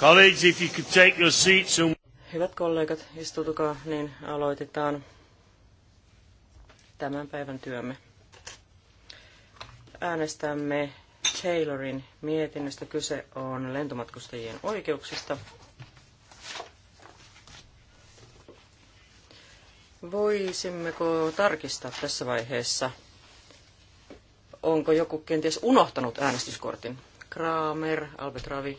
Colleagues, if you could take your seats and... Hyvät kollegat, istutukaa, niin aloitetaan tämän päivän työmme. Äänestämme Taylorin mietinnöstä. Kyse on lentomatkustajien oikeuksista. Voisimmeko tarkistaa tässä vaiheessa, onko joku kenties unohtanut äänestyskortin? Kramer, Albert Ravi,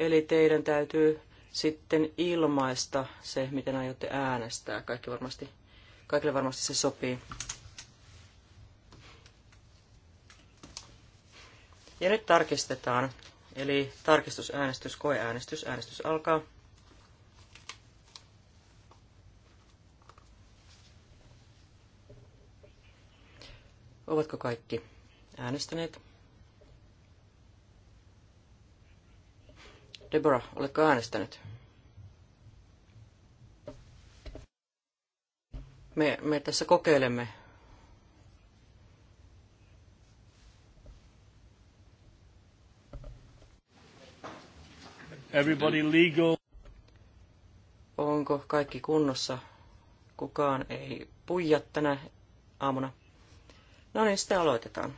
Eli teidän täytyy sitten ilmaista se, miten aiotte äänestää. Kaikki varmasti, kaikille varmasti se sopii. Ja nyt tarkistetaan. Eli tarkistusäänestys, koeäänestys, äänestys alkaa. Ovatko kaikki äänestäneet? Deborah, oletko äänestänyt? Me, me tässä kokeilemme. Everybody legal. Onko kaikki kunnossa? Kukaan ei puija tänä aamuna. No niin, sitten aloitetaan.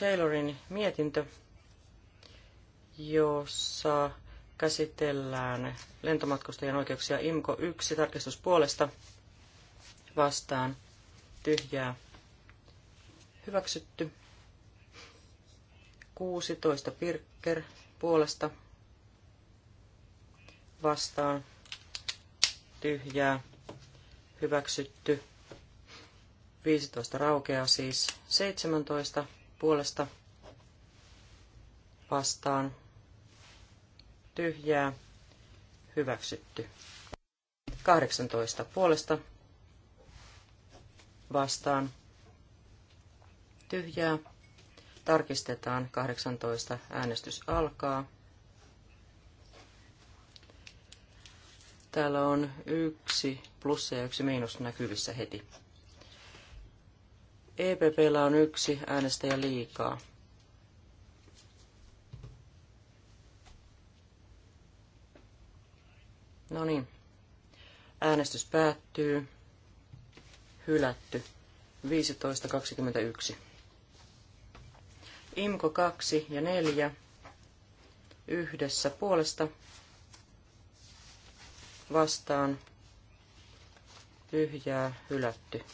Taylorin mietintö, jossa käsitellään lentomatkustajien oikeuksia IMKO 1 tarkistuspuolesta vastaan tyhjää hyväksytty. 16 pirker puolesta vastaan tyhjää hyväksytty. 15 raukeaa siis 17 puolesta vastaan tyhjää hyväksytty. 18 puolesta vastaan tyhjää. Tarkistetaan 18. Äänestys alkaa. Täällä on yksi plussa ja yksi miinus näkyvissä heti. EPPllä on yksi äänestäjä liikaa. No niin. Äänestys päättyy. Hylätty. 15.21. Imko 2 ja 4 yhdessä puolesta vastaan tyhjää hylätty.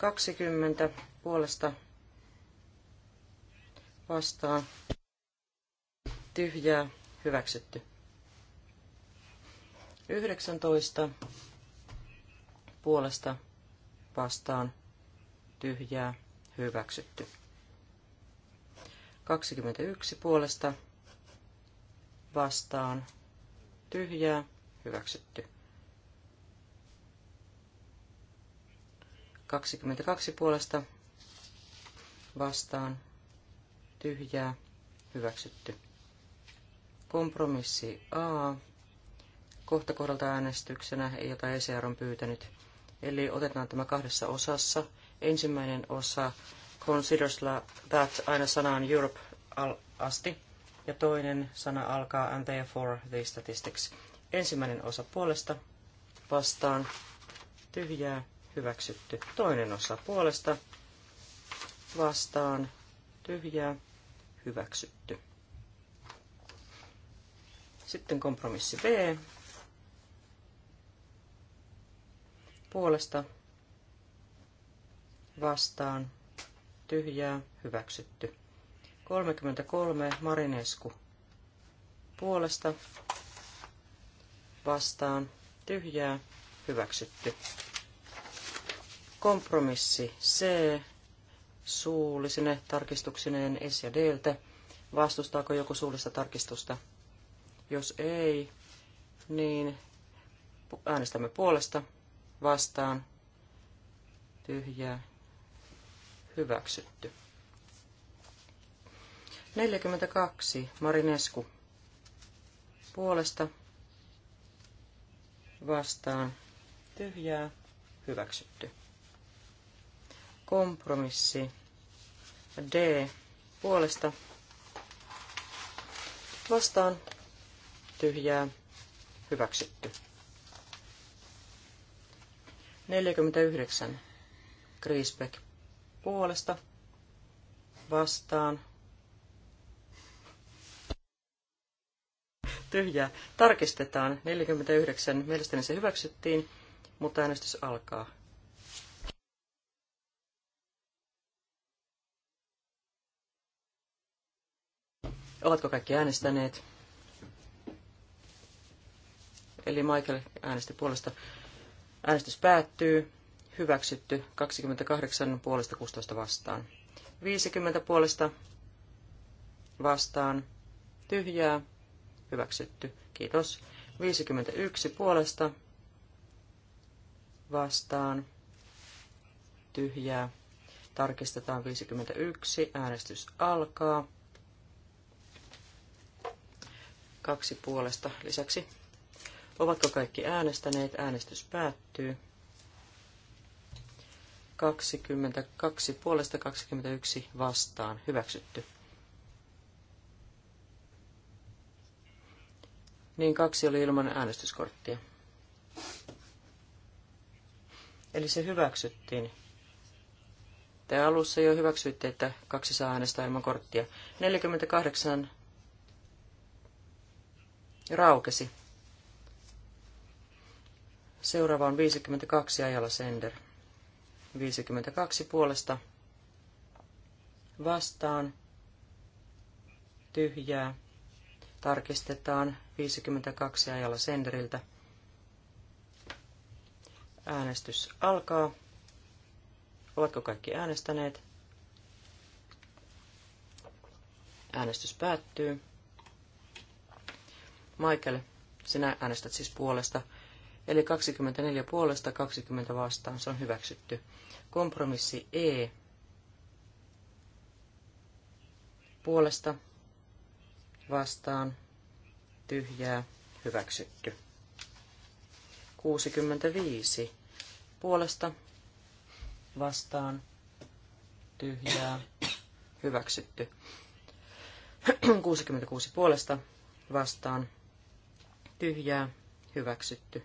20 puolesta vastaan. Tyhjää hyväksytty. 19 puolesta vastaan. Tyhjää hyväksytty. 21 puolesta vastaan. Tyhjää hyväksytty. 22 puolesta vastaan tyhjää hyväksytty. Kompromissi A. Kohta kohdalta äänestyksenä, jota ECR on pyytänyt. Eli otetaan tämä kahdessa osassa. Ensimmäinen osa considers that aina sanaan Europe asti ja toinen sana alkaa and therefore the statistics. Ensimmäinen osa puolesta vastaan tyhjää hyväksytty. Toinen osa puolesta vastaan tyhjää hyväksytty. Sitten kompromissi B. Puolesta vastaan tyhjää hyväksytty. 33 Marinesku puolesta vastaan tyhjää hyväksytty. Kompromissi C suullisine tarkistuksineen S ja Dltä. Vastustaako joku suullista tarkistusta? Jos ei, niin äänestämme puolesta, vastaan, tyhjää, hyväksytty. 42. Marinesku. Puolesta, vastaan, tyhjää, hyväksytty. Kompromissi D puolesta vastaan tyhjää hyväksytty. 49 Griesbeck puolesta vastaan tyhjää. Tarkistetaan. 49. Mielestäni se hyväksyttiin, mutta äänestys alkaa. Ovatko kaikki äänestäneet? Eli Michael äänesti puolesta. Äänestys päättyy. Hyväksytty 28 puolesta 16 vastaan. 50 puolesta vastaan. Tyhjää. Hyväksytty. Kiitos. 51 puolesta vastaan. Tyhjää. Tarkistetaan 51. Äänestys alkaa. kaksi puolesta lisäksi. Ovatko kaikki äänestäneet? Äänestys päättyy. 22 puolesta 21 vastaan. Hyväksytty. Niin kaksi oli ilman äänestyskorttia. Eli se hyväksyttiin. Te alussa jo hyväksyitte, että kaksi saa äänestää ilman korttia. 48 raukesi. Seuraava on 52 ajalla sender. 52 puolesta vastaan tyhjää. Tarkistetaan 52 ajalla senderiltä. Äänestys alkaa. Ovatko kaikki äänestäneet? Äänestys päättyy. Michael, sinä äänestät siis puolesta. Eli 24 puolesta, 20 vastaan. Se on hyväksytty. Kompromissi E. Puolesta, vastaan, tyhjää, hyväksytty. 65. Puolesta, vastaan, tyhjää, hyväksytty. 66 puolesta, vastaan, tyhjää, hyväksytty.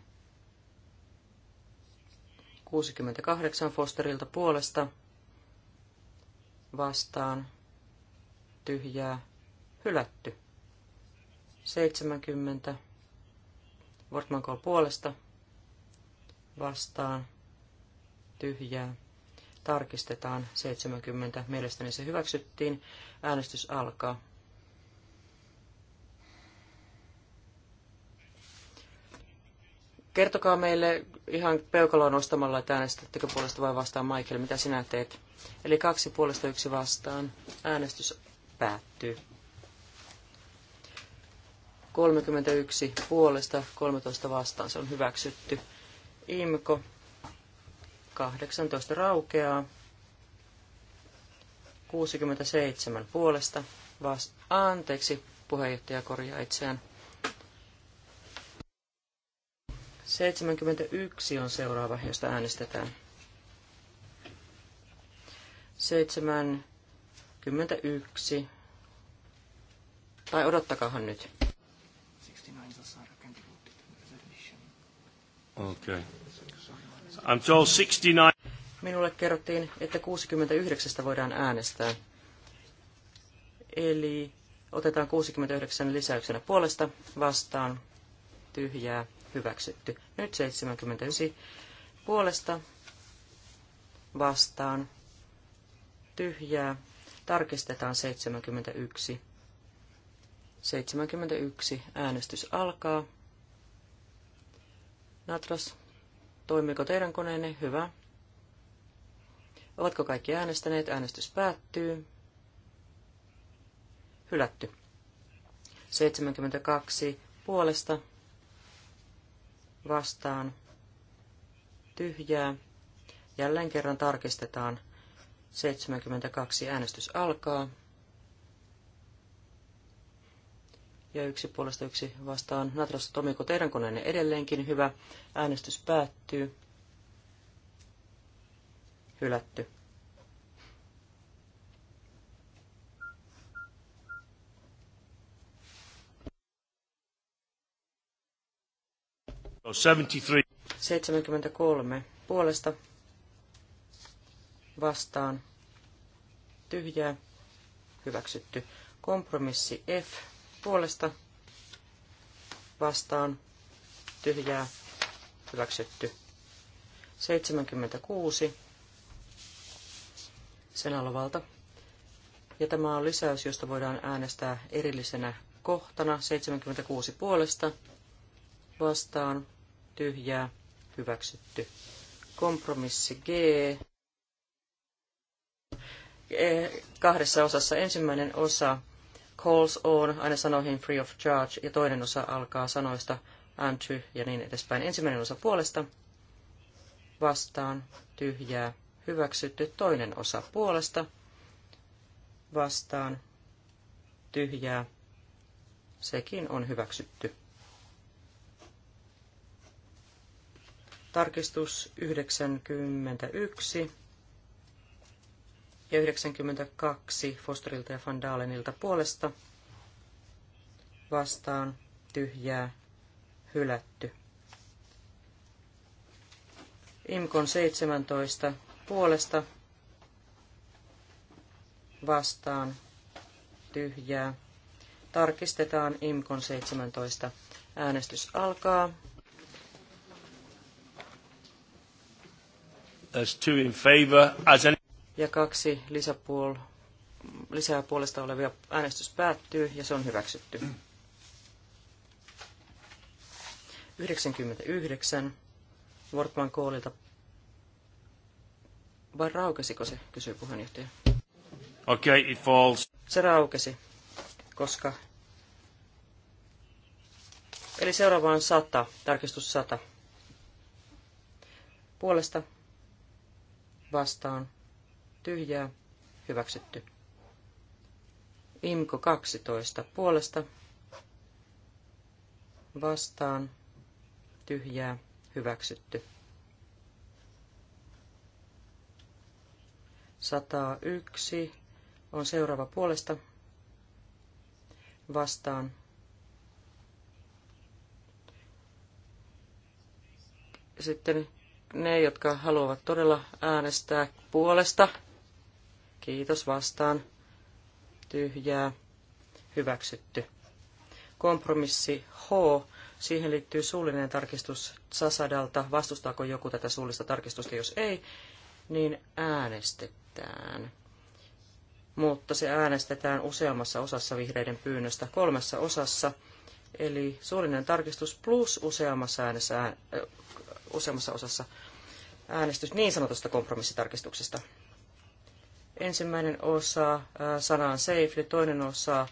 68 Fosterilta puolesta vastaan tyhjää, hylätty. 70 Wortmankol puolesta vastaan tyhjää. Tarkistetaan 70. Mielestäni se hyväksyttiin. Äänestys alkaa. Kertokaa meille ihan peukaloa nostamalla, että äänestättekö puolesta vai vastaan Michael, mitä sinä teet. Eli kaksi puolesta yksi vastaan. Äänestys päättyy. 31 puolesta, 13 vastaan. Se on hyväksytty. Imko 18 raukeaa. 67 puolesta. Vast- Anteeksi, puheenjohtaja korjaa itseään. 71 on seuraava, josta äänestetään. 71. Tai odottakahan nyt. Okay. I'm told 69. Minulle kerrottiin, että 69 voidaan äänestää. Eli otetaan 69 lisäyksenä puolesta vastaan tyhjää hyväksytty. Nyt 79 puolesta vastaan tyhjää. Tarkistetaan 71. 71. Äänestys alkaa. Natras, toimiiko teidän koneenne? Hyvä. Ovatko kaikki äänestäneet? Äänestys päättyy. Hylätty. 72 puolesta vastaan tyhjää. Jälleen kerran tarkistetaan. 72 äänestys alkaa. Ja yksi puolesta yksi vastaan. Natras Tomiko, teidän koneenne edelleenkin hyvä. Äänestys päättyy. Hylätty. 73. 73 puolesta vastaan tyhjää hyväksytty. Kompromissi F puolesta vastaan tyhjää hyväksytty. 76 sen Ja tämä on lisäys, josta voidaan äänestää erillisenä kohtana 76 puolesta vastaan tyhjää, hyväksytty. Kompromissi G. E, kahdessa osassa ensimmäinen osa calls on aina sanoihin free of charge ja toinen osa alkaa sanoista and to ja niin edespäin. Ensimmäinen osa puolesta vastaan tyhjää hyväksytty. Toinen osa puolesta vastaan tyhjää sekin on hyväksytty. Tarkistus 91 ja 92 Fosterilta ja Van Dalenilta puolesta vastaan tyhjää hylätty. Imkon 17 puolesta vastaan tyhjää. Tarkistetaan Imkon 17. Äänestys alkaa. As two in as any... Ja kaksi lisäpuol... lisää puolesta olevia äänestys päättyy ja se on hyväksytty. 99. Wortman Koolilta. Vai raukesiko se, kysyy puheenjohtaja. Okei, okay, it falls. Se raukesi, koska... Eli seuraava on 100, tarkistus 100. Puolesta vastaan, tyhjää, hyväksytty. Imko 12 puolesta, vastaan, tyhjää, hyväksytty. 101 on seuraava puolesta, vastaan, sitten ne, jotka haluavat todella äänestää puolesta. Kiitos vastaan. Tyhjää. Hyväksytty. Kompromissi H. Siihen liittyy suullinen tarkistus Sasadalta. Vastustaako joku tätä suullista tarkistusta? Jos ei, niin äänestetään. Mutta se äänestetään useammassa osassa vihreiden pyynnöstä, kolmessa osassa. Eli suullinen tarkistus plus useammassa äänessä useammassa osassa äänestys niin sanotusta kompromissitarkistuksesta. Ensimmäinen osa äh, sanaan safely, toinen osa äh,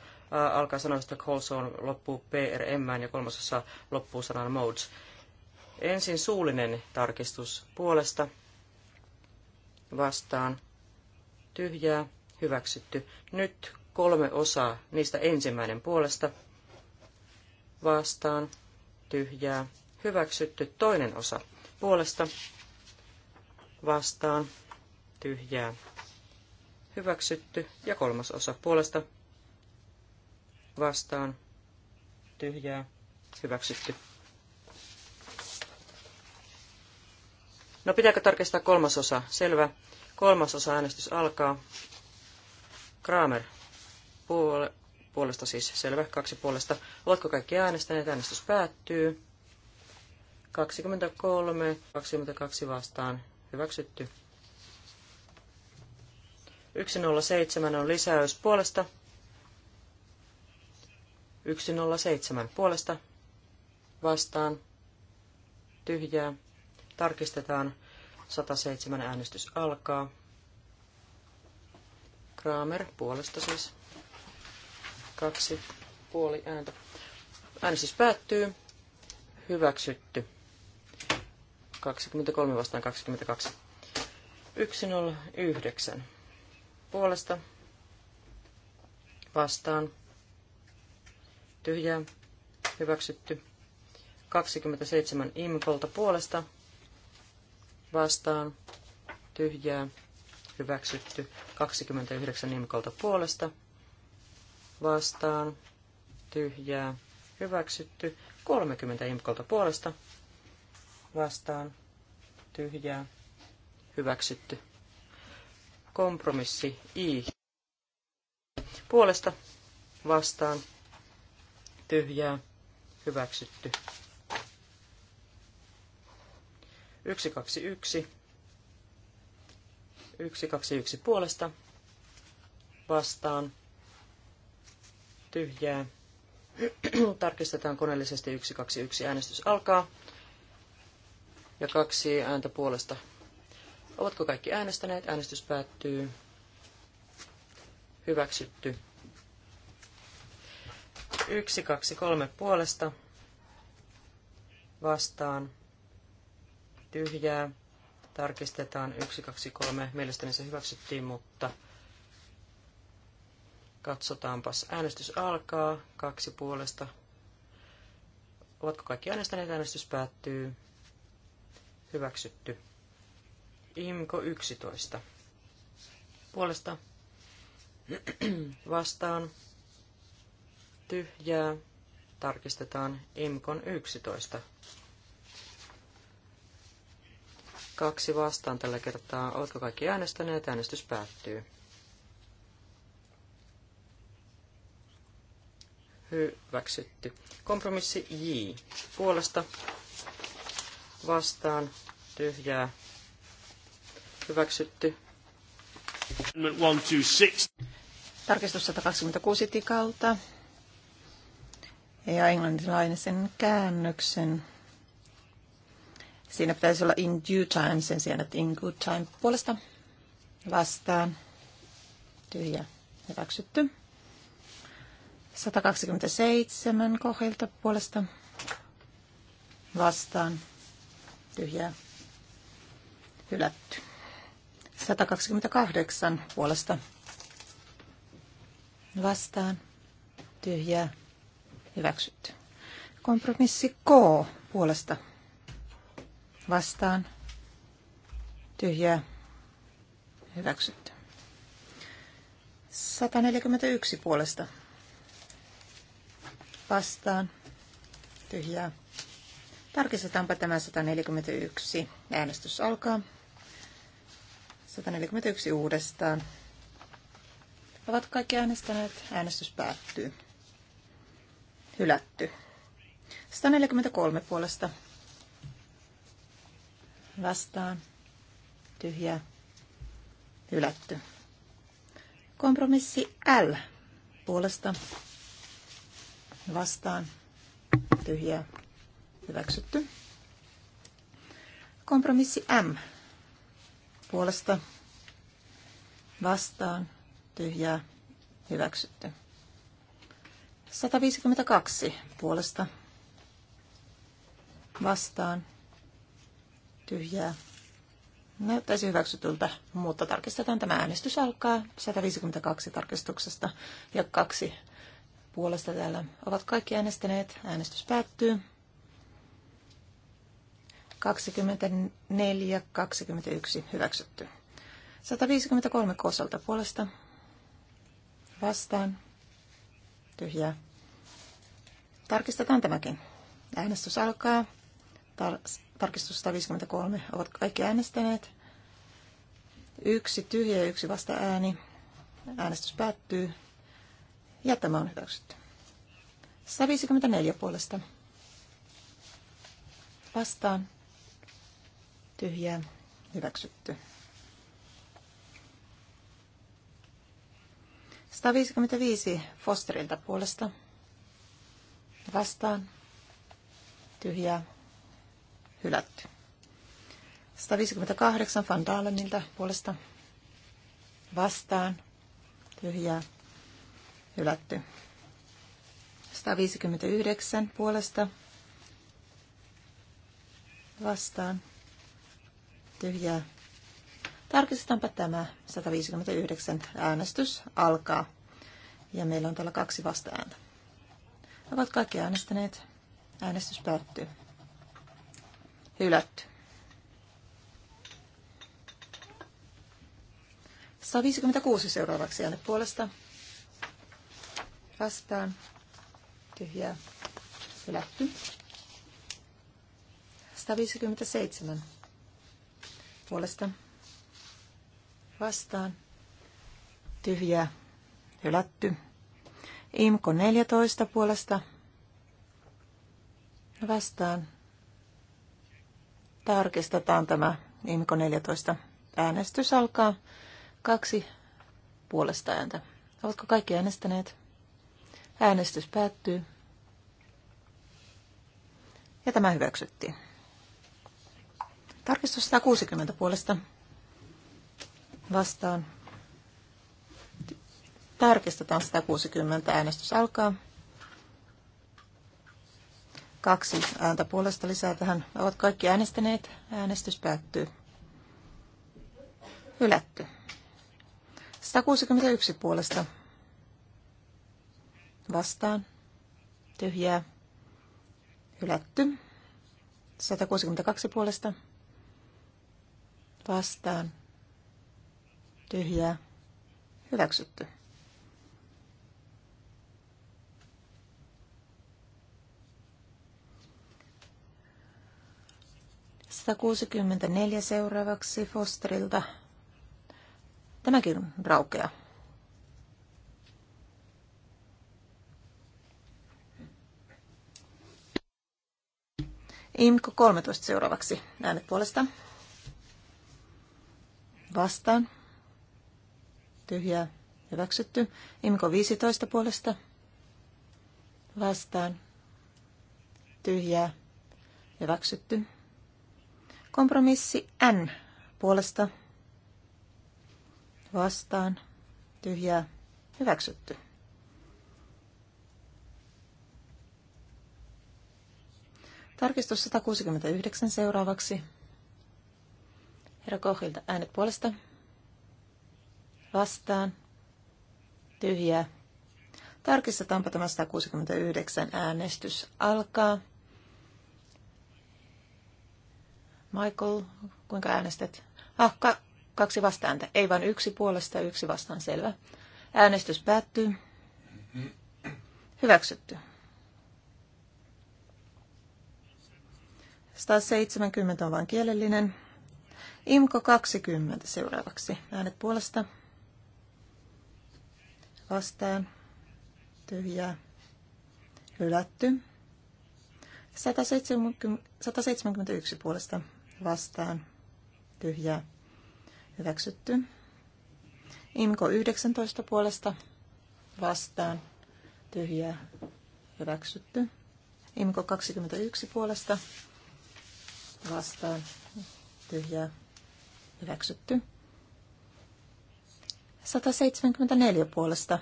alkaa sanoista on loppuu PRM ja kolmas osa loppuu sanan modes. Ensin suullinen tarkistus puolesta vastaan tyhjää hyväksytty. Nyt kolme osaa, niistä ensimmäinen puolesta vastaan tyhjää hyväksytty toinen osa puolesta vastaan tyhjää hyväksytty ja kolmas osa puolesta vastaan tyhjää hyväksytty. No pitääkö tarkistaa kolmas osa? Selvä. Kolmas osa äänestys alkaa. Kramer puole, puolesta siis selvä, kaksi puolesta. Oletko kaikki äänestäneet? Äänestys päättyy. 23, 22 vastaan hyväksytty. 107 on lisäys puolesta. 107 puolesta vastaan tyhjää. Tarkistetaan. 107 äänestys alkaa. Kramer puolesta siis. Kaksi puoli ääntä. Äänestys päättyy. Hyväksytty. 23 vastaan 22. 109. Puolesta. Vastaan. Tyhjää. Hyväksytty. 27 imkolta puolesta. Vastaan. Tyhjää. Hyväksytty. 29 imkolta puolesta. Vastaan. Tyhjää. Hyväksytty. 30 imkolta puolesta vastaan tyhjää hyväksytty. Kompromissi I puolesta vastaan tyhjää hyväksytty. 121 121 puolesta vastaan tyhjää. Tarkistetaan koneellisesti 121. Äänestys alkaa ja kaksi ääntä puolesta. Ovatko kaikki äänestäneet? Äänestys päättyy. Hyväksytty. Yksi, kaksi, kolme puolesta. Vastaan. Tyhjää. Tarkistetaan. Yksi, kaksi, kolme. Mielestäni se hyväksyttiin, mutta katsotaanpas. Äänestys alkaa. Kaksi puolesta. Ovatko kaikki äänestäneet? Äänestys päättyy. Hyväksytty. Imko 11. Puolesta vastaan tyhjää. Tarkistetaan Imkon 11. Kaksi vastaan tällä kertaa. Oletko kaikki äänestäneet? Äänestys päättyy. Hyväksytty. Kompromissi J. Puolesta vastaan tyhjää hyväksytty. Tarkistus 126 tikalta ja englantilaisen käännöksen. Siinä pitäisi olla in due time sen sijaan, että in good time puolesta vastaan. Tyhjä hyväksytty. 127 kohdilta puolesta vastaan tyhjää hylätty. 128 puolesta vastaan tyhjää hyväksytty. Kompromissi K puolesta vastaan tyhjää hyväksytty. 141 puolesta vastaan tyhjää Tarkistetaanpa tämä 141. Äänestys alkaa. 141 uudestaan. Ovat kaikki äänestäneet. Äänestys päättyy. Hylätty. 143 puolesta. Vastaan. Tyhjä. Hylätty. Kompromissi L puolesta. Vastaan. Tyhjä Hyväksytty. Kompromissi M. Puolesta vastaan tyhjää. Hyväksytty. 152 puolesta vastaan tyhjää. Näyttäisi hyväksytyltä, mutta tarkistetaan tämä äänestys alkaa 152 tarkistuksesta ja kaksi puolesta täällä ovat kaikki äänestäneet. Äänestys päättyy. 24, 21 hyväksytty. 153 kosolta puolesta vastaan tyhjää. Tarkistetaan tämäkin. Äänestys alkaa. Tar- tarkistus 153. Ovat kaikki äänestäneet. Yksi tyhjä ja yksi vasta ääni. Äänestys päättyy. Ja tämä on hyväksytty. 154 puolesta. Vastaan Tyhjää. Hyväksytty. 155 Fosterilta puolesta. Vastaan. Tyhjää. Hylätty. 158 Van Dalenilta puolesta. Vastaan. Tyhjää. Hylätty. 159 puolesta. Vastaan tyhjää. Tarkistetaanpa tämä 159 äänestys alkaa. Ja meillä on täällä kaksi vastaääntä. Ovat kaikki äänestäneet. Äänestys päättyy. Hylätty. 156 seuraavaksi äänet puolesta. Vastaan. Tyhjää. Hylätty. 157 puolesta vastaan. tyhjä, hylätty. Imko 14 puolesta vastaan. Tarkistetaan tämä Imko 14. Äänestys alkaa. Kaksi puolesta ääntä. Ovatko kaikki äänestäneet? Äänestys päättyy. Ja tämä hyväksyttiin. Tarkistus 160 puolesta vastaan. Tarkistetaan 160. Äänestys alkaa. Kaksi ääntä puolesta lisää tähän. Ovat kaikki äänestäneet. Äänestys päättyy. Hylätty. 161 puolesta. Vastaan. Tyhjää. Hylätty. 162 puolesta vastaan, tyhjää, hyväksytty. Sitä neljä seuraavaksi Fosterilta. Tämäkin raukea. IMKO 13 seuraavaksi. Äänet puolesta vastaan. Tyhjää hyväksytty. Imko 15 puolesta vastaan. Tyhjää hyväksytty. Kompromissi N puolesta vastaan. Tyhjää hyväksytty. Tarkistus 169 seuraavaksi Herra Kohilta äänet puolesta. Vastaan. Tyhjää. Tarkistetaanpa tämä 169 äänestys alkaa. Michael, kuinka äänestät? Ah, ka- kaksi vastaanta. Ei vain yksi puolesta yksi vastaan. Selvä. Äänestys päättyy. Hyväksytty. 170 on vain kielellinen. Imko 20 seuraavaksi. Äänet puolesta. Vastaan. Tyhjää. Hylätty. 170, 171 puolesta. Vastaan. Tyhjää. Hyväksytty. Imko 19 puolesta. Vastaan. Tyhjää. Hyväksytty. Imko 21 puolesta. Vastaan. Tyhjää Hyväksytty. 174 puolesta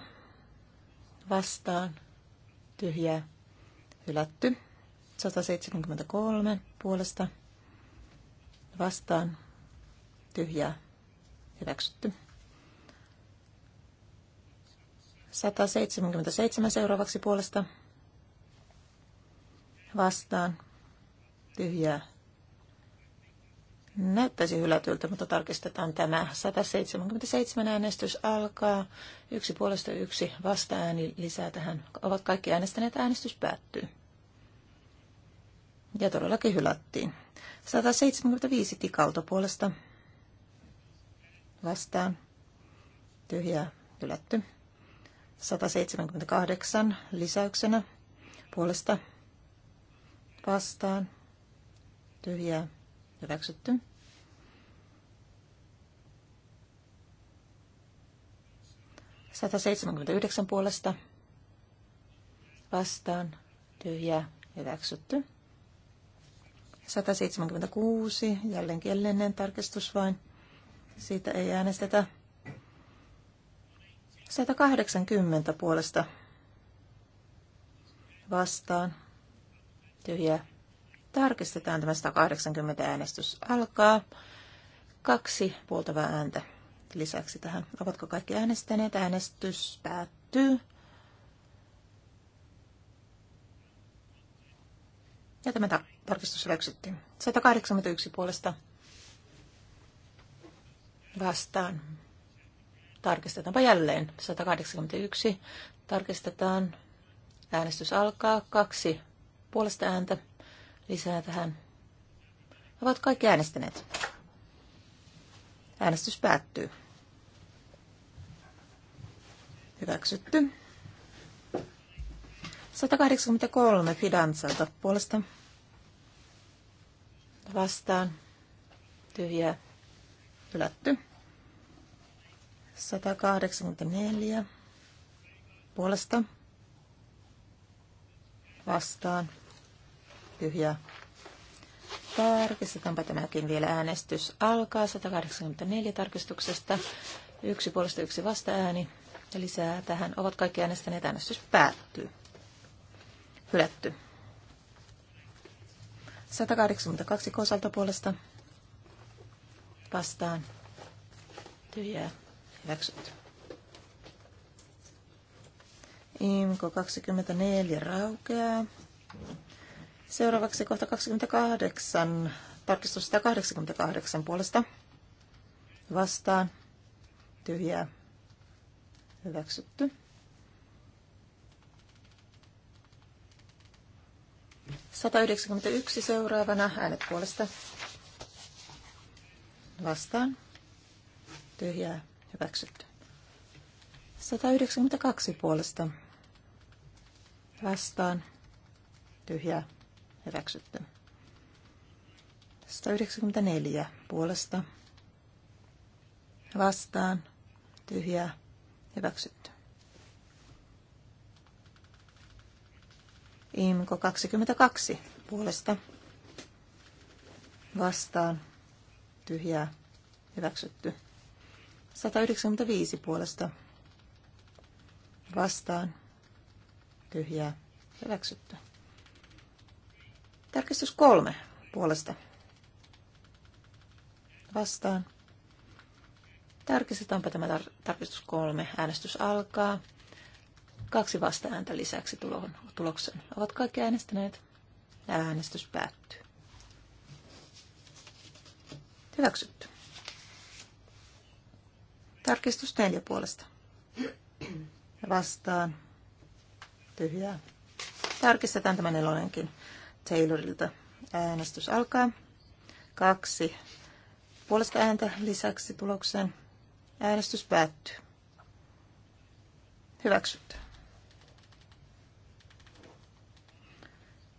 vastaan. Tyhjää. Hylätty. 173 puolesta vastaan. Tyhjää. Hyväksytty. 177 seuraavaksi puolesta vastaan. Tyhjää Näyttäisi hylätyltä, mutta tarkistetaan tämä. 177 äänestys alkaa. Yksi puolesta yksi vasta-ääni lisää tähän. Ovat kaikki äänestäneet, äänestys päättyy. Ja todellakin hylättiin. 175 tikalta puolesta vastaan. tyhjä hylätty. 178 lisäyksenä puolesta vastaan. Tyhjää Hyväksytty. yhdeksän puolesta vastaan tyhjä hyväksytty. 176, jälleen kielinen tarkistus vain. Siitä ei äänestetä. 180 puolesta vastaan. tyhjä. Tarkistetaan tämä 180 äänestys alkaa. Kaksi puoltavaa ääntä lisäksi tähän. Ovatko kaikki äänestäneet? Äänestys päättyy. Ja tämä tarkistus hyväksyttiin. 181 puolesta vastaan. Tarkistetaanpa jälleen. 181. Tarkistetaan. Äänestys alkaa. Kaksi puolesta ääntä lisää tähän. Ovat kaikki äänestäneet. Äänestys päättyy. Hyväksytty. 183 Fidanzalta puolesta. Vastaan. tyhjä Hylätty. 184 puolesta. Vastaan tyhjää. Tarkistetaanpa tämäkin vielä. Äänestys alkaa 184 tarkistuksesta. Yksi puolesta yksi vastaääni. Ja lisää tähän ovat kaikki äänestäneet. Äänestys päättyy. Hylätty. 182 kosalta puolesta vastaan. Tyhjää. Hyväksytty. Imko 24 raukeaa. Seuraavaksi kohta 28, tarkistus 188 puolesta. Vastaan. Tyhjää. Hyväksytty. 191 seuraavana äänet puolesta. Vastaan. Tyhjää. Hyväksytty. 192 puolesta. Vastaan. Tyhjää. Hyväksytty. 194 puolesta. Vastaan. Tyhjää. Hyväksytty. Imko 22 puolesta. Vastaan. Tyhjää. Hyväksytty. 195 puolesta. Vastaan. Tyhjää. Hyväksytty. Tarkistus kolme puolesta. Vastaan. Tarkistetaanpa tämä tar- tarkistus kolme. Äänestys alkaa. Kaksi vastaääntä lisäksi tuloksen. Ovat kaikki äänestäneet. Äänestys päättyy. Hyväksytty. Tarkistus neljä puolesta. Vastaan. Tyhjää. Tarkistetaan tämä nelonenkin. Taylorilta. Äänestys alkaa. Kaksi puolesta ääntä lisäksi tulokseen. Äänestys päättyy. Hyväksytty.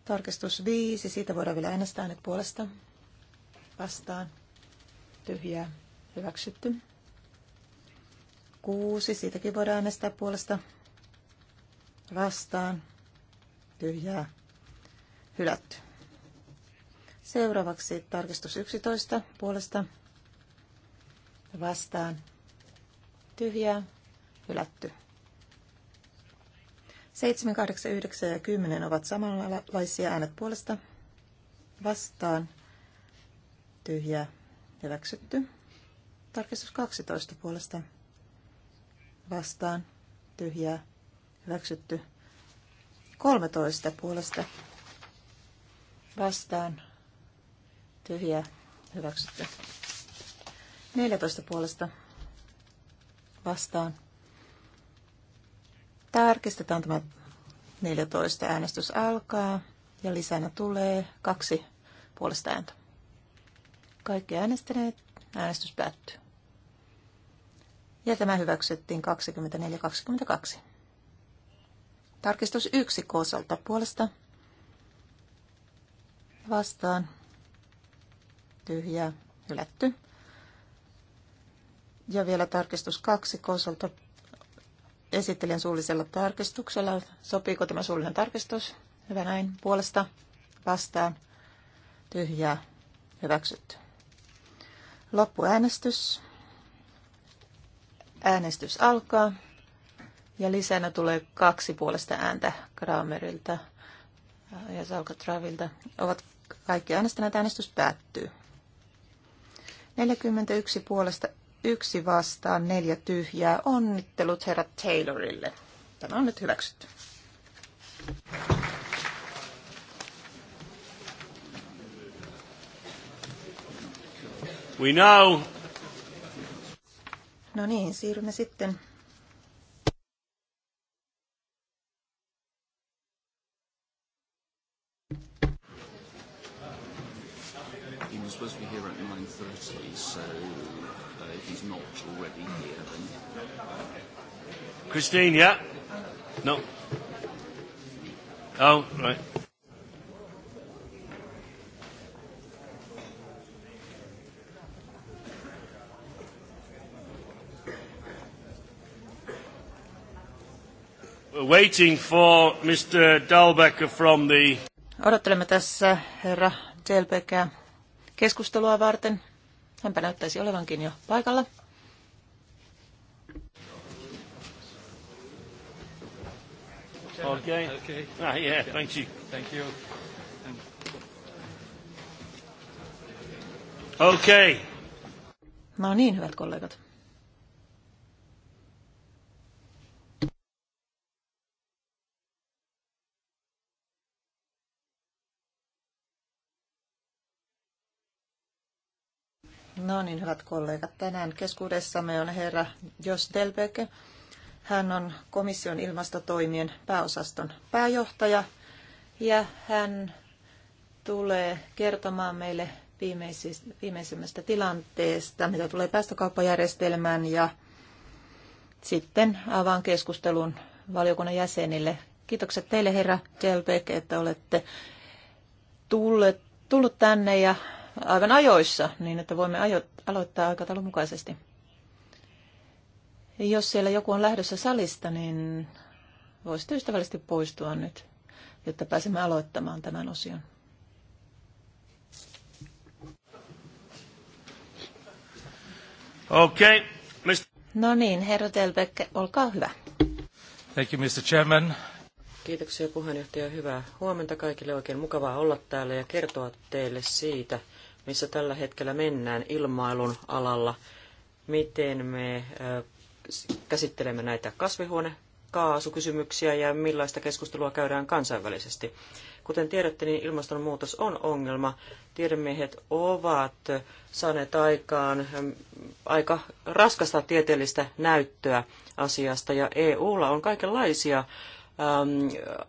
Tarkistus 5. Siitä voidaan vielä äänestää nyt puolesta. Vastaan. Tyhjää. Hyväksytty. 6. Siitäkin voidaan äänestää puolesta. Vastaan. Tyhjää hylätty. Seuraavaksi tarkistus 11 puolesta vastaan tyhjää hylätty. 7, 8, 9 ja 10 ovat samanlaisia äänet puolesta vastaan tyhjää hyväksytty. Tarkistus 12 puolesta vastaan tyhjää hyväksytty. 13 puolesta vastaan tyhjä hyväksytty. 14 puolesta vastaan. Tarkistetaan tämä 14 äänestys alkaa ja lisänä tulee kaksi puolesta ääntä. Kaikki äänestäneet, äänestys päättyy. Ja tämä hyväksyttiin 24-22. Tarkistus 1 kosolta puolesta vastaan tyhjää hylätty. Ja vielä tarkistus kaksi kosolta esittelijän suullisella tarkistuksella. Sopiiko tämä suullinen tarkistus? Hyvä näin. Puolesta vastaan tyhjää hyväksytty. Loppuäänestys. Äänestys alkaa. Ja lisänä tulee kaksi puolesta ääntä Kramerilta ja Salkatravilta. Ovat kaikki äänestäneet äänestys päättyy. 41 puolesta yksi vastaan, neljä tyhjää. Onnittelut herra Taylorille. Tämä on nyt hyväksytty. We now. No niin, siirrymme sitten supposed to be here at 9.30, so uh, if he's not already here, then... Christine, yeah? No. Oh, right. We're waiting for Mr. Dalbecker from the... Odottelemme tässä herra Delbeckia keskustelua varten. Hänpä näyttäisi olevankin jo paikalla. Okay. Okay. Ah, yeah, thank you. Thank you. Okay. No niin, hyvät kollegat. No niin, hyvät kollegat. Tänään keskuudessamme on herra Jos Delbeke. Hän on komission ilmastotoimien pääosaston pääjohtaja ja hän tulee kertomaan meille viimeisimmästä tilanteesta, mitä tulee päästökauppajärjestelmään ja sitten avaan keskustelun valiokunnan jäsenille. Kiitokset teille herra Delbeke, että olette tullut, tullut tänne ja aivan ajoissa, niin että voimme ajo- aloittaa aikataulun mukaisesti. Jos siellä joku on lähdössä salista, niin voisitte ystävällisesti poistua nyt, jotta pääsemme aloittamaan tämän osion. Okei. Okay. Mist... No niin, herra Delbeck, olkaa hyvä. Thank you, Mr. Chairman. Kiitoksia puheenjohtaja. Hyvää huomenta kaikille. Oikein mukavaa olla täällä ja kertoa teille siitä, missä tällä hetkellä mennään ilmailun alalla, miten me käsittelemme näitä kasvihuonekaasukysymyksiä ja millaista keskustelua käydään kansainvälisesti. Kuten tiedätte, niin ilmastonmuutos on ongelma. Tiedemiehet ovat saaneet aikaan aika raskasta tieteellistä näyttöä asiasta ja EUlla on kaikenlaisia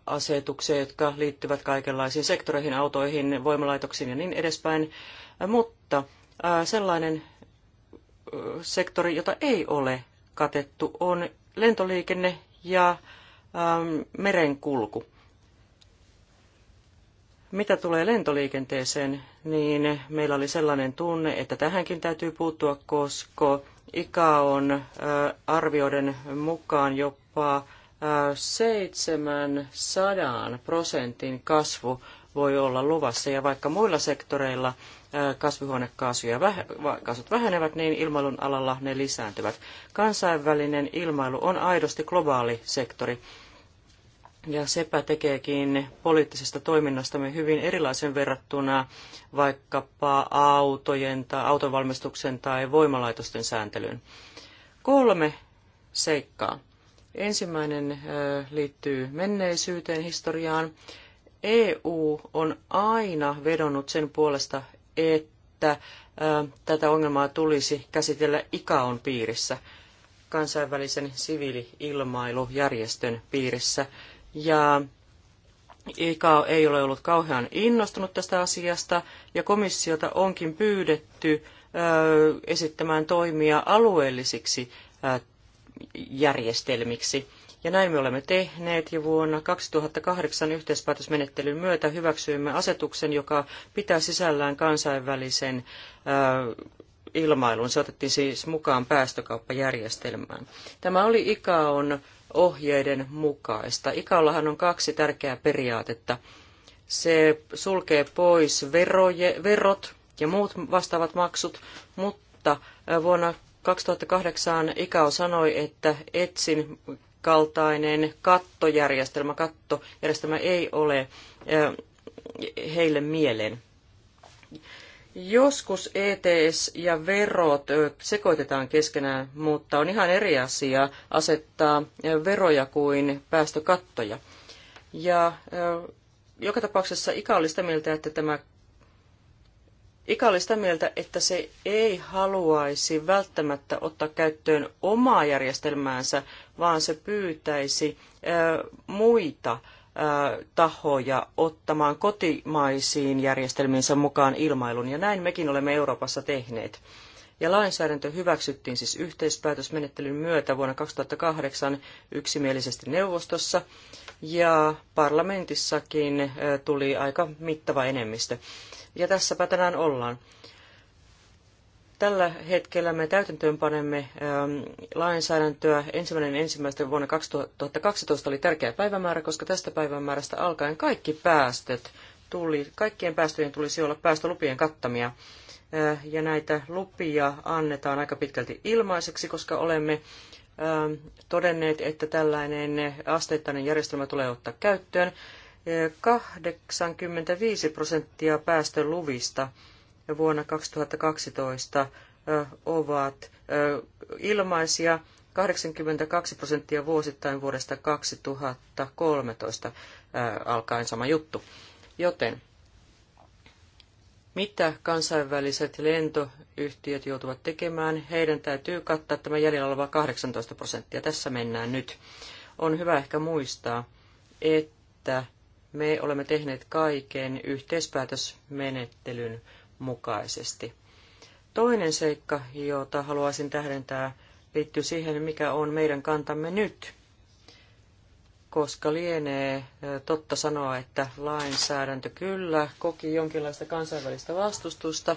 asetuksia, jotka liittyvät kaikenlaisiin sektoreihin, autoihin, voimalaitoksiin ja niin edespäin mutta sellainen sektori, jota ei ole katettu, on lentoliikenne ja merenkulku. Mitä tulee lentoliikenteeseen, niin meillä oli sellainen tunne, että tähänkin täytyy puuttua, koska on arvioiden mukaan jopa 700 prosentin kasvu voi olla luvassa. Ja vaikka muilla sektoreilla kasvihuonekaasuja kaasut vähenevät, niin ilmailun alalla ne lisääntyvät. Kansainvälinen ilmailu on aidosti globaali sektori. Ja sepä tekeekin poliittisesta toiminnastamme hyvin erilaisen verrattuna vaikkapa autojen tai autonvalmistuksen tai voimalaitosten sääntelyyn. Kolme seikkaa. Ensimmäinen liittyy menneisyyteen, historiaan. EU on aina vedonnut sen puolesta, että tätä ongelmaa tulisi käsitellä ICAON piirissä, kansainvälisen siviili-ilmailujärjestön piirissä. Ja ICAO ei ole ollut kauhean innostunut tästä asiasta, ja komissiota onkin pyydetty esittämään toimia alueellisiksi järjestelmiksi – ja näin me olemme tehneet ja vuonna 2008 yhteispäätösmenettelyn myötä hyväksyimme asetuksen, joka pitää sisällään kansainvälisen ilmailun. Se otettiin siis mukaan päästökauppajärjestelmään. Tämä oli ICAON ohjeiden mukaista. ICAOllahan on kaksi tärkeää periaatetta. Se sulkee pois veroje, verot ja muut vastaavat maksut, mutta vuonna 2008 ICAO sanoi, että etsin kaltainen kattojärjestelmä, kattojärjestelmä ei ole heille mieleen. Joskus ETS ja verot sekoitetaan keskenään, mutta on ihan eri asia asettaa veroja kuin päästökattoja. Ja joka tapauksessa Ika oli sitä mieltä, että tämä Ika oli sitä mieltä, että se ei haluaisi välttämättä ottaa käyttöön omaa järjestelmäänsä, vaan se pyytäisi muita tahoja ottamaan kotimaisiin järjestelmiinsä mukaan ilmailun, ja näin mekin olemme Euroopassa tehneet. Ja lainsäädäntö hyväksyttiin siis yhteispäätösmenettelyn myötä vuonna 2008 yksimielisesti neuvostossa, ja parlamentissakin tuli aika mittava enemmistö. Ja tässäpä tänään ollaan. Tällä hetkellä me täytäntöönpanemme ähm, lainsäädäntöä. Ensimmäinen ensimmäistä vuonna 2012 oli tärkeä päivämäärä, koska tästä päivämäärästä alkaen kaikki päästöt tuli, kaikkien päästöjen tulisi olla päästölupien kattamia. Äh, ja näitä lupia annetaan aika pitkälti ilmaiseksi, koska olemme ähm, todenneet, että tällainen asteittainen järjestelmä tulee ottaa käyttöön. 85 prosenttia päästöluvista vuonna 2012 ovat ilmaisia, 82 prosenttia vuosittain vuodesta 2013 alkaen sama juttu. Joten mitä kansainväliset lentoyhtiöt joutuvat tekemään? Heidän täytyy kattaa tämä jäljellä oleva 18 prosenttia. Tässä mennään nyt. On hyvä ehkä muistaa, että me olemme tehneet kaiken yhteispäätösmenettelyn mukaisesti. Toinen seikka, jota haluaisin tähdentää, liittyy siihen, mikä on meidän kantamme nyt, koska lienee totta sanoa, että lainsäädäntö kyllä koki jonkinlaista kansainvälistä vastustusta,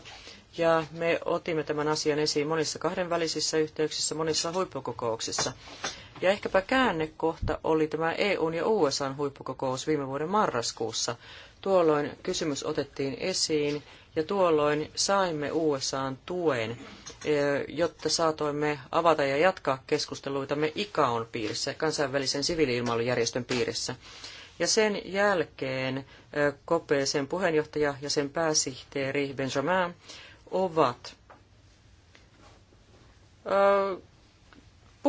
ja me otimme tämän asian esiin monissa kahdenvälisissä yhteyksissä, monissa huippukokouksissa. Ja ehkäpä käännekohta oli tämä EUn ja USAn huippukokous viime vuoden marraskuussa. Tuolloin kysymys otettiin esiin ja tuolloin saimme USAn tuen, e, jotta saatoimme avata ja jatkaa keskusteluitamme ICAON piirissä, kansainvälisen siviiliilmailujärjestön piirissä. Ja sen jälkeen e, Kopeesen puheenjohtaja ja sen pääsihteeri Benjamin ovat e,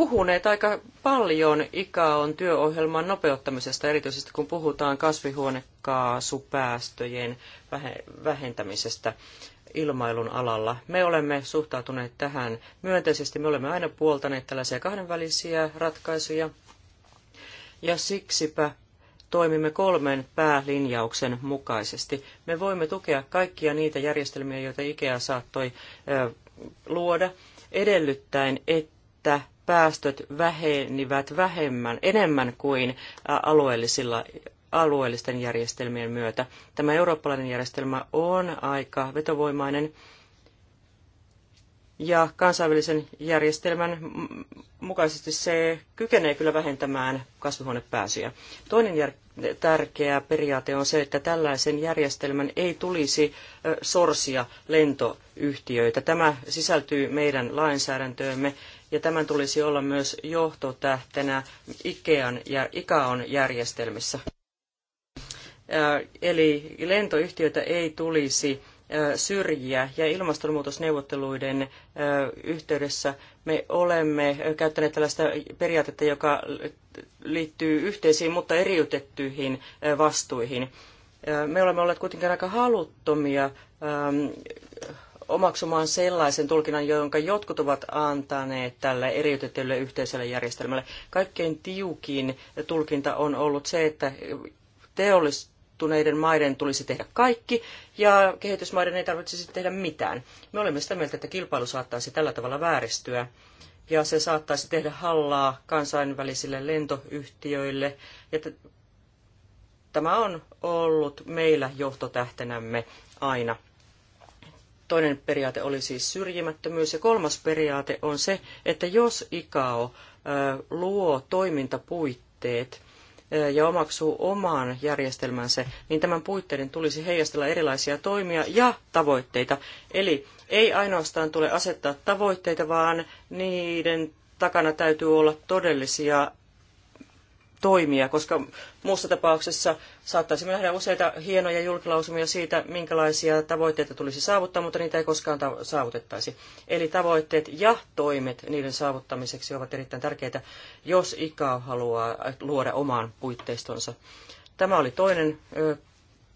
puhuneet aika paljon ICAON työohjelman nopeuttamisesta, erityisesti kun puhutaan kasvihuonekaasupäästöjen vähentämisestä ilmailun alalla. Me olemme suhtautuneet tähän myönteisesti. Me olemme aina puoltaneet tällaisia kahdenvälisiä ratkaisuja. Ja siksipä toimimme kolmen päälinjauksen mukaisesti. Me voimme tukea kaikkia niitä järjestelmiä, joita IKEA saattoi luoda, edellyttäen, että päästöt vähenivät vähemmän, enemmän kuin alueellisilla alueellisten järjestelmien myötä. Tämä eurooppalainen järjestelmä on aika vetovoimainen ja kansainvälisen järjestelmän mukaisesti se kykenee kyllä vähentämään kasvihuonepääsyjä. Toinen tärkeä periaate on se, että tällaisen järjestelmän ei tulisi sorsia lentoyhtiöitä. Tämä sisältyy meidän lainsäädäntöömme ja tämän tulisi olla myös johtotähtenä Ikean ja ICAON järjestelmissä. Eli lentoyhtiöitä ei tulisi syrjiä ja ilmastonmuutosneuvotteluiden yhteydessä me olemme käyttäneet tällaista periaatetta, joka liittyy yhteisiin, mutta eriytettyihin vastuihin. Me olemme olleet kuitenkin aika haluttomia omaksumaan sellaisen tulkinnan, jonka jotkut ovat antaneet tälle eriytetylle yhteiselle järjestelmälle. Kaikkein tiukin tulkinta on ollut se, että teollistuneiden maiden tulisi tehdä kaikki ja kehitysmaiden ei tarvitsisi tehdä mitään. Me olemme sitä mieltä, että kilpailu saattaisi tällä tavalla vääristyä ja se saattaisi tehdä hallaa kansainvälisille lentoyhtiöille. Ja tämä on ollut meillä johtotähtenämme aina – Toinen periaate oli siis syrjimättömyys ja kolmas periaate on se, että jos ICAO luo toimintapuitteet ja omaksuu oman järjestelmänsä, niin tämän puitteiden tulisi heijastella erilaisia toimia ja tavoitteita. Eli ei ainoastaan tule asettaa tavoitteita, vaan niiden takana täytyy olla todellisia toimia, koska muussa tapauksessa saattaisimme nähdä useita hienoja julkilausumia siitä, minkälaisia tavoitteita tulisi saavuttaa, mutta niitä ei koskaan saavutettaisi. Eli tavoitteet ja toimet niiden saavuttamiseksi ovat erittäin tärkeitä, jos ICAO haluaa luoda omaan puitteistonsa. Tämä oli toinen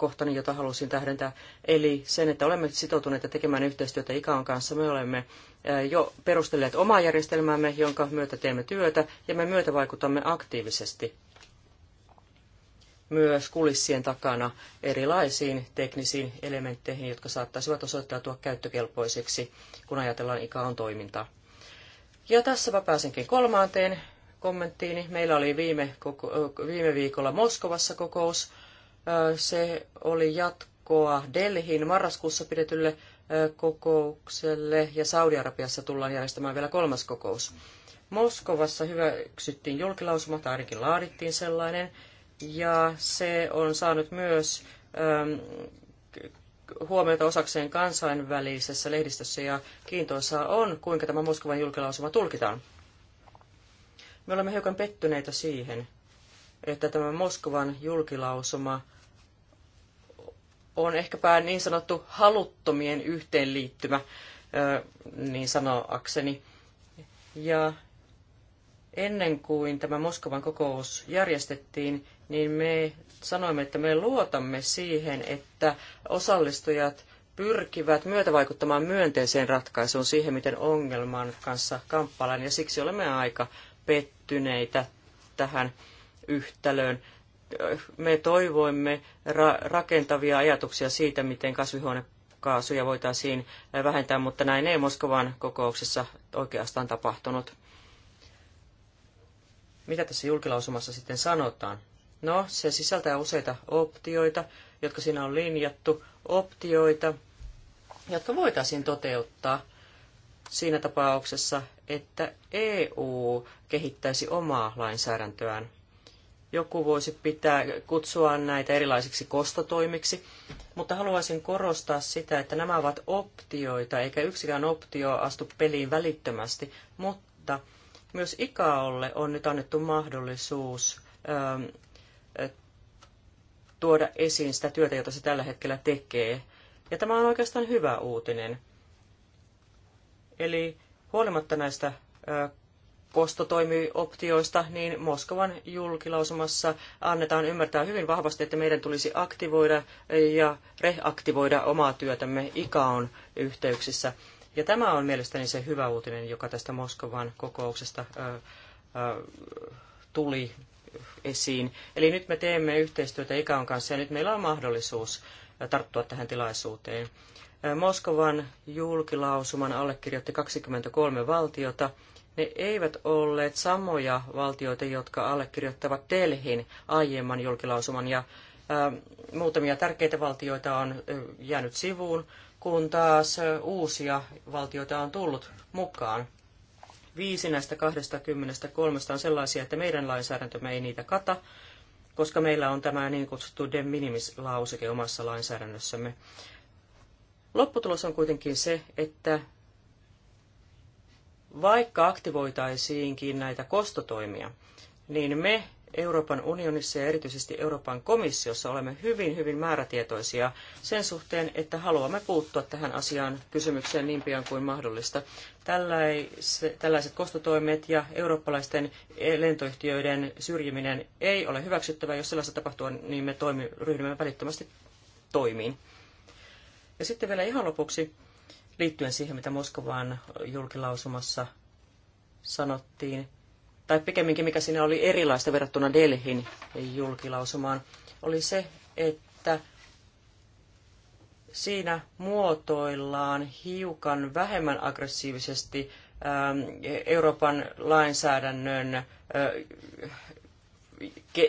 kohtani, jota halusin tähdentää, eli sen, että olemme sitoutuneita tekemään yhteistyötä ICAon kanssa. Me olemme jo perustelleet omaa järjestelmäämme, jonka myötä teemme työtä, ja me myötävaikutamme aktiivisesti myös kulissien takana erilaisiin teknisiin elementteihin, jotka saattaisivat osoittautua käyttökelpoisiksi, kun ajatellaan ICAon toimintaa. Ja tässäpä pääsenkin kolmanteen kommenttiini. Meillä oli viime, viime viikolla Moskovassa kokous se oli jatkoa Delhiin marraskuussa pidetylle kokoukselle ja Saudi-Arabiassa tullaan järjestämään vielä kolmas kokous. Moskovassa hyväksyttiin julkilausuma, tai ainakin laadittiin sellainen, ja se on saanut myös ähm, huomiota osakseen kansainvälisessä lehdistössä, ja kiintoisaa on, kuinka tämä Moskovan julkilausuma tulkitaan. Me olemme hiukan pettyneitä siihen, että tämä Moskovan julkilausuma on ehkäpä niin sanottu haluttomien yhteenliittymä, niin sanoakseni. Ja ennen kuin tämä Moskovan kokous järjestettiin, niin me sanoimme, että me luotamme siihen, että osallistujat pyrkivät myötävaikuttamaan myönteiseen ratkaisuun siihen, miten ongelman kanssa kamppaillaan, ja siksi olemme aika pettyneitä tähän yhtälöön. Me toivoimme ra- rakentavia ajatuksia siitä, miten kasvihuonekaasuja voitaisiin vähentää, mutta näin ei Moskovan kokouksessa oikeastaan tapahtunut. Mitä tässä julkilausumassa sitten sanotaan? No, se sisältää useita optioita, jotka siinä on linjattu, optioita, jotka voitaisiin toteuttaa siinä tapauksessa, että EU kehittäisi omaa lainsäädäntöään. Joku voisi pitää, kutsua näitä erilaisiksi kostotoimiksi, mutta haluaisin korostaa sitä, että nämä ovat optioita, eikä yksikään optio astu peliin välittömästi, mutta myös ICAOlle on nyt annettu mahdollisuus ähm, äh, tuoda esiin sitä työtä, jota se tällä hetkellä tekee. Ja tämä on oikeastaan hyvä uutinen. Eli huolimatta näistä äh, Kosto toimii optioista, niin Moskovan julkilausumassa annetaan ymmärtää hyvin vahvasti, että meidän tulisi aktivoida ja reaktivoida omaa työtämme ikaon yhteyksissä. Ja tämä on mielestäni se hyvä uutinen, joka tästä Moskovan kokouksesta tuli esiin. Eli nyt me teemme yhteistyötä ikaon kanssa ja nyt meillä on mahdollisuus tarttua tähän tilaisuuteen. Moskovan julkilausuman allekirjoitti 23 valtiota ne eivät olleet samoja valtioita, jotka allekirjoittavat Delhin aiemman julkilausuman ja ä, muutamia tärkeitä valtioita on ä, jäänyt sivuun, kun taas ä, uusia valtioita on tullut mukaan. Viisi näistä 23 on sellaisia, että meidän lainsäädäntömme ei niitä kata, koska meillä on tämä niin kutsuttu de minimis-lauseke omassa lainsäädännössämme. Lopputulos on kuitenkin se, että vaikka aktivoitaisiinkin näitä kostotoimia, niin me Euroopan unionissa ja erityisesti Euroopan komissiossa olemme hyvin, hyvin määrätietoisia sen suhteen, että haluamme puuttua tähän asiaan kysymykseen niin pian kuin mahdollista. Tällaiset kostotoimet ja eurooppalaisten lentoyhtiöiden syrjiminen ei ole hyväksyttävää. Jos sellaista tapahtuu, niin me toimi, ryhdymme välittömästi toimiin. Ja sitten vielä ihan lopuksi liittyen siihen, mitä Moskovaan julkilausumassa sanottiin, tai pikemminkin mikä siinä oli erilaista verrattuna Delhin julkilausumaan, oli se, että siinä muotoillaan hiukan vähemmän aggressiivisesti ähm, Euroopan lainsäädännön äh,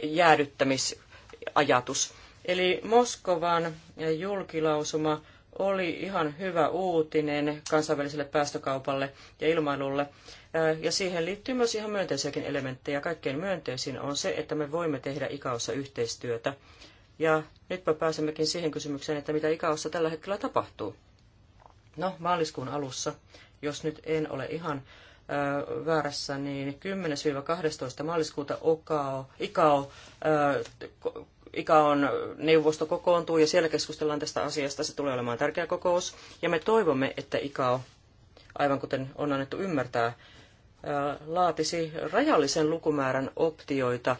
jäädyttämisajatus. Eli Moskovan julkilausuma oli ihan hyvä uutinen kansainväliselle päästökaupalle ja ilmailulle. Ja siihen liittyy myös ihan myönteisiäkin elementtejä. Kaikkein myönteisin on se, että me voimme tehdä ikaossa yhteistyötä. Ja nytpä pääsemmekin siihen kysymykseen, että mitä ikaossa tällä hetkellä tapahtuu. No, maaliskuun alussa, jos nyt en ole ihan väärässä, niin 10-12. maaliskuuta OKAO, IKAO ICAON neuvosto kokoontuu ja siellä keskustellaan tästä asiasta. Se tulee olemaan tärkeä kokous. Ja me toivomme, että ICAO, aivan kuten on annettu ymmärtää, äh, laatisi rajallisen lukumäärän optioita äh,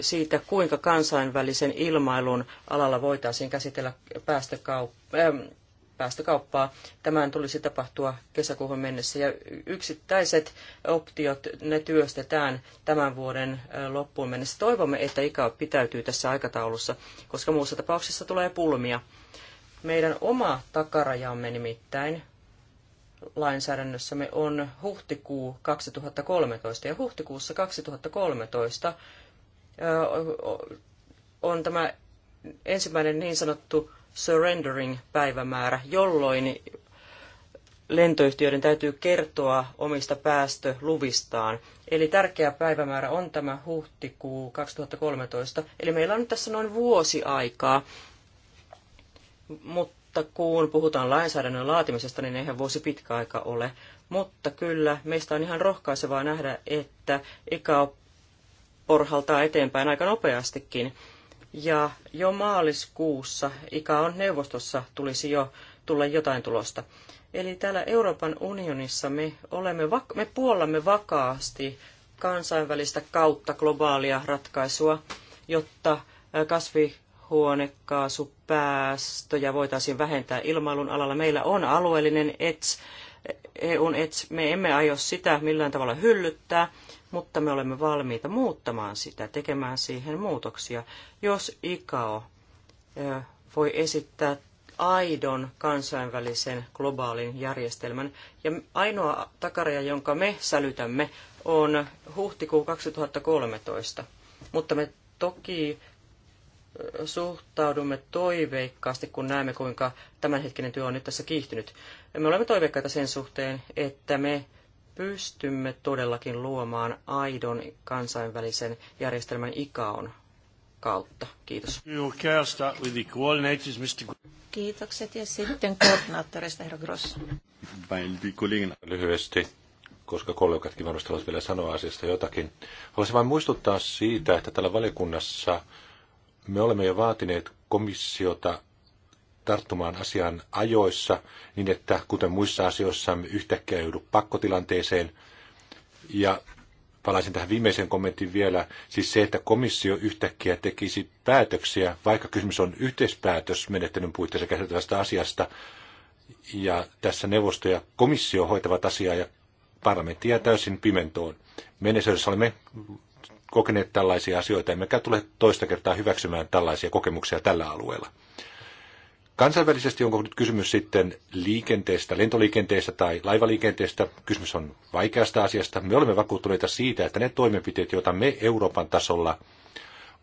siitä, kuinka kansainvälisen ilmailun alalla voitaisiin käsitellä päästökauppaa äh, päästökauppaa. Tämän tulisi tapahtua kesäkuuhun mennessä ja yksittäiset optiot, ne työstetään tämän vuoden loppuun mennessä. Toivomme, että ikä pitäytyy tässä aikataulussa, koska muussa tapauksessa tulee pulmia. Meidän oma takarajamme nimittäin lainsäädännössämme on huhtikuu 2013 ja huhtikuussa 2013 on tämä ensimmäinen niin sanottu surrendering päivämäärä, jolloin lentoyhtiöiden täytyy kertoa omista päästöluvistaan. Eli tärkeä päivämäärä on tämä huhtikuu 2013. Eli meillä on nyt tässä noin vuosi aikaa, mutta kun puhutaan lainsäädännön laatimisesta, niin eihän vuosi pitkä aika ole. Mutta kyllä, meistä on ihan rohkaisevaa nähdä, että ICAO porhaltaa eteenpäin aika nopeastikin ja jo maaliskuussa on neuvostossa tulisi jo tulla jotain tulosta. Eli täällä Euroopan unionissa me, olemme, me puollamme vakaasti kansainvälistä kautta globaalia ratkaisua, jotta kasvihuonekaasupäästöjä voitaisiin vähentää ilmailun alalla. Meillä on alueellinen ETS, EUn ETS, me emme aio sitä millään tavalla hyllyttää mutta me olemme valmiita muuttamaan sitä, tekemään siihen muutoksia, jos ICAO voi esittää aidon kansainvälisen globaalin järjestelmän. Ja ainoa takaraja, jonka me sälytämme, on huhtikuu 2013. Mutta me toki suhtaudumme toiveikkaasti, kun näemme, kuinka tämänhetkinen työ on nyt tässä kiihtynyt. Me olemme toiveikkaita sen suhteen, että me pystymme todellakin luomaan aidon kansainvälisen järjestelmän ikaon kautta. Kiitos. Kiitokset ja sitten koordinaattorista herra Gross. Lyhyesti, koska kollegatkin varmasti haluaisivat vielä sanoa asiasta jotakin. Haluaisin vain muistuttaa siitä, että tällä valiokunnassa me olemme jo vaatineet komissiota tarttumaan asiaan ajoissa, niin että kuten muissa asioissa yhtäkkiä joudu pakkotilanteeseen. Ja palaisin tähän viimeiseen kommenttiin vielä, siis se, että komissio yhtäkkiä tekisi päätöksiä, vaikka kysymys on menettelyn puitteissa käsiteltävästä asiasta, ja tässä neuvosto ja komissio hoitavat asiaa ja parlamentti jää täysin pimentoon. Menneisyydessä olemme kokeneet tällaisia asioita, emmekä tule toista kertaa hyväksymään tällaisia kokemuksia tällä alueella. Kansainvälisesti onko nyt kysymys sitten liikenteestä, lentoliikenteestä tai laivaliikenteestä? Kysymys on vaikeasta asiasta. Me olemme vakuuttuneita siitä, että ne toimenpiteet, joita me Euroopan tasolla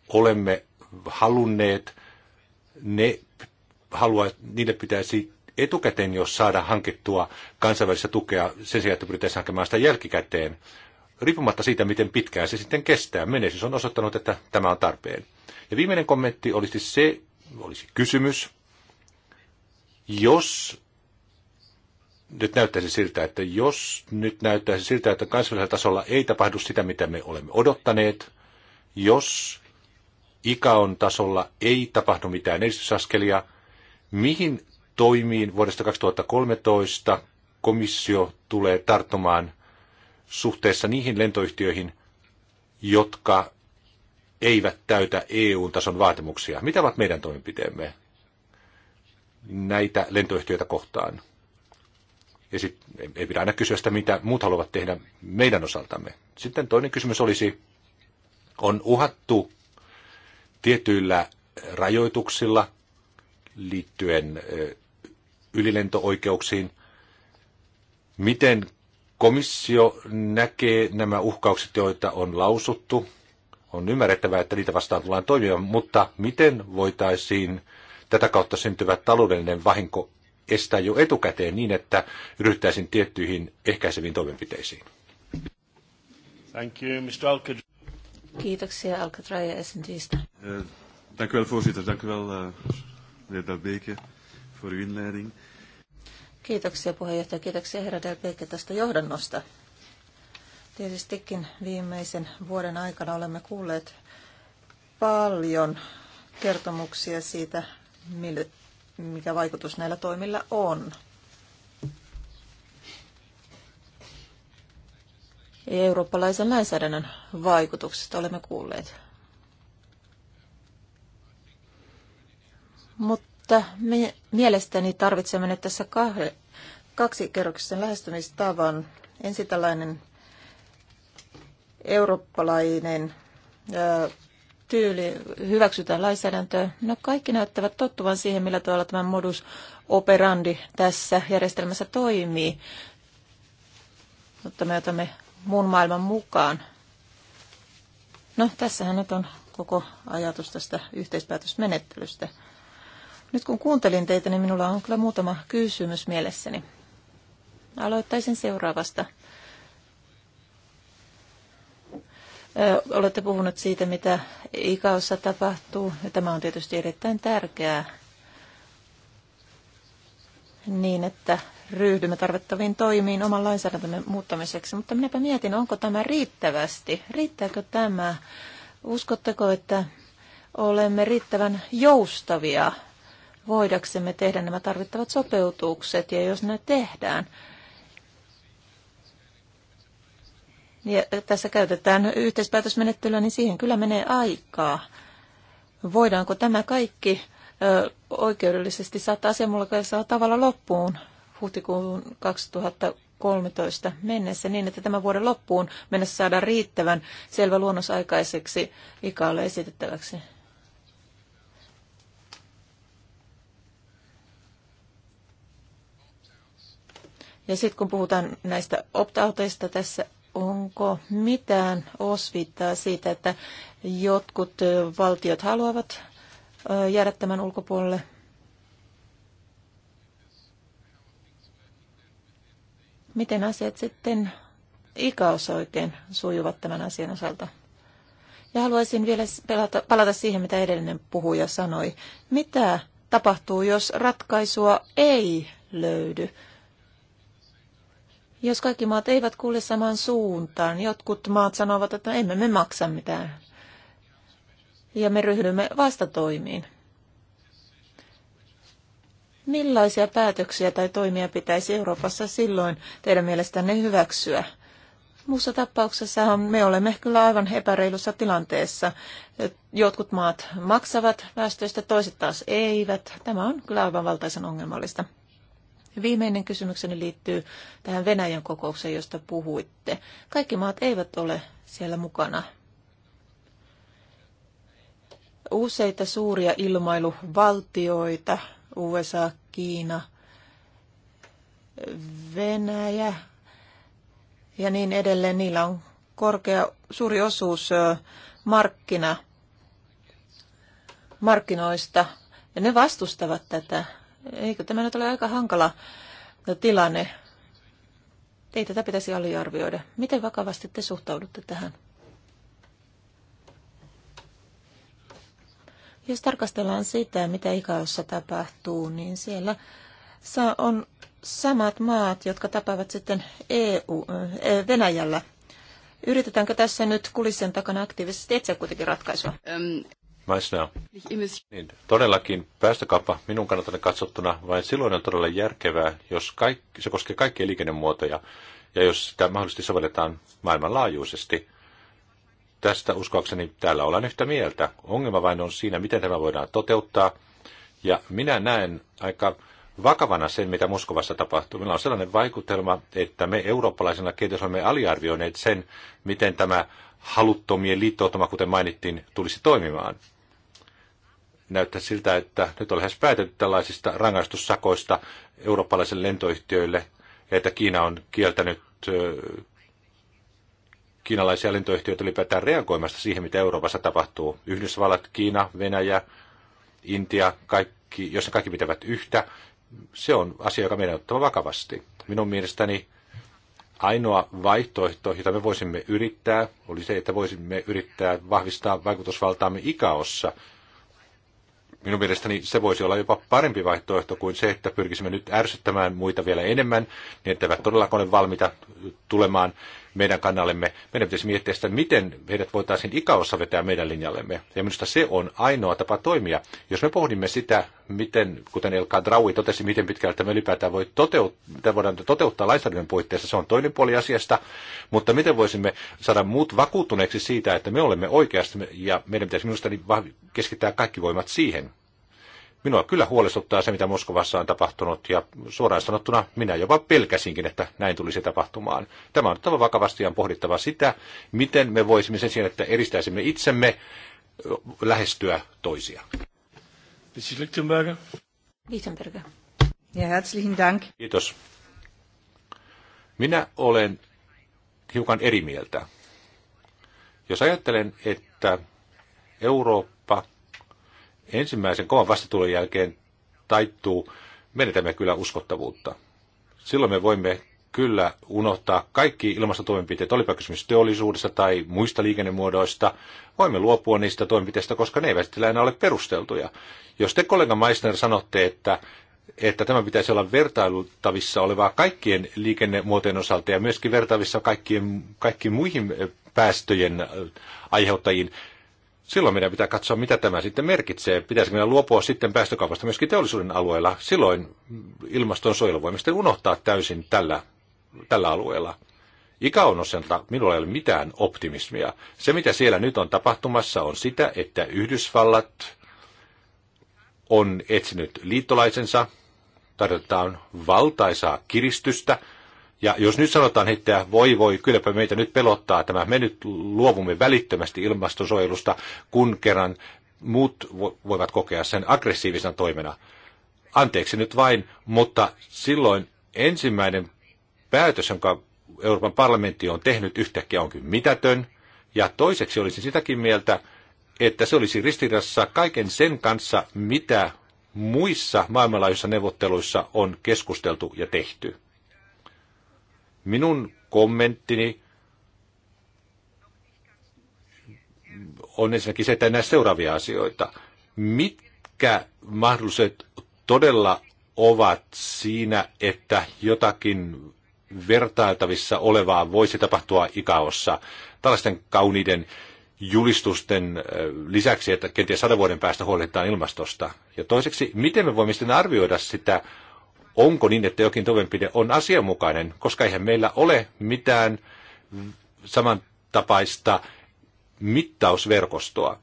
olemme halunneet, ne halua, niille pitäisi etukäteen jos saada hankittua kansainvälistä tukea sen sijaan, että pyritään hankemaan sitä jälkikäteen, riippumatta siitä, miten pitkään se sitten kestää. Menestys on osoittanut, että tämä on tarpeen. Ja viimeinen kommentti olisi se, olisi kysymys, jos nyt näyttäisi siltä, että jos nyt näyttäisi siltä, että kansallisella tasolla ei tapahdu sitä, mitä me olemme odottaneet, jos ikaon tasolla ei tapahdu mitään edistysaskelia, mihin toimiin vuodesta 2013 komissio tulee tarttumaan suhteessa niihin lentoyhtiöihin, jotka eivät täytä EU-tason vaatimuksia? Mitä ovat meidän toimenpiteemme? näitä lentoyhtiöitä kohtaan. Ja sitten ei pidä aina kysyä sitä, mitä muut haluavat tehdä meidän osaltamme. Sitten toinen kysymys olisi, on uhattu tietyillä rajoituksilla liittyen ylilentooikeuksiin. Miten komissio näkee nämä uhkaukset, joita on lausuttu? On ymmärrettävää, että niitä vastaan tullaan toimimaan, mutta miten voitaisiin tätä kautta syntyvä taloudellinen vahinko estää jo etukäteen niin, että ryhtäisin tiettyihin ehkäiseviin toimenpiteisiin. Thank you, Mr. Alcad. Kiitoksia Alcatraja SNTistä. Eh, dank u wel, voorzitter. Dank u wel, eh, meneer Delbeke, voor uw inleiding. Kiitoksia puheenjohtaja, kiitoksia herra Delbeke tästä johdannosta. Tietystikin viimeisen vuoden aikana olemme kuulleet paljon kertomuksia siitä, mille, mikä vaikutus näillä toimilla on. Eurooppalaisen lainsäädännön vaikutuksista olemme kuulleet. Mutta me, mielestäni tarvitsemme nyt tässä kahde, kaksikerroksisen lähestymistavan. Ensin tällainen eurooppalainen ö, tyyli hyväksytään lainsäädäntöä. No kaikki näyttävät tottuvan siihen, millä tavalla tämä modus operandi tässä järjestelmässä toimii. Mutta me otamme muun maailman mukaan. No tässähän nyt on koko ajatus tästä yhteispäätösmenettelystä. Nyt kun kuuntelin teitä, niin minulla on kyllä muutama kysymys mielessäni. Aloittaisin seuraavasta. Olette puhunut siitä, mitä ikaossa tapahtuu. Tämä on tietysti erittäin tärkeää niin, että ryhdymme tarvittaviin toimiin oman lainsäädäntömme muuttamiseksi. Mutta minäpä mietin, onko tämä riittävästi? Riittääkö tämä? Uskotteko, että olemme riittävän joustavia voidaksemme tehdä nämä tarvittavat sopeutukset, ja jos ne tehdään, ja tässä käytetään yhteispäätösmenettelyä, niin siihen kyllä menee aikaa. Voidaanko tämä kaikki oikeudellisesti saattaa asianmukaisella tavalla loppuun huhtikuun 2013 mennessä niin, että tämän vuoden loppuun mennessä saadaan riittävän selvä luonnos aikaiseksi ikaalle esitettäväksi? Ja sitten kun puhutaan näistä opt-outeista tässä onko mitään osvittaa siitä, että jotkut valtiot haluavat jäädä tämän ulkopuolelle? Miten asiat sitten ikaos oikein sujuvat tämän asian osalta? Ja haluaisin vielä palata siihen, mitä edellinen puhuja sanoi. Mitä tapahtuu, jos ratkaisua ei löydy? Jos kaikki maat eivät kuule samaan suuntaan, jotkut maat sanovat, että emme me maksa mitään. Ja me ryhdymme vastatoimiin. Millaisia päätöksiä tai toimia pitäisi Euroopassa silloin teidän mielestänne hyväksyä? Muussa tapauksessa me olemme kyllä aivan epäreilussa tilanteessa. Jotkut maat maksavat väestöistä, toiset taas eivät. Tämä on kyllä aivan valtaisen ongelmallista. Viimeinen kysymykseni liittyy tähän Venäjän kokoukseen, josta puhuitte. Kaikki maat eivät ole siellä mukana. Useita suuria ilmailuvaltioita, USA, Kiina, Venäjä ja niin edelleen, niillä on korkea, suuri osuus markkina, markkinoista ja ne vastustavat tätä eikö tämä nyt ole aika hankala tilanne? Ei tätä pitäisi aliarvioida. Miten vakavasti te suhtaudutte tähän? Jos tarkastellaan sitä, mitä ikäossa tapahtuu, niin siellä on samat maat, jotka tapaavat sitten EU, eh, Venäjällä. Yritetäänkö tässä nyt kulissien takana aktiivisesti etsiä kuitenkin ratkaisua? Maisnau. Niin, todellakin päästökauppa minun kannaltani katsottuna vain silloin on todella järkevää, jos kaikki, se koskee kaikkia liikennemuotoja ja jos sitä mahdollisesti sovelletaan maailmanlaajuisesti. Tästä uskoakseni täällä ollaan yhtä mieltä. Ongelma vain on siinä, miten tämä voidaan toteuttaa. Ja minä näen aika vakavana sen, mitä Moskovassa tapahtuu. Meillä on sellainen vaikutelma, että me eurooppalaisena kenties olemme aliarvioineet sen, miten tämä haluttomien liittoutuma, kuten mainittiin, tulisi toimimaan näyttää siltä, että nyt on lähes päätetty tällaisista rangaistussakoista eurooppalaisille lentoyhtiöille, että Kiina on kieltänyt kiinalaisia lentoyhtiöitä ylipäätään reagoimasta siihen, mitä Euroopassa tapahtuu. Yhdysvallat, Kiina, Venäjä, Intia, kaikki, jos ne kaikki pitävät yhtä, se on asia, joka meidän ottaa vakavasti. Minun mielestäni ainoa vaihtoehto, jota me voisimme yrittää, oli se, että voisimme yrittää vahvistaa vaikutusvaltaamme ikaossa – minun mielestäni se voisi olla jopa parempi vaihtoehto kuin se, että pyrkisimme nyt ärsyttämään muita vielä enemmän, niin että eivät todellakaan ole valmiita tulemaan meidän kannallemme. Meidän pitäisi miettiä sitä, miten heidät voitaisiin ikaossa vetää meidän linjallemme. Ja minusta se on ainoa tapa toimia. Jos me pohdimme sitä, miten, kuten Elka Draui totesi, miten pitkältä tämä ylipäätään voi toteut- voidaan toteuttaa lainsäädännön puitteissa, se on toinen puoli asiasta, mutta miten voisimme saada muut vakuuttuneeksi siitä, että me olemme oikeasti ja meidän pitäisi minusta niin keskittää kaikki voimat siihen. Minua kyllä huolestuttaa se, mitä Moskovassa on tapahtunut, ja suoraan sanottuna minä jopa pelkäsinkin, että näin tulisi tapahtumaan. Tämä on otettava vakavasti ja on pohdittava sitä, miten me voisimme sen sijaan, että eristäisimme itsemme, lähestyä toisia. Ja Dank. Kiitos. Minä olen hiukan eri mieltä. Jos ajattelen, että Eurooppa ensimmäisen kovan vastatulon jälkeen taittuu, menetämme kyllä uskottavuutta. Silloin me voimme kyllä unohtaa kaikki ilmastotoimenpiteet, olipa kysymys teollisuudesta tai muista liikennemuodoista. Voimme luopua niistä toimenpiteistä, koska ne eivät sillä enää ole perusteltuja. Jos te kollega Meissner sanotte, että, että tämä pitäisi olla vertailtavissa olevaa kaikkien liikennemuotojen osalta ja myöskin vertailtavissa kaikkien, kaikkiin muihin päästöjen aiheuttajiin, Silloin meidän pitää katsoa, mitä tämä sitten merkitsee. Pitäisikö meidän luopua sitten päästökaupasta myöskin teollisuuden alueella? Silloin ilmaston suojelu voimme sitten unohtaa täysin tällä, tällä alueella. Ikaon osalta minulla ei ole mitään optimismia. Se, mitä siellä nyt on tapahtumassa, on sitä, että Yhdysvallat on etsinyt liittolaisensa, tarjotaan valtaisaa kiristystä – ja jos nyt sanotaan, että voi voi, kylläpä meitä nyt pelottaa tämä, me nyt luovumme välittömästi ilmastosuojelusta, kun kerran muut voivat kokea sen aggressiivisena toimena. Anteeksi nyt vain, mutta silloin ensimmäinen päätös, jonka Euroopan parlamentti on tehnyt yhtäkkiä onkin mitätön. Ja toiseksi olisin sitäkin mieltä, että se olisi ristiriidassa kaiken sen kanssa, mitä muissa maailmanlaajuisissa neuvotteluissa on keskusteltu ja tehty. Minun kommenttini on ensinnäkin se, että näe seuraavia asioita. Mitkä mahdolliset todella ovat siinä, että jotakin vertailtavissa olevaa voisi tapahtua ikaossa. Tällaisten kauniiden julistusten lisäksi, että kenties sadan vuoden päästä huolehditaan ilmastosta. Ja toiseksi, miten me voimme sitten arvioida sitä onko niin, että jokin toimenpide on asianmukainen, koska eihän meillä ole mitään samantapaista mittausverkostoa.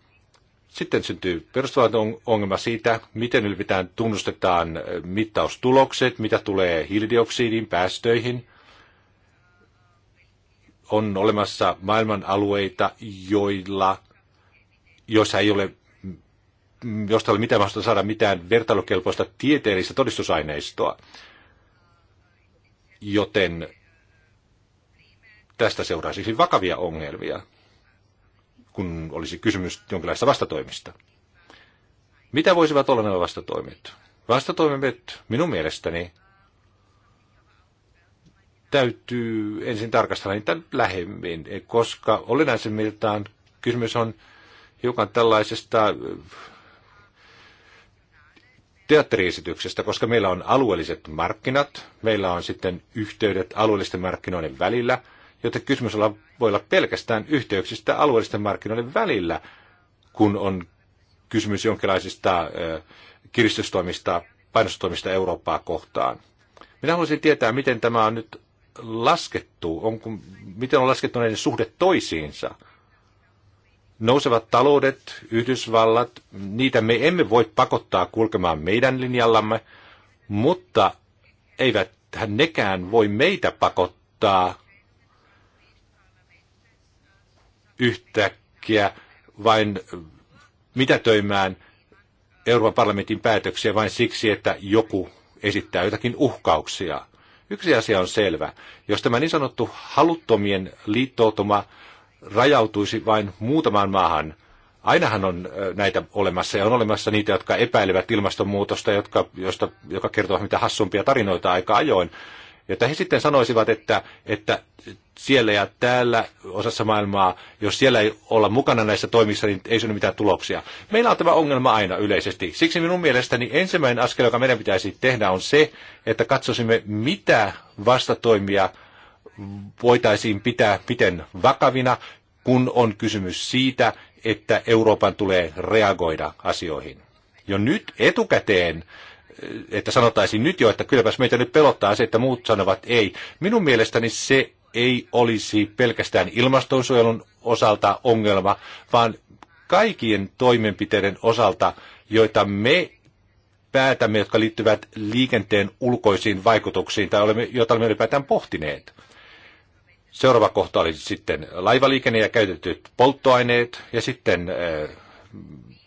Sitten syntyy perustavallinen ongelma siitä, miten ylipäätään tunnustetaan mittaustulokset, mitä tulee hiilidioksidin päästöihin. On olemassa maailman alueita, joilla, joissa ei ole josta ei ole mitään mahdollista saada mitään vertailukelpoista tieteellistä todistusaineistoa. Joten tästä seuraisi siis vakavia ongelmia, kun olisi kysymys jonkinlaista vastatoimista. Mitä voisivat olla nämä vastatoimet? Vastatoimet minun mielestäni täytyy ensin tarkastella niitä lähemmin, koska olennaisemmiltaan kysymys on hiukan tällaisesta teatteriesityksestä, koska meillä on alueelliset markkinat, meillä on sitten yhteydet alueellisten markkinoiden välillä, joten kysymys voi olla pelkästään yhteyksistä alueellisten markkinoiden välillä, kun on kysymys jonkinlaisista kiristystoimista, painostustoimista Eurooppaa kohtaan. Minä haluaisin tietää, miten tämä on nyt laskettu, on, miten on laskettu näiden suhde toisiinsa nousevat taloudet, Yhdysvallat, niitä me emme voi pakottaa kulkemaan meidän linjallamme, mutta eivät nekään voi meitä pakottaa yhtäkkiä vain mitätöimään Euroopan parlamentin päätöksiä vain siksi, että joku esittää jotakin uhkauksia. Yksi asia on selvä. Jos tämä niin sanottu haluttomien liittoutuma rajautuisi vain muutamaan maahan. Ainahan on näitä olemassa ja on olemassa niitä, jotka epäilevät ilmastonmuutosta, jotka, josta, joka kertoo mitä hassumpia tarinoita aika ajoin. Että he sitten sanoisivat, että, että siellä ja täällä osassa maailmaa, jos siellä ei olla mukana näissä toimissa, niin ei synny mitään tuloksia. Meillä on tämä ongelma aina yleisesti. Siksi minun mielestäni ensimmäinen askel, joka meidän pitäisi tehdä, on se, että katsoisimme, mitä vastatoimia voitaisiin pitää miten vakavina, kun on kysymys siitä, että Euroopan tulee reagoida asioihin. Jo nyt etukäteen, että sanotaisiin nyt jo, että kylläpäs meitä nyt pelottaa se, että muut sanovat ei. Minun mielestäni se ei olisi pelkästään ilmastonsuojelun osalta ongelma, vaan kaikkien toimenpiteiden osalta, joita me päätämme, jotka liittyvät liikenteen ulkoisiin vaikutuksiin, tai olemme, joita olemme ylipäätään pohtineet. Seuraava kohta oli sitten laivaliikenne ja käytetyt polttoaineet ja sitten äh,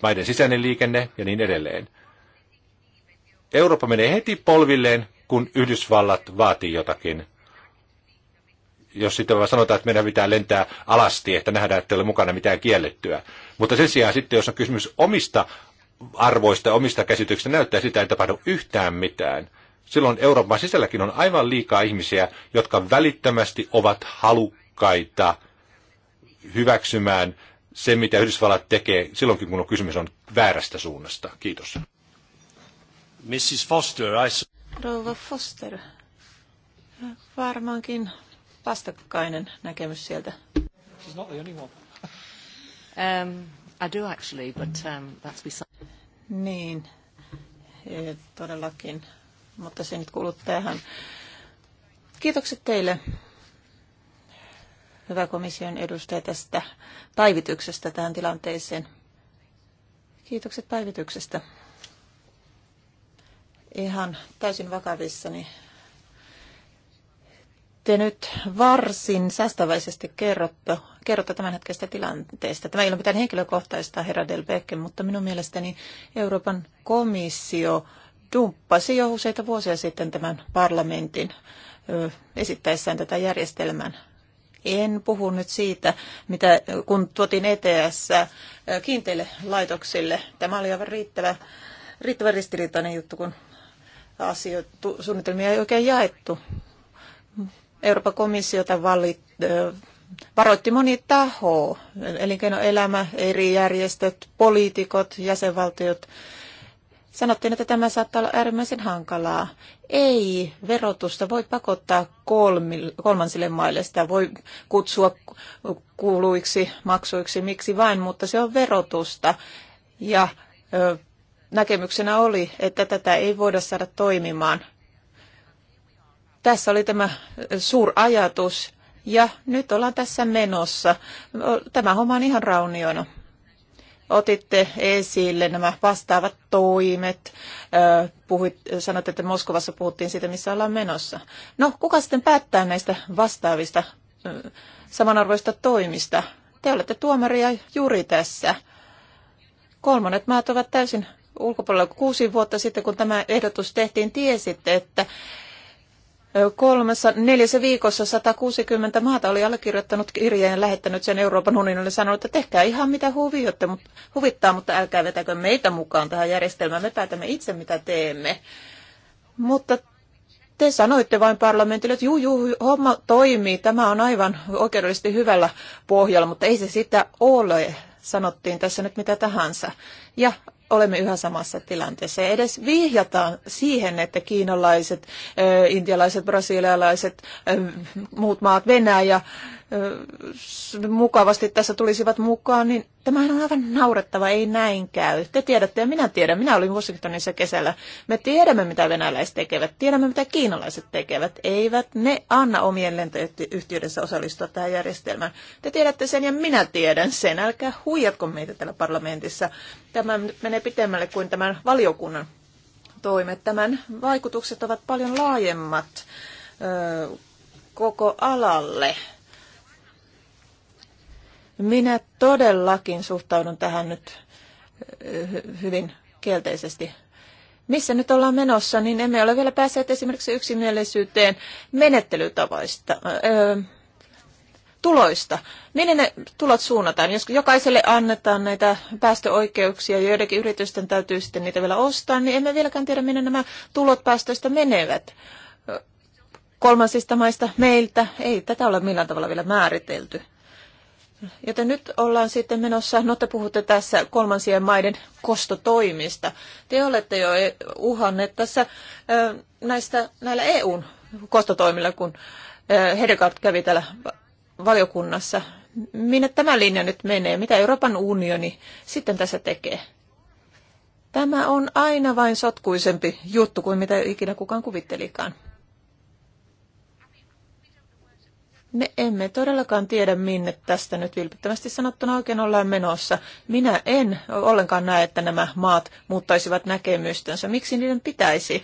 maiden sisäinen liikenne ja niin edelleen. Eurooppa menee heti polvilleen, kun Yhdysvallat vaatii jotakin. Jos sitten vaan sanotaan, että meidän pitää lentää alasti, että nähdään, että ei ole mukana mitään kiellettyä. Mutta sen sijaan sitten, jos on kysymys omista arvoista, omista käsityksistä, näyttää sitä, ei tapahdu yhtään mitään – silloin Euroopan sisälläkin on aivan liikaa ihmisiä, jotka välittömästi ovat halukkaita hyväksymään se, mitä Yhdysvallat tekee silloinkin, kun on kysymys on väärästä suunnasta. Kiitos. Mrs. Foster, I... Rouva Foster, varmaankin vastakkainen näkemys sieltä. She's not the only one. um, I do actually, but um, that's beside... Niin, todellakin mutta se nyt kuuluu tähän. Kiitokset teille, hyvä komission edustaja, tästä päivityksestä tähän tilanteeseen. Kiitokset päivityksestä. Ihan täysin vakavissani. Te nyt varsin säästäväisesti kerrotte, kerrotte tämän hetkestä tilanteesta. Tämä ei ole mitään henkilökohtaista, herra Delbecke, mutta minun mielestäni Euroopan komissio dumppasi jo useita vuosia sitten tämän parlamentin esittäessään tätä järjestelmän en puhu nyt siitä, mitä, kun tuotiin ETS kiinteille laitoksille. Tämä oli aivan riittävä, riittävä ristiriitainen juttu, kun asioitu, suunnitelmia ei oikein jaettu. Euroopan komissiota valit, varoitti moni taho, elinkeinoelämä, eri järjestöt, poliitikot, jäsenvaltiot, Sanottiin, että tämä saattaa olla äärimmäisen hankalaa. Ei verotusta voi pakottaa kolmansille maille. Sitä voi kutsua kuuluiksi maksuiksi, miksi vain, mutta se on verotusta. Ja ö, näkemyksenä oli, että tätä ei voida saada toimimaan. Tässä oli tämä suurajatus. Ja nyt ollaan tässä menossa. Tämä homma on ihan raunioina otitte esille nämä vastaavat toimet. Puhuit, sanotte että Moskovassa puhuttiin siitä, missä ollaan menossa. No, kuka sitten päättää näistä vastaavista samanarvoista toimista? Te olette tuomari ja juuri tässä. Kolmannet maat ovat täysin ulkopuolella. Kuusi vuotta sitten, kun tämä ehdotus tehtiin, tiesitte, että Kolmessa, neljässä viikossa 160 maata oli allekirjoittanut kirjeen ja lähettänyt sen Euroopan unionille ja sanonut, että tehkää ihan mitä huviotte, mutta, huvittaa, mutta älkää vetäkö meitä mukaan tähän järjestelmään. Me päätämme itse, mitä teemme. Mutta te sanoitte vain parlamentille, että juu, juu, homma toimii, tämä on aivan oikeudellisesti hyvällä pohjalla, mutta ei se sitä ole sanottiin tässä nyt mitä tahansa. Ja olemme yhä samassa tilanteessa. Ja edes vihjataan siihen, että kiinalaiset, intialaiset, brasilialaiset, muut maat, Venäjä, mukavasti tässä tulisivat mukaan, niin tämähän on aivan naurettava, ei näin käy. Te tiedätte ja minä tiedän, minä olin Washingtonissa kesällä. Me tiedämme, mitä venäläiset tekevät, tiedämme, mitä kiinalaiset tekevät. Eivät ne anna omien lentoyhtiöidensä osallistua tähän järjestelmään. Te tiedätte sen ja minä tiedän sen. Älkää huijatko meitä täällä parlamentissa. Tämä menee pitemmälle kuin tämän valiokunnan toimet. Tämän vaikutukset ovat paljon laajemmat koko alalle minä todellakin suhtaudun tähän nyt eh, hyvin kielteisesti. Missä nyt ollaan menossa, niin emme ole vielä päässeet esimerkiksi yksimielisyyteen menettelytavoista, öö, tuloista. Minne ne tulot suunnataan? Jos jokaiselle annetaan näitä päästöoikeuksia ja joidenkin yritysten täytyy sitten niitä vielä ostaa, niin emme vieläkään tiedä, minne nämä tulot päästöistä menevät. Eh, kolmansista maista meiltä ei tätä ole millään tavalla vielä määritelty. Joten nyt ollaan sitten menossa, no te puhutte tässä kolmansien maiden kostotoimista. Te olette jo e- uhanneet tässä näistä, näillä EUn kostotoimilla, kun Hedegaard kävi täällä valiokunnassa. Minne tämä linja nyt menee? Mitä Euroopan unioni sitten tässä tekee? Tämä on aina vain sotkuisempi juttu kuin mitä ikinä kukaan kuvittelikaan. Me emme todellakaan tiedä, minne tästä nyt vilpittömästi sanottuna oikein ollaan menossa. Minä en ollenkaan näe, että nämä maat muuttaisivat näkemystänsä. Miksi niiden pitäisi?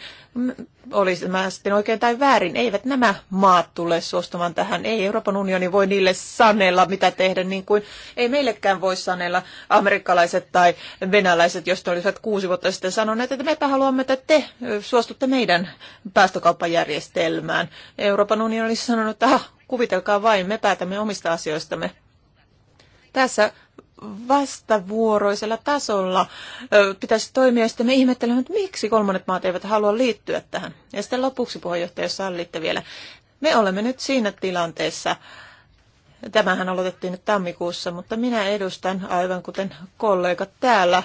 Olisi tämä sitten oikein tai väärin. Eivät nämä maat tule suostumaan tähän. Ei Euroopan unioni voi niille sanella, mitä tehdä, niin kuin ei meillekään voi sanella amerikkalaiset tai venäläiset, jos te olisivat kuusi vuotta sitten sanoneet, että mepä haluamme, että te suostutte meidän päästökauppajärjestelmään. Euroopan unioni olisi sanonut, että ah, Kuvitelkaa vain, me päätämme omista asioistamme. Tässä vastavuoroisella tasolla pitäisi toimia, ja sitten me ihmettelemme, että miksi kolmannet maat eivät halua liittyä tähän. Ja sitten lopuksi, puheenjohtaja, jos sallitte vielä, me olemme nyt siinä tilanteessa, tämähän aloitettiin nyt tammikuussa, mutta minä edustan, aivan kuten kollegat täällä,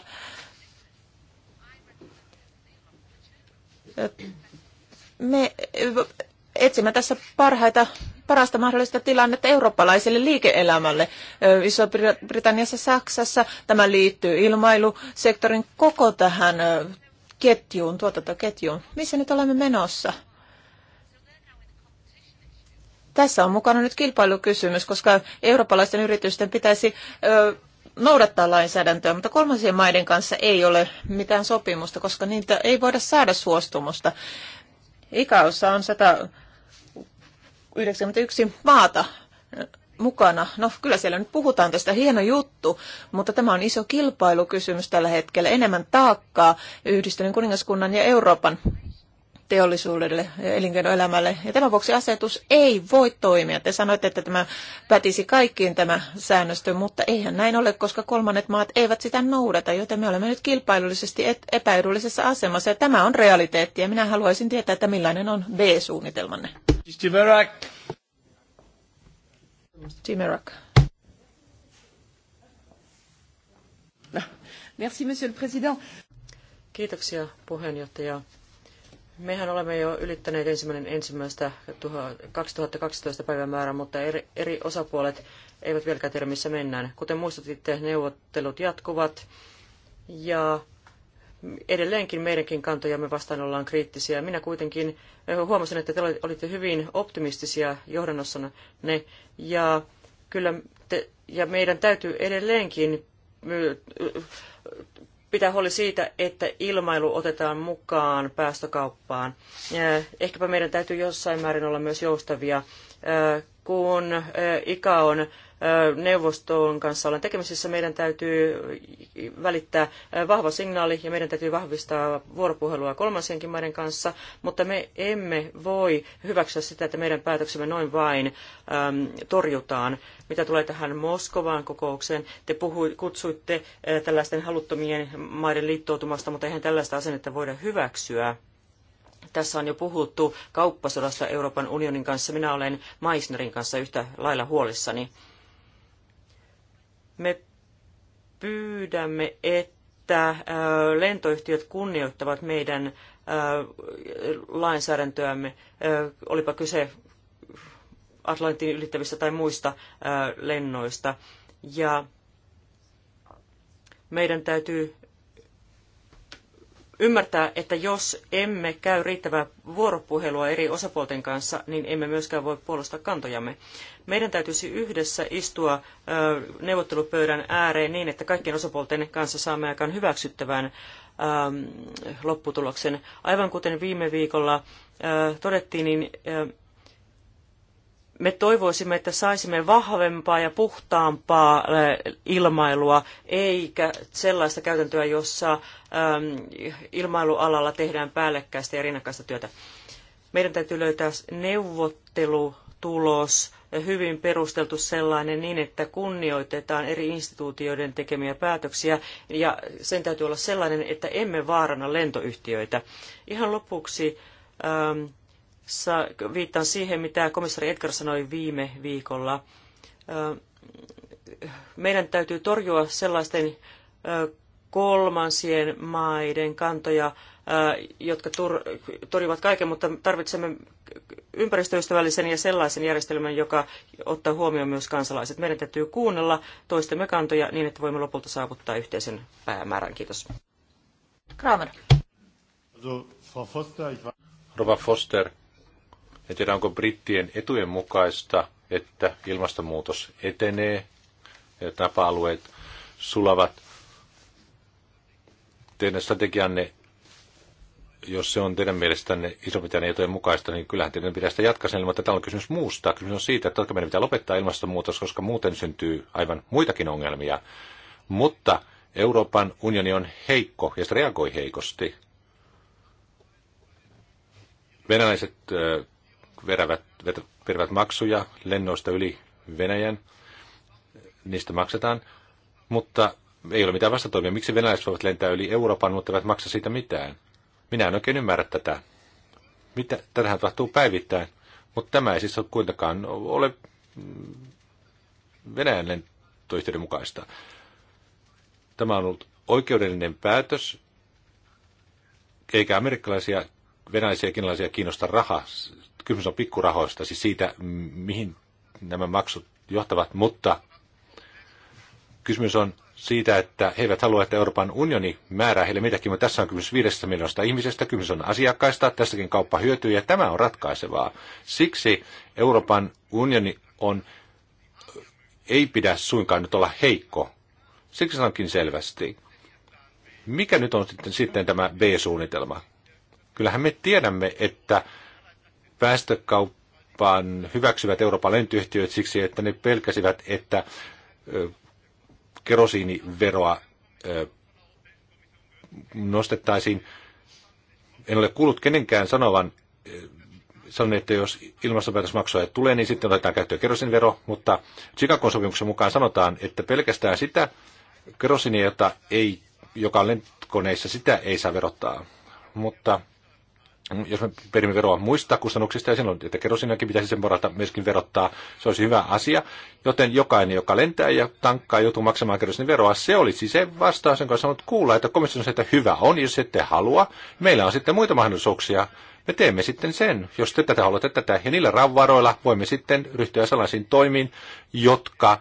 me etsimme tässä parhaita parasta mahdollista tilannetta eurooppalaiselle liike-elämälle. Iso-Britanniassa, Saksassa tämä liittyy ilmailusektorin koko tähän ketjuun, tuotantoketjuun. Missä nyt olemme menossa? Tässä on mukana nyt kilpailukysymys, koska eurooppalaisten yritysten pitäisi ö, noudattaa lainsäädäntöä, mutta kolmansien maiden kanssa ei ole mitään sopimusta, koska niitä ei voida saada suostumusta. Ikaossa on 100 91 maata äh, mukana. No kyllä siellä nyt puhutaan tästä, hieno juttu, mutta tämä on iso kilpailukysymys tällä hetkellä. Enemmän taakkaa yhdistyneen kuningaskunnan ja Euroopan teollisuudelle, elinkeinoelämälle. Ja tämän vuoksi asetus ei voi toimia. Te sanoitte, että tämä pätisi kaikkiin tämä säännöstö, mutta eihän näin ole, koska kolmannet maat eivät sitä noudata, joten me olemme nyt kilpailullisesti epäedullisessa asemassa. Ja tämä on realiteetti ja minä haluaisin tietää, että millainen on B-suunnitelmanne. Timerak. Timerak. Merci, monsieur le président. Kiitoksia puheenjohtaja. Mehän olemme jo ylittäneet ensimmäinen ensimmäistä 2012 päivämäärää, mutta eri, eri osapuolet eivät vieläkään tiedä, missä mennään. Kuten muistutitte, neuvottelut jatkuvat ja edelleenkin meidänkin kantojamme vastaan ollaan kriittisiä. Minä kuitenkin eh, huomasin, että te olitte hyvin optimistisia johdannossana ne ja kyllä te, ja meidän täytyy edelleenkin eh, pitää huoli siitä, että ilmailu otetaan mukaan päästökauppaan. Ehkäpä meidän täytyy jossain määrin olla myös joustavia, kun ICAON neuvoston kanssa ollaan tekemisissä, meidän täytyy välittää vahva signaali ja meidän täytyy vahvistaa vuoropuhelua kolmansienkin maiden kanssa, mutta me emme voi hyväksyä sitä, että meidän päätöksemme noin vain torjutaan. Mitä tulee tähän Moskovaan kokoukseen, te puhui, kutsuitte tällaisten haluttomien maiden liittoutumasta, mutta eihän tällaista asennetta voida hyväksyä. Tässä on jo puhuttu kauppasodasta Euroopan unionin kanssa. Minä olen Meissnerin kanssa yhtä lailla huolissani. Me pyydämme, että äh, lentoyhtiöt kunnioittavat meidän äh, lainsäädäntöämme, äh, olipa kyse Atlantin ylittävistä tai muista lennoista. Ja meidän täytyy ymmärtää, että jos emme käy riittävää vuoropuhelua eri osapuolten kanssa, niin emme myöskään voi puolustaa kantojamme. Meidän täytyisi yhdessä istua neuvottelupöydän ääreen niin, että kaikkien osapuolten kanssa saamme aikaan hyväksyttävän lopputuloksen. Aivan kuten viime viikolla todettiin, niin me toivoisimme, että saisimme vahvempaa ja puhtaampaa äh, ilmailua, eikä sellaista käytäntöä, jossa ähm, ilmailualalla tehdään päällekkäistä ja rinnakkaista työtä. Meidän täytyy löytää neuvottelutulos, hyvin perusteltu sellainen niin, että kunnioitetaan eri instituutioiden tekemiä päätöksiä ja sen täytyy olla sellainen, että emme vaarana lentoyhtiöitä. Ihan lopuksi ähm, viittaan siihen, mitä komissari Edgar sanoi viime viikolla. Meidän täytyy torjua sellaisten kolmansien maiden kantoja, jotka torjuvat kaiken, mutta tarvitsemme ympäristöystävällisen ja sellaisen järjestelmän, joka ottaa huomioon myös kansalaiset. Meidän täytyy kuunnella toistemme kantoja niin, että voimme lopulta saavuttaa yhteisen päämäärän. Kiitos. Kramer. Rova Foster, en tiedä, onko brittien etujen mukaista, että ilmastonmuutos etenee ja tapa-alueet sulavat. Teidän strategianne, jos se on teidän mielestänne iso etujen mukaista, niin kyllähän teidän pitää sitä jatkaa sen, mutta täällä on kysymys muusta. Kysymys on siitä, että meidän pitää lopettaa ilmastonmuutos, koska muuten syntyy aivan muitakin ongelmia. Mutta Euroopan unioni on heikko ja se reagoi heikosti. Venäläiset verävät, perivät maksuja lennoista yli Venäjän. Niistä maksetaan, mutta ei ole mitään vastatoimia. Miksi venäläiset voivat lentää yli Euroopan, mutta eivät maksa siitä mitään? Minä en oikein ymmärrä tätä. Mitä, tätähän tapahtuu päivittäin, mutta tämä ei siis ole kuitenkaan ole Venäjän lentoyhtiöiden mukaista. Tämä on ollut oikeudellinen päätös, eikä amerikkalaisia, venäläisiä ja kiinalaisia kiinnosta raha kysymys on pikkurahoista, siis siitä, mihin nämä maksut johtavat, mutta kysymys on siitä, että he eivät halua, että Euroopan unioni määrää heille mitäkin, mutta tässä on kysymys viidestä miljoonasta ihmisestä, kysymys on asiakkaista, tässäkin kauppa hyötyy ja tämä on ratkaisevaa. Siksi Euroopan unioni on, ei pidä suinkaan nyt olla heikko. Siksi sanonkin selvästi. Mikä nyt on sitten, sitten tämä B-suunnitelma? Kyllähän me tiedämme, että päästökauppaan hyväksyvät Euroopan lentoyhtiöt siksi, että ne pelkäsivät, että kerosiiniveroa nostettaisiin. En ole kuullut kenenkään sanovan, sanon, että jos ilmastopäätösmaksuja tulee, niin sitten otetaan käyttöön kerosinvero, mutta Chicagon sopimuksen mukaan sanotaan, että pelkästään sitä kerosinia, jota ei, joka on lentokoneissa, sitä ei saa verottaa. Mutta jos me perimme veroa muista kustannuksista, ja silloin, että kerosinakin pitäisi sen varalta myöskin verottaa, se olisi hyvä asia. Joten jokainen, joka lentää ja tankkaa, joutuu maksamaan kerosin veroa. Se olisi se vastaus, jonka sanonut kuulla, että komissio on se, että hyvä on, jos ette halua. Meillä on sitten muita mahdollisuuksia. Me teemme sitten sen, jos te tätä haluatte tätä. Ja niillä ravvaroilla voimme sitten ryhtyä sellaisiin toimiin, jotka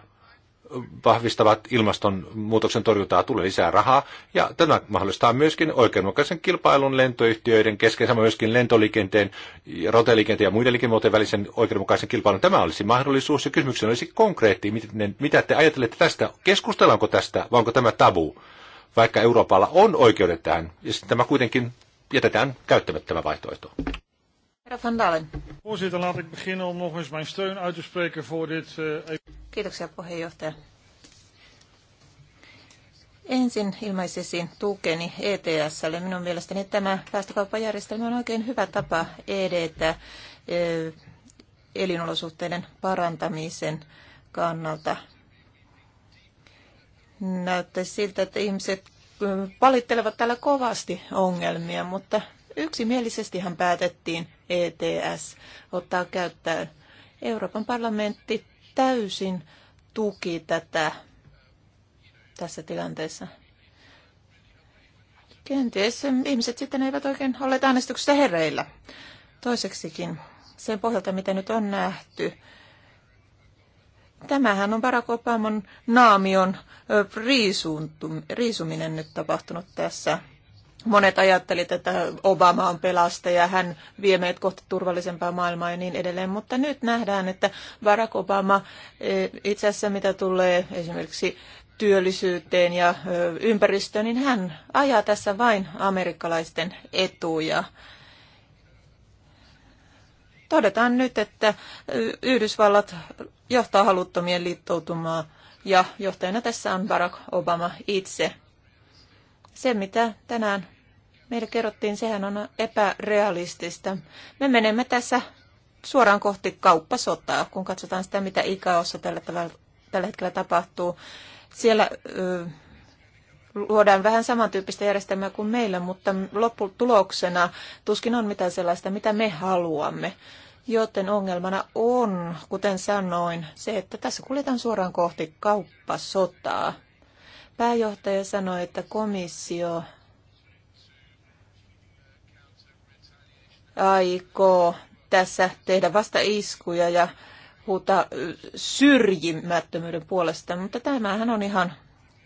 vahvistavat ilmastonmuutoksen torjuntaa, tulee lisää rahaa, ja tämä mahdollistaa myöskin oikeudenmukaisen kilpailun lentoyhtiöiden kesken, samoin myöskin lentoliikenteen, roteliikenteen ja muiden liikennemuotojen välisen oikeudenmukaisen kilpailun. Tämä olisi mahdollisuus, ja kysymyksen olisi konkreetti, mitä te ajattelette tästä, keskustellaanko tästä, vai onko tämä tabu, vaikka Euroopalla on oikeudet tähän, ja sitten tämä kuitenkin jätetään käyttämättä tämä vaihtoehto. Mevrouw Van Dalen. Voorzitter, laat ik beginnen om nog eens mijn steun uit te spreken voor dit... Eh, Kiitoksia puheenjohtaja. Ensin ilmaisisin tukeni ETSlle. Minun mielestäni tämä päästökauppajärjestelmä on oikein hyvä tapa edetä eh, elinolosuhteiden parantamisen kannalta. Näyttäisi siltä, että ihmiset eh, valittelevat täällä kovasti ongelmia, mutta hän päätettiin ETS ottaa käyttöön. Euroopan parlamentti täysin tuki tätä tässä tilanteessa. Kenties ihmiset sitten eivät oikein olleet äänestyksessä hereillä. Toiseksikin, sen pohjalta mitä nyt on nähty, tämähän on Barack Obaman naamion riisuminen nyt tapahtunut tässä. Monet ajattelivat, että Obama on pelastaja, hän vie meidät kohti turvallisempaa maailmaa ja niin edelleen, mutta nyt nähdään, että Barack Obama eh, itse asiassa mitä tulee esimerkiksi työllisyyteen ja eh, ympäristöön, niin hän ajaa tässä vain amerikkalaisten etuja. Todetaan nyt, että eh, Yhdysvallat johtaa haluttomien liittoutumaa ja johtajana tässä on Barack Obama itse. Se, mitä tänään meille kerrottiin, sehän on epärealistista. Me menemme tässä suoraan kohti kauppasotaa, kun katsotaan sitä, mitä ICAOssa tällä, tavalla, tällä hetkellä tapahtuu. Siellä ö, luodaan vähän samantyyppistä järjestelmää kuin meillä, mutta lopputuloksena tuskin on mitään sellaista, mitä me haluamme. Joten ongelmana on, kuten sanoin, se, että tässä kuljetaan suoraan kohti kauppasotaa. Pääjohtaja sanoi, että komissio aikoo tässä tehdä vasta iskuja ja huuta syrjimättömyyden puolesta, mutta tämähän on ihan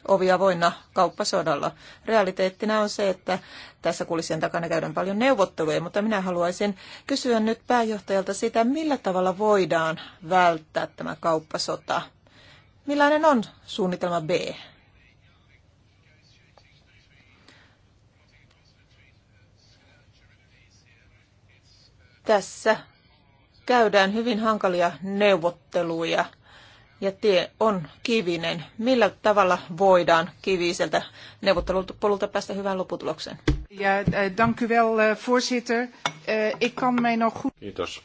ovia voinna kauppasodalla. Realiteettina on se, että tässä kulisien takana käydään paljon neuvotteluja, mutta minä haluaisin kysyä nyt pääjohtajalta sitä, millä tavalla voidaan välttää tämä kauppasota. Millainen on suunnitelma B? Tässä käydään hyvin hankalia neuvotteluja ja tie on kivinen. Millä tavalla voidaan kiviseltä neuvottelupolulta päästä hyvään lopputulokseen? Ja, eh, dank u wel, eh, voorzitter. Eh, ik kan mij nog goed... Kiitos.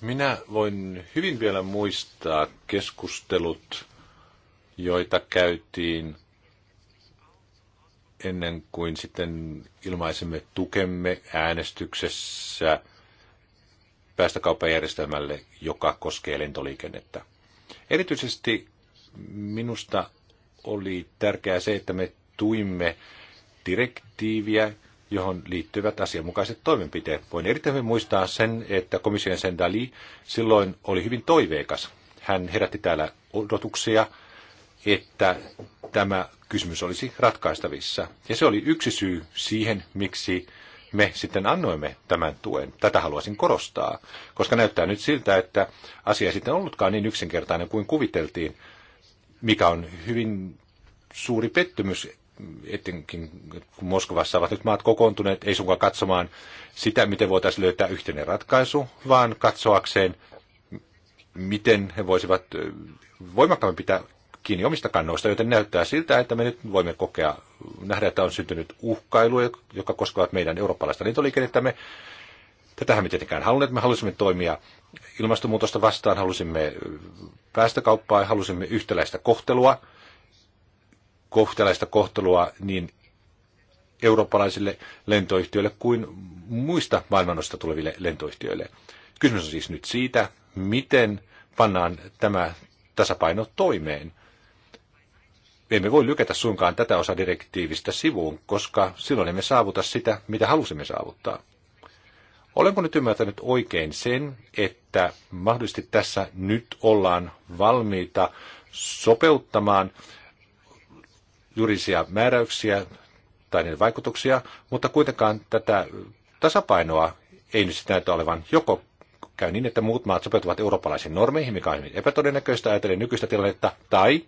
Minä voin hyvin vielä muistaa keskustelut, joita käytiin ennen kuin sitten ilmaisemme tukemme äänestyksessä päästökauppajärjestelmälle, joka koskee lentoliikennettä. Erityisesti minusta oli tärkeää se, että me tuimme direktiiviä, johon liittyvät asianmukaiset toimenpiteet. Voin erittäin hyvin muistaa sen, että komission sen Dali silloin oli hyvin toiveikas. Hän herätti täällä odotuksia, että tämä kysymys olisi ratkaistavissa. Ja se oli yksi syy siihen, miksi me sitten annoimme tämän tuen. Tätä haluaisin korostaa, koska näyttää nyt siltä, että asia ei sitten ollutkaan niin yksinkertainen kuin kuviteltiin, mikä on hyvin suuri pettymys, etenkin kun Moskovassa ovat nyt maat kokoontuneet, ei sunkaan katsomaan sitä, miten voitaisiin löytää yhteinen ratkaisu, vaan katsoakseen, miten he voisivat voimakkaammin pitää kiinni omista kannoista, joten näyttää siltä, että me nyt voimme kokea, nähdä, että on syntynyt uhkailu, joka koskevat meidän eurooppalaista liitoliikennettämme. Tätähän me tietenkään halunneet. Me halusimme toimia ilmastonmuutosta vastaan, halusimme päästökauppaa ja halusimme yhtäläistä kohtelua, kohtelaista kohtelua niin eurooppalaisille lentoyhtiöille kuin muista maailmanosta tuleville lentoyhtiöille. Kysymys on siis nyt siitä, miten pannaan tämä tasapaino toimeen emme voi lykätä suinkaan tätä osa direktiivistä sivuun, koska silloin emme saavuta sitä, mitä halusimme saavuttaa. Olenko nyt ymmärtänyt oikein sen, että mahdollisesti tässä nyt ollaan valmiita sopeuttamaan juridisia määräyksiä tai niiden vaikutuksia, mutta kuitenkaan tätä tasapainoa ei nyt sitä näytä olevan joko käy niin, että muut maat sopeutuvat eurooppalaisiin normeihin, mikä on hyvin epätodennäköistä ajatellen nykyistä tilannetta, tai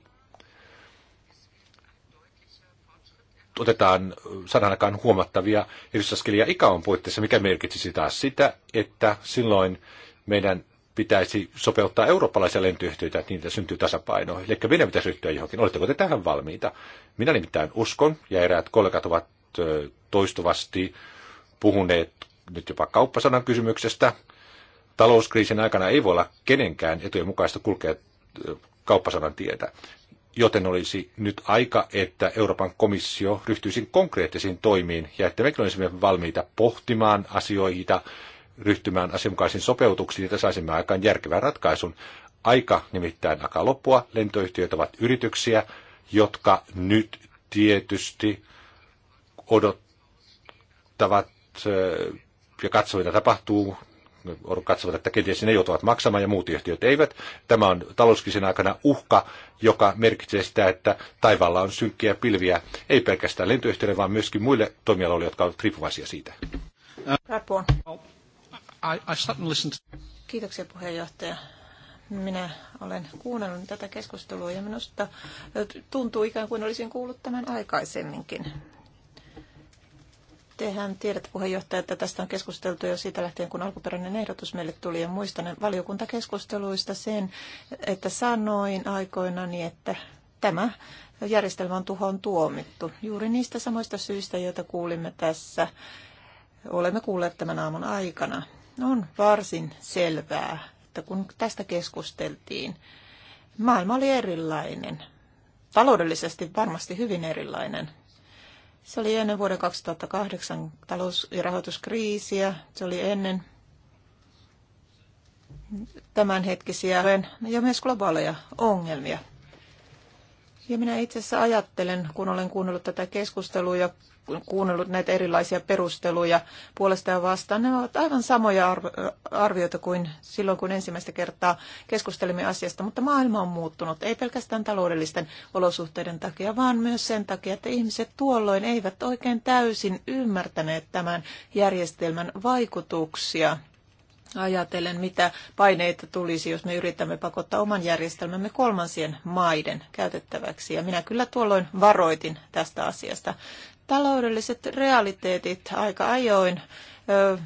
otetaan sadanakaan huomattavia edistysaskelia ikaon puitteissa, mikä merkitsisi taas sitä, että silloin meidän pitäisi sopeuttaa eurooppalaisia lentoyhtiöitä, että niitä syntyy tasapaino. Eli meidän pitäisi ryhtyä johonkin. Oletteko te tähän valmiita? Minä nimittäin uskon, ja eräät kollegat ovat toistuvasti puhuneet nyt jopa kauppasanan kysymyksestä. Talouskriisin aikana ei voi olla kenenkään etujen mukaista kulkea kauppasanan tietä joten olisi nyt aika, että Euroopan komissio ryhtyisi konkreettisiin toimiin ja että mekin olisimme valmiita pohtimaan asioita, ryhtymään asianmukaisiin sopeutuksiin, että saisimme aikaan järkevän ratkaisun. Aika nimittäin alkaa loppua. Lentoyhtiöt ovat yrityksiä, jotka nyt tietysti odottavat ja katsovat, mitä tapahtuu katsovat, että kenties ne joutuvat maksamaan ja muut yhtiöt eivät. Tämä on talouskriisin aikana uhka, joka merkitsee sitä, että taivaalla on synkkiä pilviä, ei pelkästään lentoyhtiöille, vaan myöskin muille toimialoille, jotka ovat riippuvaisia siitä. Kiitoksia puheenjohtaja. Minä olen kuunnellut tätä keskustelua ja minusta tuntuu ikään kuin olisin kuullut tämän aikaisemminkin. Tehän tiedätte puheenjohtaja, että tästä on keskusteltu jo siitä lähtien, kun alkuperäinen ehdotus meille tuli. Ja muistan valiokuntakeskusteluista sen, että sanoin aikoinani, että tämä järjestelmä on tuhoon tuomittu. Juuri niistä samoista syistä, joita kuulimme tässä, olemme kuulleet tämän aamun aikana. On varsin selvää, että kun tästä keskusteltiin, maailma oli erilainen. Taloudellisesti varmasti hyvin erilainen se oli ennen vuoden 2008 talous- ja rahoituskriisiä. Se oli ennen tämänhetkisiä ja myös globaaleja ongelmia. Ja minä itse asiassa ajattelen, kun olen kuunnellut tätä keskustelua ja kuunnellut näitä erilaisia perusteluja puolesta ja vastaan. Ne ovat aivan samoja arvioita kuin silloin, kun ensimmäistä kertaa keskustelimme asiasta, mutta maailma on muuttunut, ei pelkästään taloudellisten olosuhteiden takia, vaan myös sen takia, että ihmiset tuolloin eivät oikein täysin ymmärtäneet tämän järjestelmän vaikutuksia ajatellen, mitä paineita tulisi, jos me yritämme pakottaa oman järjestelmämme kolmansien maiden käytettäväksi. Ja minä kyllä tuolloin varoitin tästä asiasta. Taloudelliset realiteetit aika ajoin ö,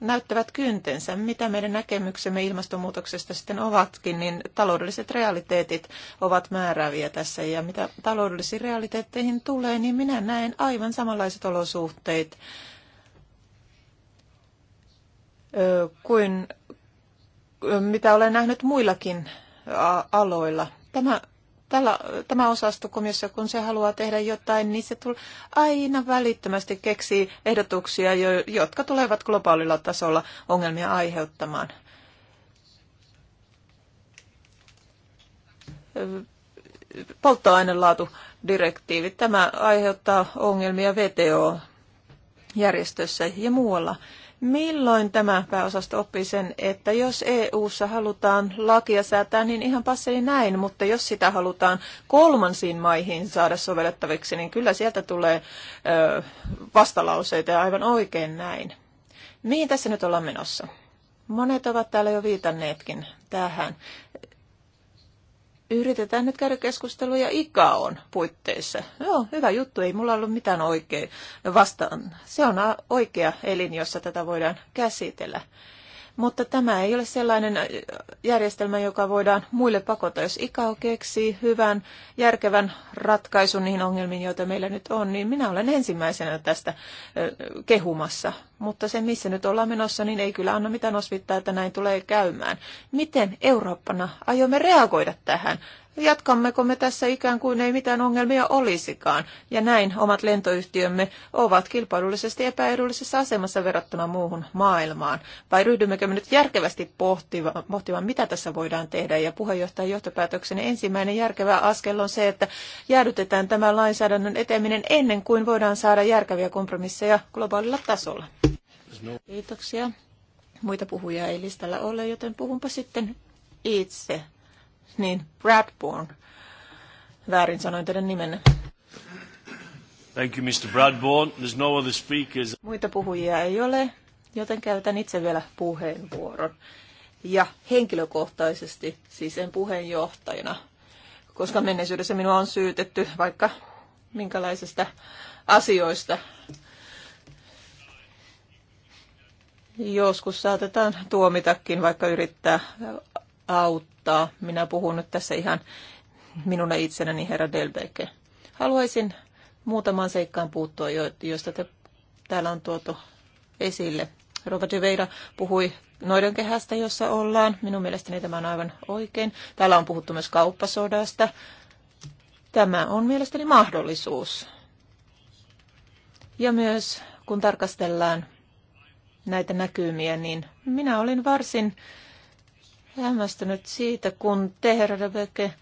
näyttävät kyntensä. Mitä meidän näkemyksemme ilmastonmuutoksesta sitten ovatkin, niin taloudelliset realiteetit ovat määrääviä tässä. Ja mitä taloudellisiin realiteetteihin tulee, niin minä näen aivan samanlaiset olosuhteet kuin mitä olen nähnyt muillakin aloilla. Tämä tällä, tämä osasto komissio, kun se haluaa tehdä jotain, niin se tulee aina välittömästi keksii ehdotuksia, jo, jotka tulevat globaalilla tasolla ongelmia aiheuttamaan. Polttoainelaatudirektiivi. Tämä aiheuttaa ongelmia VTO-järjestössä ja muualla. Milloin tämä pääosasto oppii sen, että jos EU-ssa halutaan lakia säätää, niin ihan passeli näin, mutta jos sitä halutaan kolmansiin maihin saada sovellettaviksi, niin kyllä sieltä tulee ö, vastalauseita ja aivan oikein näin. Mihin tässä nyt ollaan menossa? Monet ovat täällä jo viitanneetkin tähän yritetään nyt käydä keskusteluja ikaon puitteissa. Joo, hyvä juttu, ei mulla ollut mitään oikein vastaan. Se on oikea elin, jossa tätä voidaan käsitellä. Mutta tämä ei ole sellainen äh, järjestelmä, joka voidaan muille pakota. Jos IKAO keksii hyvän, järkevän ratkaisun niihin ongelmiin, joita meillä nyt on, niin minä olen ensimmäisenä tästä äh, kehumassa. Mutta se, missä nyt ollaan menossa, niin ei kyllä anna mitään osvittaa, että näin tulee käymään. Miten Eurooppana aiomme reagoida tähän? Jatkammeko me tässä ikään kuin ei mitään ongelmia olisikaan? Ja näin omat lentoyhtiömme ovat kilpailullisesti epäedullisessa asemassa verrattuna muuhun maailmaan. Vai ryhdymmekö me nyt järkevästi pohtimaan, pohtimaan mitä tässä voidaan tehdä? Ja puheenjohtajan johtopäätöksen ensimmäinen järkevä askel on se, että jäädytetään tämän lainsäädännön eteminen ennen kuin voidaan saada järkeviä kompromisseja globaalilla tasolla. Kiitoksia. Muita puhujia ei listalla ole, joten puhunpa sitten itse. Niin, Bradburn, Väärin sanoin teidän nimenne. Thank you, Mr. Bradbourne. There's no other speakers. Muita puhujia ei ole, joten käytän itse vielä puheenvuoron. Ja henkilökohtaisesti, siis en puheenjohtajana, koska menneisyydessä minua on syytetty vaikka minkälaisista asioista. Joskus saatetaan tuomitakin, vaikka yrittää auttaa kohtaa. Minä puhun nyt tässä ihan minun itsenäni, herra Delbeke. Haluaisin muutamaan seikkaan puuttua, joista te täällä on tuotu esille. Robert Veira puhui noiden kehästä, jossa ollaan. Minun mielestäni tämä on aivan oikein. Täällä on puhuttu myös kauppasodasta. Tämä on mielestäni mahdollisuus. Ja myös kun tarkastellaan näitä näkymiä, niin minä olin varsin hämmästynyt siitä, kun te, herra Rebeke,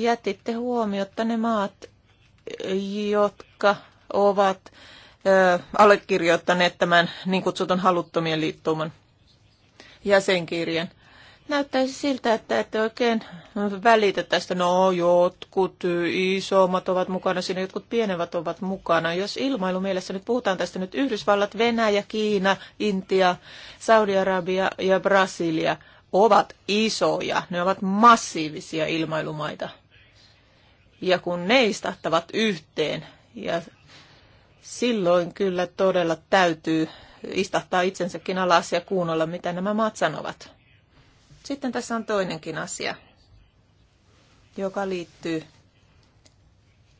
jätitte huomiota ne maat, jotka ovat ö, allekirjoittaneet tämän niin kutsutun haluttomien liittouman jäsenkirjan. Näyttäisi siltä, että ette oikein välitä tästä, no jotkut isommat ovat mukana siinä, jotkut pienemmät ovat mukana. Jos ilmailu mielessä nyt puhutaan tästä nyt Yhdysvallat, Venäjä, Kiina, Intia, Saudi-Arabia ja Brasilia ovat isoja, ne ovat massiivisia ilmailumaita. Ja kun ne istahtavat yhteen, ja silloin kyllä todella täytyy istahtaa itsensäkin alas ja kuunnella, mitä nämä maat sanovat. Sitten tässä on toinenkin asia, joka liittyy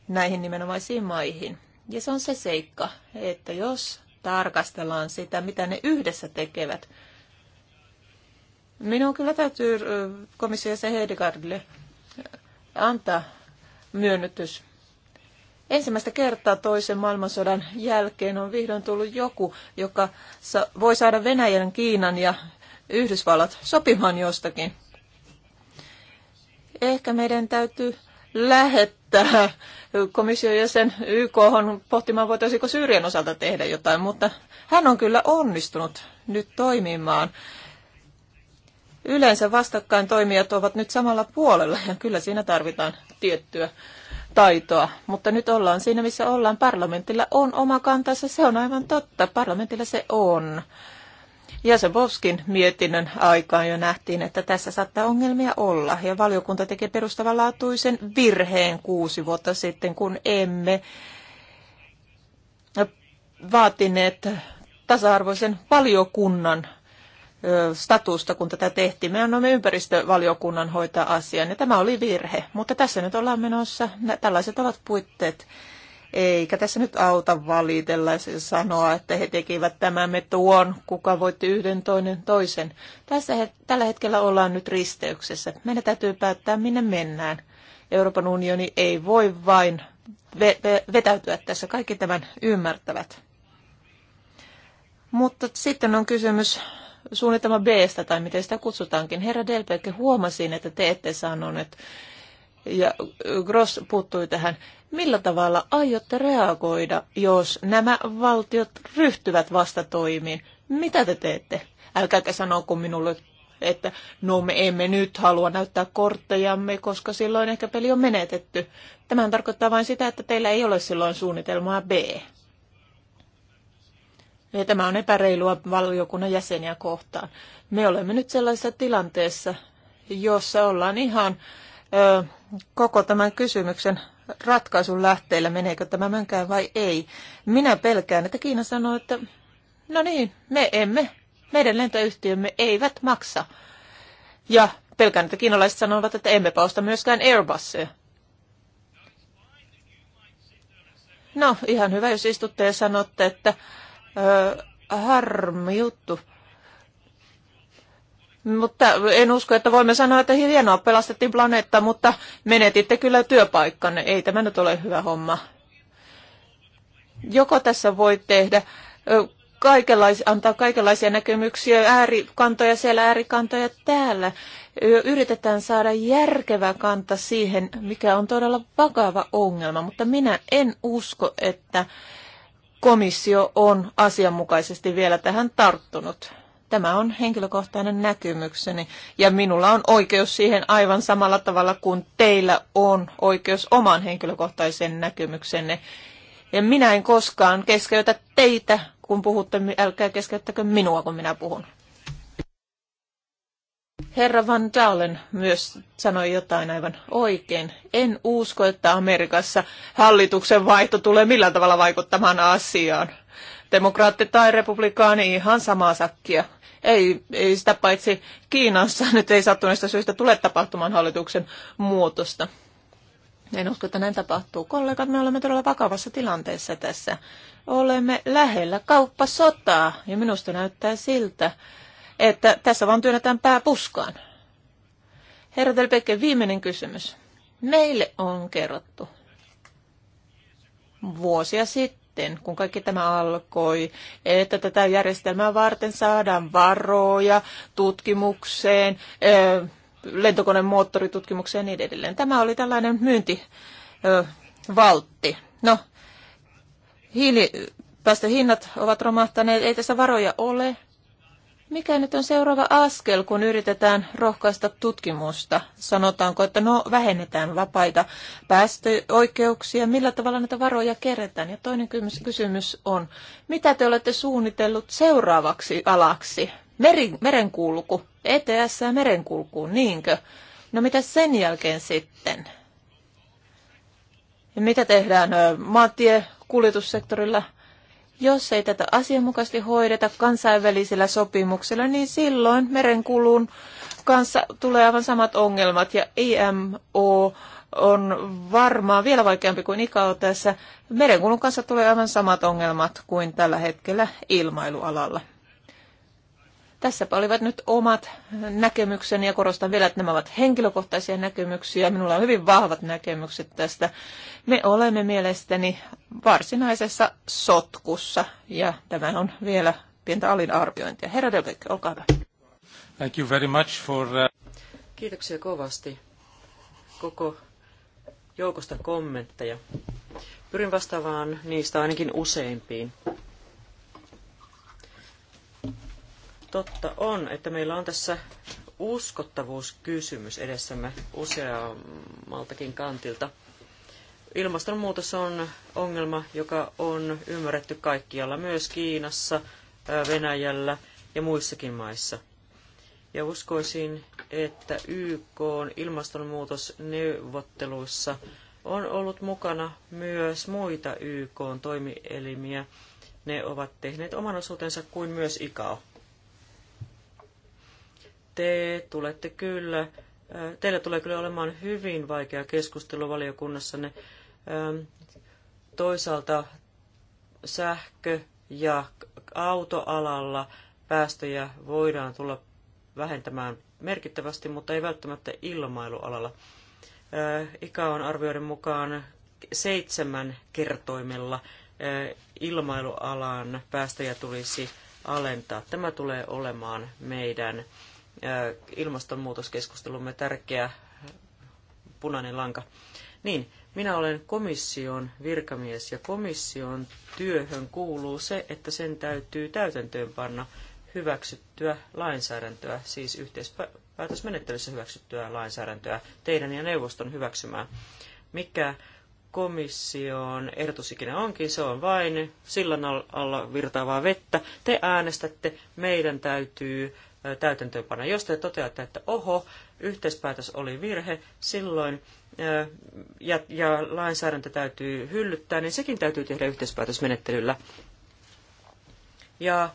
näihin nimenomaisiin maihin. Ja se on se seikka, että jos tarkastellaan sitä, mitä ne yhdessä tekevät, Minun kyllä täytyy komissiossa Heidegardille antaa myönnytys. Ensimmäistä kertaa toisen maailmansodan jälkeen on vihdoin tullut joku, joka voi saada Venäjän, Kiinan ja Yhdysvallat sopimaan jostakin. Ehkä meidän täytyy lähettää komission jäsen YK on pohtimaan, voitaisiinko Syyrien osalta tehdä jotain, mutta hän on kyllä onnistunut nyt toimimaan Yleensä vastakkain toimijat ovat nyt samalla puolella ja kyllä siinä tarvitaan tiettyä taitoa, mutta nyt ollaan siinä, missä ollaan. Parlamentilla on oma kantansa, se on aivan totta. Parlamentilla se on. Jäsenbovskin mietinnön aikaan jo nähtiin, että tässä saattaa ongelmia olla, ja valiokunta teki perustavanlaatuisen virheen kuusi vuotta sitten, kun emme vaatineet tasa-arvoisen valiokunnan statusta, kun tätä tehtiin. Me annoimme ympäristövaliokunnan hoitaa asian ja tämä oli virhe, mutta tässä nyt ollaan menossa. Tällaiset ovat puitteet. Eikä tässä nyt auta valitella ja sanoa, että he tekivät tämän me tuon, kuka voitti yhden toinen toisen. Tässä he, tällä hetkellä ollaan nyt risteyksessä. Meidän täytyy päättää, minne mennään. Euroopan unioni ei voi vain vetäytyä tässä. Kaikki tämän ymmärtävät. Mutta sitten on kysymys suunnitelma b tai miten sitä kutsutaankin. Herra Delpeke, huomasin, että te ette sanoneet, ja Gross puuttui tähän, millä tavalla aiotte reagoida, jos nämä valtiot ryhtyvät vastatoimiin? Mitä te teette? Älkääkä sanoko minulle, että no me emme nyt halua näyttää korttejamme, koska silloin ehkä peli on menetetty. Tämä tarkoittaa vain sitä, että teillä ei ole silloin suunnitelmaa B. Ja tämä on epäreilua valiokunnan jäseniä kohtaan. Me olemme nyt sellaisessa tilanteessa, jossa ollaan ihan ö, koko tämän kysymyksen ratkaisun lähteellä, meneekö tämä mönkään vai ei. Minä pelkään, että Kiina sanoo, että no niin, me emme, meidän lentoyhtiömme eivät maksa. Ja pelkään, että kiinalaiset sanovat, että emme pausta myöskään Airbusia. No, ihan hyvä, jos istutte ja sanotte, että harmi juttu. Mutta en usko, että voimme sanoa, että hienoa pelastettiin planeetta, mutta menetitte kyllä työpaikkanne. Ei tämä nyt ole hyvä homma. Joko tässä voi tehdä kaikenlaisia, antaa kaikenlaisia näkemyksiä, äärikantoja siellä, äärikantoja täällä. Yritetään saada järkevä kanta siihen, mikä on todella vakava ongelma, mutta minä en usko, että komissio on asianmukaisesti vielä tähän tarttunut. Tämä on henkilökohtainen näkymykseni ja minulla on oikeus siihen aivan samalla tavalla kuin teillä on oikeus oman henkilökohtaisen näkemyksenne. Ja minä en koskaan keskeytä teitä, kun puhutte, älkää keskeyttäkö minua, kun minä puhun. Herra Van Dalen myös sanoi jotain aivan oikein. En usko, että Amerikassa hallituksen vaihto tulee millään tavalla vaikuttamaan asiaan. Demokraatti tai republikaani ihan samaa sakkia. Ei, ei sitä paitsi Kiinassa nyt ei sattuneesta syystä tule tapahtumaan hallituksen muutosta. En usko, että näin tapahtuu. Kollegat, me olemme todella vakavassa tilanteessa tässä. Olemme lähellä kauppasotaa ja minusta näyttää siltä, että tässä vaan työnnetään pää puskaan. Herra Delpeke, viimeinen kysymys. Meille on kerrottu vuosia sitten, kun kaikki tämä alkoi, että tätä järjestelmää varten saadaan varoja tutkimukseen, lentokoneen moottoritutkimukseen ja niin edelleen. Tämä oli tällainen myyntivaltti. No, hiilipäästöhinnat ovat romahtaneet, ei tässä varoja ole. Mikä nyt on seuraava askel, kun yritetään rohkaista tutkimusta? Sanotaanko, että no vähennetään vapaita päästöoikeuksia, millä tavalla näitä varoja kerätään? Ja toinen kysymys on, mitä te olette suunnitellut seuraavaksi alaksi? Meri, merenkulku, ETS ja merenkulku, niinkö? No mitä sen jälkeen sitten? Ja mitä tehdään maantiekuljetussektorilla? Jos ei tätä asianmukaisesti hoideta kansainvälisillä sopimuksilla, niin silloin merenkulun kanssa tulee aivan samat ongelmat ja IMO on varmaan vielä vaikeampi kuin ICAO tässä. Merenkulun kanssa tulee aivan samat ongelmat kuin tällä hetkellä ilmailualalla. Tässäpä olivat nyt omat näkemykseni ja korostan vielä, että nämä ovat henkilökohtaisia näkemyksiä. Minulla on hyvin vahvat näkemykset tästä. Me olemme mielestäni varsinaisessa sotkussa ja tämä on vielä pientä alinarviointia. Herra Delbeck, olkaa hyvä. Thank you very much for... Uh, Kiitoksia kovasti koko joukosta kommentteja. Pyrin vastaamaan niistä ainakin useimpiin. totta on, että meillä on tässä uskottavuuskysymys edessämme useammaltakin kantilta. Ilmastonmuutos on ongelma, joka on ymmärretty kaikkialla, myös Kiinassa, Venäjällä ja muissakin maissa. Ja uskoisin, että YK on ilmastonmuutosneuvotteluissa on ollut mukana myös muita YK toimielimiä. Ne ovat tehneet oman osuutensa kuin myös ICAO te tulette kyllä, teillä tulee kyllä olemaan hyvin vaikea keskustelu valiokunnassanne. Toisaalta sähkö- ja autoalalla päästöjä voidaan tulla vähentämään merkittävästi, mutta ei välttämättä ilmailualalla. ICA on arvioiden mukaan seitsemän kertoimella ilmailualan päästöjä tulisi alentaa. Tämä tulee olemaan meidän ilmastonmuutoskeskustelumme tärkeä punainen lanka. Niin, minä olen komission virkamies ja komission työhön kuuluu se, että sen täytyy täytäntöönpanna hyväksyttyä lainsäädäntöä, siis yhteispäätösmenettelyssä hyväksyttyä lainsäädäntöä, teidän ja neuvoston hyväksymään, Mikä komission ehdotus ikinä onkin, se on vain sillan alla virtaavaa vettä. Te äänestätte, meidän täytyy täytäntöönpana. Jos te toteatte, että oho, yhteispäätös oli virhe, silloin ja, ja lainsäädäntö täytyy hyllyttää, niin sekin täytyy tehdä yhteispäätösmenettelyllä. Ja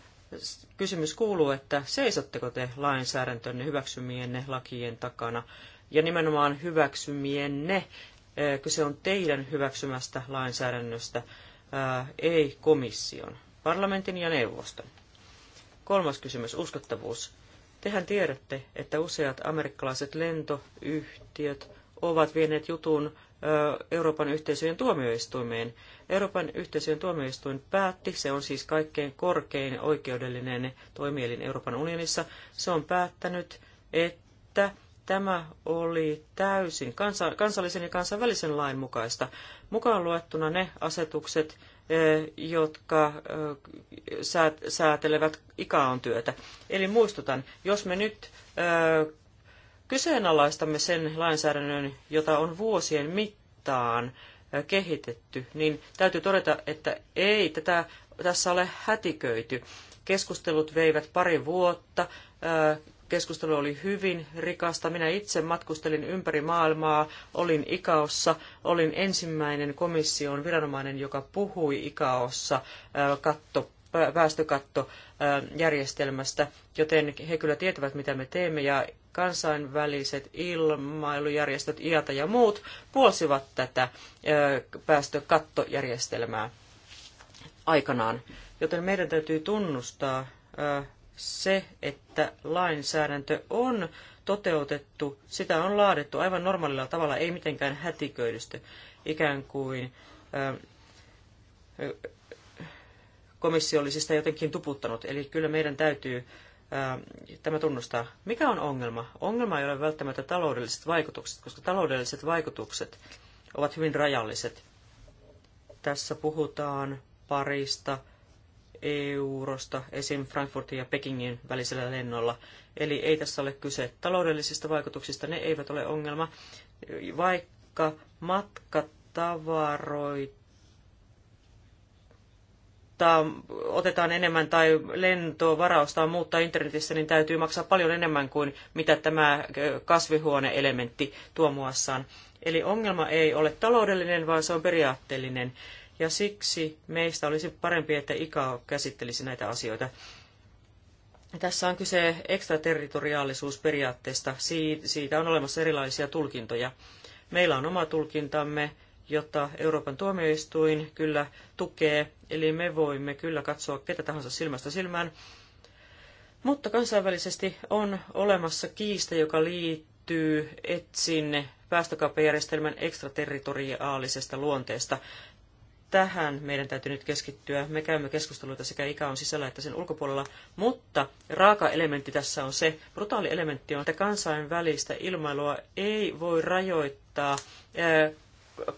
kysymys kuuluu, että seisotteko te lainsäädäntönne hyväksymienne lakien takana? Ja nimenomaan hyväksymienne, kyse on teidän hyväksymästä lainsäädännöstä, ei komission, parlamentin ja neuvoston. Kolmas kysymys, uskottavuus. Tehän tiedätte, että useat amerikkalaiset lentoyhtiöt ovat vieneet jutun Euroopan yhteisöjen tuomioistuimeen. Euroopan yhteisöjen tuomioistuin päätti, se on siis kaikkein korkein oikeudellinen toimielin Euroopan unionissa, se on päättänyt, että tämä oli täysin kansallisen ja kansainvälisen lain mukaista, mukaan luettuna ne asetukset, jotka säätelevät ikaon työtä. Eli muistutan, jos me nyt kyseenalaistamme sen lainsäädännön, jota on vuosien mittaan kehitetty, niin täytyy todeta, että ei tätä tässä ole hätiköity. Keskustelut veivät pari vuotta, Keskustelu oli hyvin rikasta. Minä itse matkustelin ympäri maailmaa, olin ICAOssa, olin ensimmäinen komission viranomainen, joka puhui ICAOssa äh, katto, päästökattojärjestelmästä, joten he kyllä tietävät, mitä me teemme, ja kansainväliset ilmailujärjestöt, IATA ja muut, puolsivat tätä äh, päästökattojärjestelmää aikanaan. Joten meidän täytyy tunnustaa äh, se, että lainsäädäntö on toteutettu, sitä on laadittu aivan normaalilla tavalla, ei mitenkään hätiköidysti, ikään kuin ö, ähm, äh, komissio olisi siis sitä jotenkin tuputtanut. Eli kyllä meidän täytyy ähm, tämä tunnustaa. Mikä on ongelma? Ongelma ei ole välttämättä taloudelliset vaikutukset, koska taloudelliset vaikutukset ovat hyvin rajalliset. Tässä puhutaan parista eurosta esim. Frankfurtin ja Pekingin välisellä lennolla. Eli ei tässä ole kyse taloudellisista vaikutuksista, ne eivät ole ongelma, vaikka matkatavaroita otetaan enemmän tai lentovarausta muuttaa internetissä, niin täytyy maksaa paljon enemmän kuin mitä tämä kasvihuoneelementti tuo muassaan. Eli ongelma ei ole taloudellinen, vaan se on periaatteellinen ja siksi meistä olisi parempi, että ICAO käsittelisi näitä asioita. Tässä on kyse ekstraterritoriaalisuusperiaatteesta. Siitä on olemassa erilaisia tulkintoja. Meillä on oma tulkintamme, jota Euroopan tuomioistuin kyllä tukee, eli me voimme kyllä katsoa ketä tahansa silmästä silmään. Mutta kansainvälisesti on olemassa kiista, joka liittyy etsin päästökauppajärjestelmän ekstraterritoriaalisesta luonteesta tähän meidän täytyy nyt keskittyä. Me käymme keskusteluita sekä ikäon sisällä että sen ulkopuolella, mutta raaka elementti tässä on se, brutaali elementti on, että kansainvälistä ilmailua ei voi rajoittaa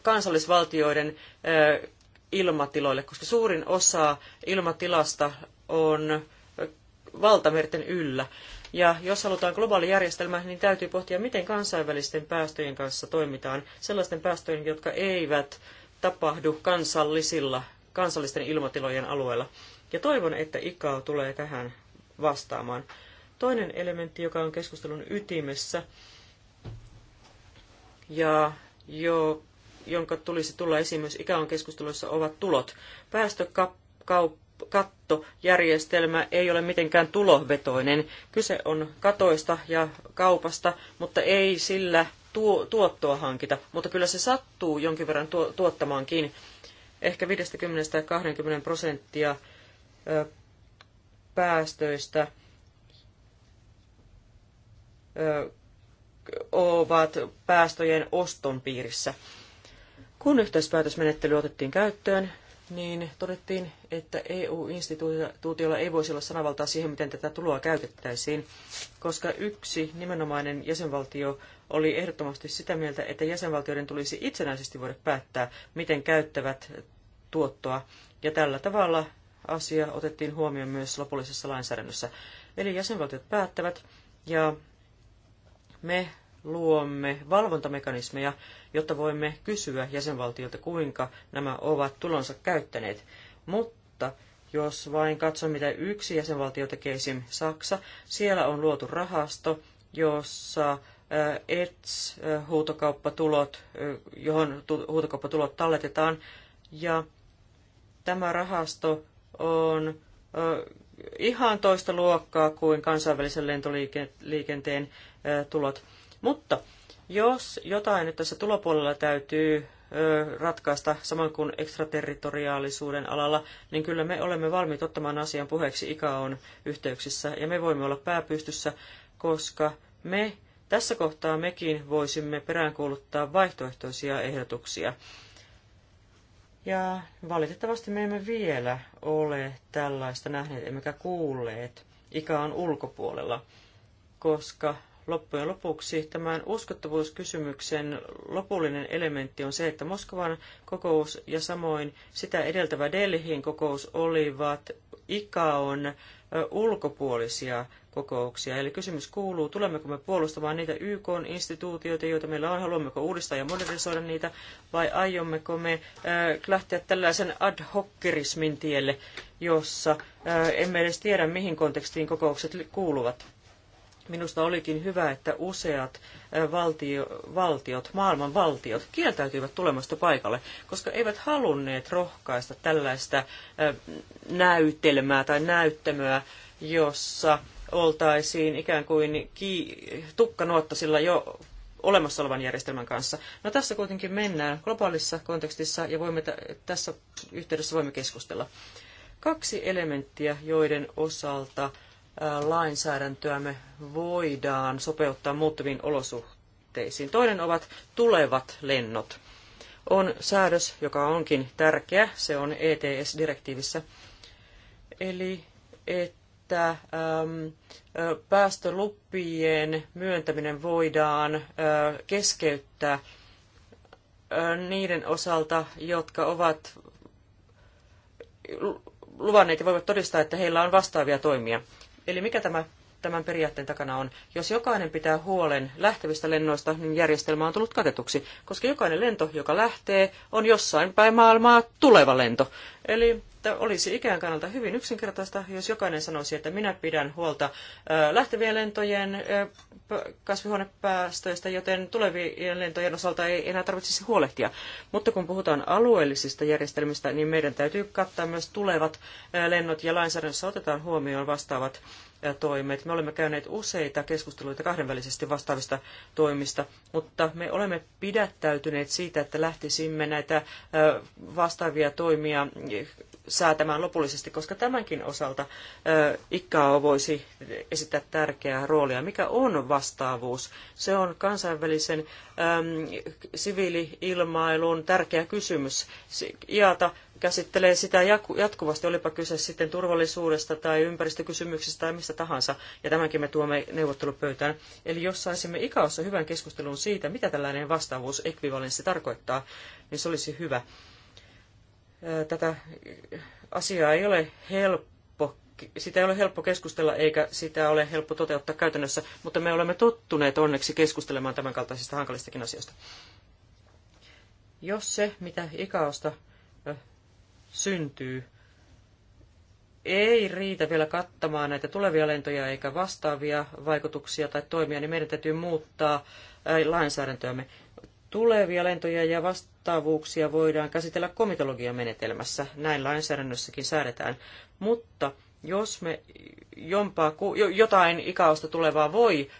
kansallisvaltioiden ilmatiloille, koska suurin osa ilmatilasta on valtamerten yllä. Ja jos halutaan globaali järjestelmä, niin täytyy pohtia, miten kansainvälisten päästöjen kanssa toimitaan, sellaisten päästöjen, jotka eivät tapahdu kansallisilla, kansallisten ilmatilojen alueella. Ja toivon, että ICAO tulee tähän vastaamaan. Toinen elementti, joka on keskustelun ytimessä ja jo, jonka tulisi tulla esiin myös ICAOn keskusteluissa, ovat tulot. Päästökattojärjestelmä ei ole mitenkään tulovetoinen. Kyse on katoista ja kaupasta, mutta ei sillä tuo, tuottoa hankita, mutta kyllä se sattuu jonkin verran tuo, tuottamaankin. Ehkä 50 tai 20 prosenttia ö, päästöistä ö, ovat päästöjen oston piirissä. Kun yhteispäätösmenettely otettiin käyttöön, niin todettiin, että EU-instituutiolla ei voisi olla sanavaltaa siihen, miten tätä tuloa käytettäisiin, koska yksi nimenomainen jäsenvaltio oli ehdottomasti sitä mieltä, että jäsenvaltioiden tulisi itsenäisesti voida päättää, miten käyttävät tuottoa, ja tällä tavalla asia otettiin huomioon myös lopullisessa lainsäädännössä. Eli jäsenvaltiot päättävät, ja me luomme valvontamekanismeja, jotta voimme kysyä jäsenvaltiolta, kuinka nämä ovat tulonsa käyttäneet. Mutta jos vain katson, mitä yksi jäsenvaltio tekee, esim. Saksa, siellä on luotu rahasto, jossa äh, ETS-huutokauppatulot, äh, äh, johon huutokauppatulot talletetaan, ja tämä rahasto on ihan toista luokkaa kuin kansainvälisen lentoliikenteen tulot. Mutta jos jotain nyt tässä tulopuolella täytyy ratkaista samoin kuin ekstraterritoriaalisuuden alalla, niin kyllä me olemme valmiit ottamaan asian puheeksi ICAOn yhteyksissä ja me voimme olla pääpystyssä, koska me tässä kohtaa mekin voisimme peräänkuuluttaa vaihtoehtoisia ehdotuksia. Ja valitettavasti me emme vielä ole tällaista nähneet emmekä kuulleet ICAOn ulkopuolella, koska loppujen lopuksi tämän uskottavuuskysymyksen lopullinen elementti on se, että Moskovan kokous ja samoin sitä edeltävä Delhiin kokous olivat ikaon ulkopuolisia kokouksia. Eli kysymys kuuluu, tulemmeko me puolustamaan niitä YK-instituutioita, joita meillä on, haluammeko uudistaa ja modernisoida niitä, vai aiommeko me lähteä tällaisen ad hockerismin tielle, jossa emme edes tiedä, mihin kontekstiin kokoukset kuuluvat. Minusta olikin hyvä, että useat valtio, valtiot, maailman valtiot, kieltäytyivät tulemasta paikalle, koska eivät halunneet rohkaista tällaista näytelmää tai näyttämöä, jossa oltaisiin ikään kuin ki- tukkanuottasilla jo olemassa olevan järjestelmän kanssa. No tässä kuitenkin mennään globaalissa kontekstissa ja voimme tässä yhteydessä voimme keskustella. Kaksi elementtiä, joiden osalta lainsäädäntöämme voidaan sopeuttaa muuttuviin olosuhteisiin. Toinen ovat tulevat lennot. On säädös, joka onkin tärkeä, se on ETS-direktiivissä. Eli että ähm, päästölupien myöntäminen voidaan äh, keskeyttää äh, niiden osalta, jotka ovat luvanneet ja voivat todistaa, että heillä on vastaavia toimia. Eli mikä tämä, tämän periaatteen takana on? Jos jokainen pitää huolen lähtevistä lennoista, niin järjestelmä on tullut katetuksi, koska jokainen lento, joka lähtee, on jossain päin maailmaa tuleva lento. Eli että olisi ikään kannalta hyvin yksinkertaista, jos jokainen sanoisi, että minä pidän huolta lähtevien lentojen kasvihuonepäästöistä, joten tulevien lentojen osalta ei enää tarvitsisi huolehtia. Mutta kun puhutaan alueellisista järjestelmistä, niin meidän täytyy kattaa myös tulevat lennot ja lainsäädännössä otetaan huomioon vastaavat toimet. Me olemme käyneet useita keskusteluita kahdenvälisesti vastaavista toimista, mutta me olemme pidättäytyneet siitä, että lähtisimme näitä vastaavia toimia säätämään lopullisesti, koska tämänkin osalta ICAO voisi esittää tärkeää roolia. Mikä on vastaavuus? Se on kansainvälisen äm, siviiliilmailun tärkeä kysymys. IATA käsittelee sitä jatkuvasti, olipa kyse sitten turvallisuudesta tai ympäristökysymyksistä tai mistä tahansa, ja tämänkin me tuomme neuvottelupöytään. Eli jos saisimme ikaossa hyvän keskustelun siitä, mitä tällainen vastaavuus ekvivalenssi tarkoittaa, niin se olisi hyvä tätä asiaa ei ole helppo, sitä ei ole helppo keskustella eikä sitä ole helppo toteuttaa käytännössä, mutta me olemme tottuneet onneksi keskustelemaan tämänkaltaisista hankalistakin asioista. Jos se, mitä ikaosta syntyy, ei riitä vielä kattamaan näitä tulevia lentoja eikä vastaavia vaikutuksia tai toimia, niin meidän täytyy muuttaa lainsäädäntöämme. Tulevia lentoja ja vastaavuuksia voidaan käsitellä komitologiamenetelmässä, näin lainsäädännössäkin säädetään, mutta jos me jompaa, jotain ikaosta tulevaa voi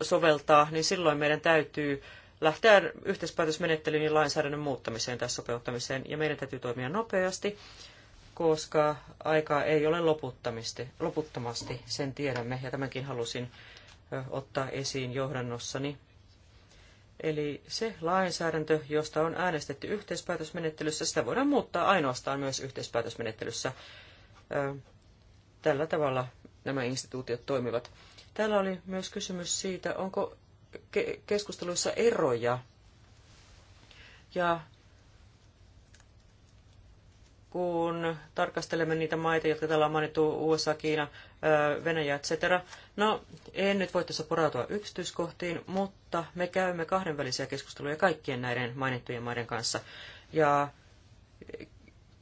soveltaa, niin silloin meidän täytyy lähteä yhteispäätösmenettelyyn ja lainsäädännön muuttamiseen tai sopeuttamiseen, ja meidän täytyy toimia nopeasti, koska aikaa ei ole loputtamasti, loputtomasti, sen tiedämme, ja tämänkin halusin ottaa esiin johdannossani. Eli se lainsäädäntö, josta on äänestetty yhteispäätösmenettelyssä, sitä voidaan muuttaa ainoastaan myös yhteispäätösmenettelyssä. Tällä tavalla nämä instituutiot toimivat. Täällä oli myös kysymys siitä, onko keskusteluissa eroja. Ja kun tarkastelemme niitä maita, jotka täällä on mainittu, USA, Kiina, Venäjä, etc. No, en nyt voi tässä porautua yksityiskohtiin, mutta me käymme kahdenvälisiä keskusteluja kaikkien näiden mainittujen maiden kanssa. Ja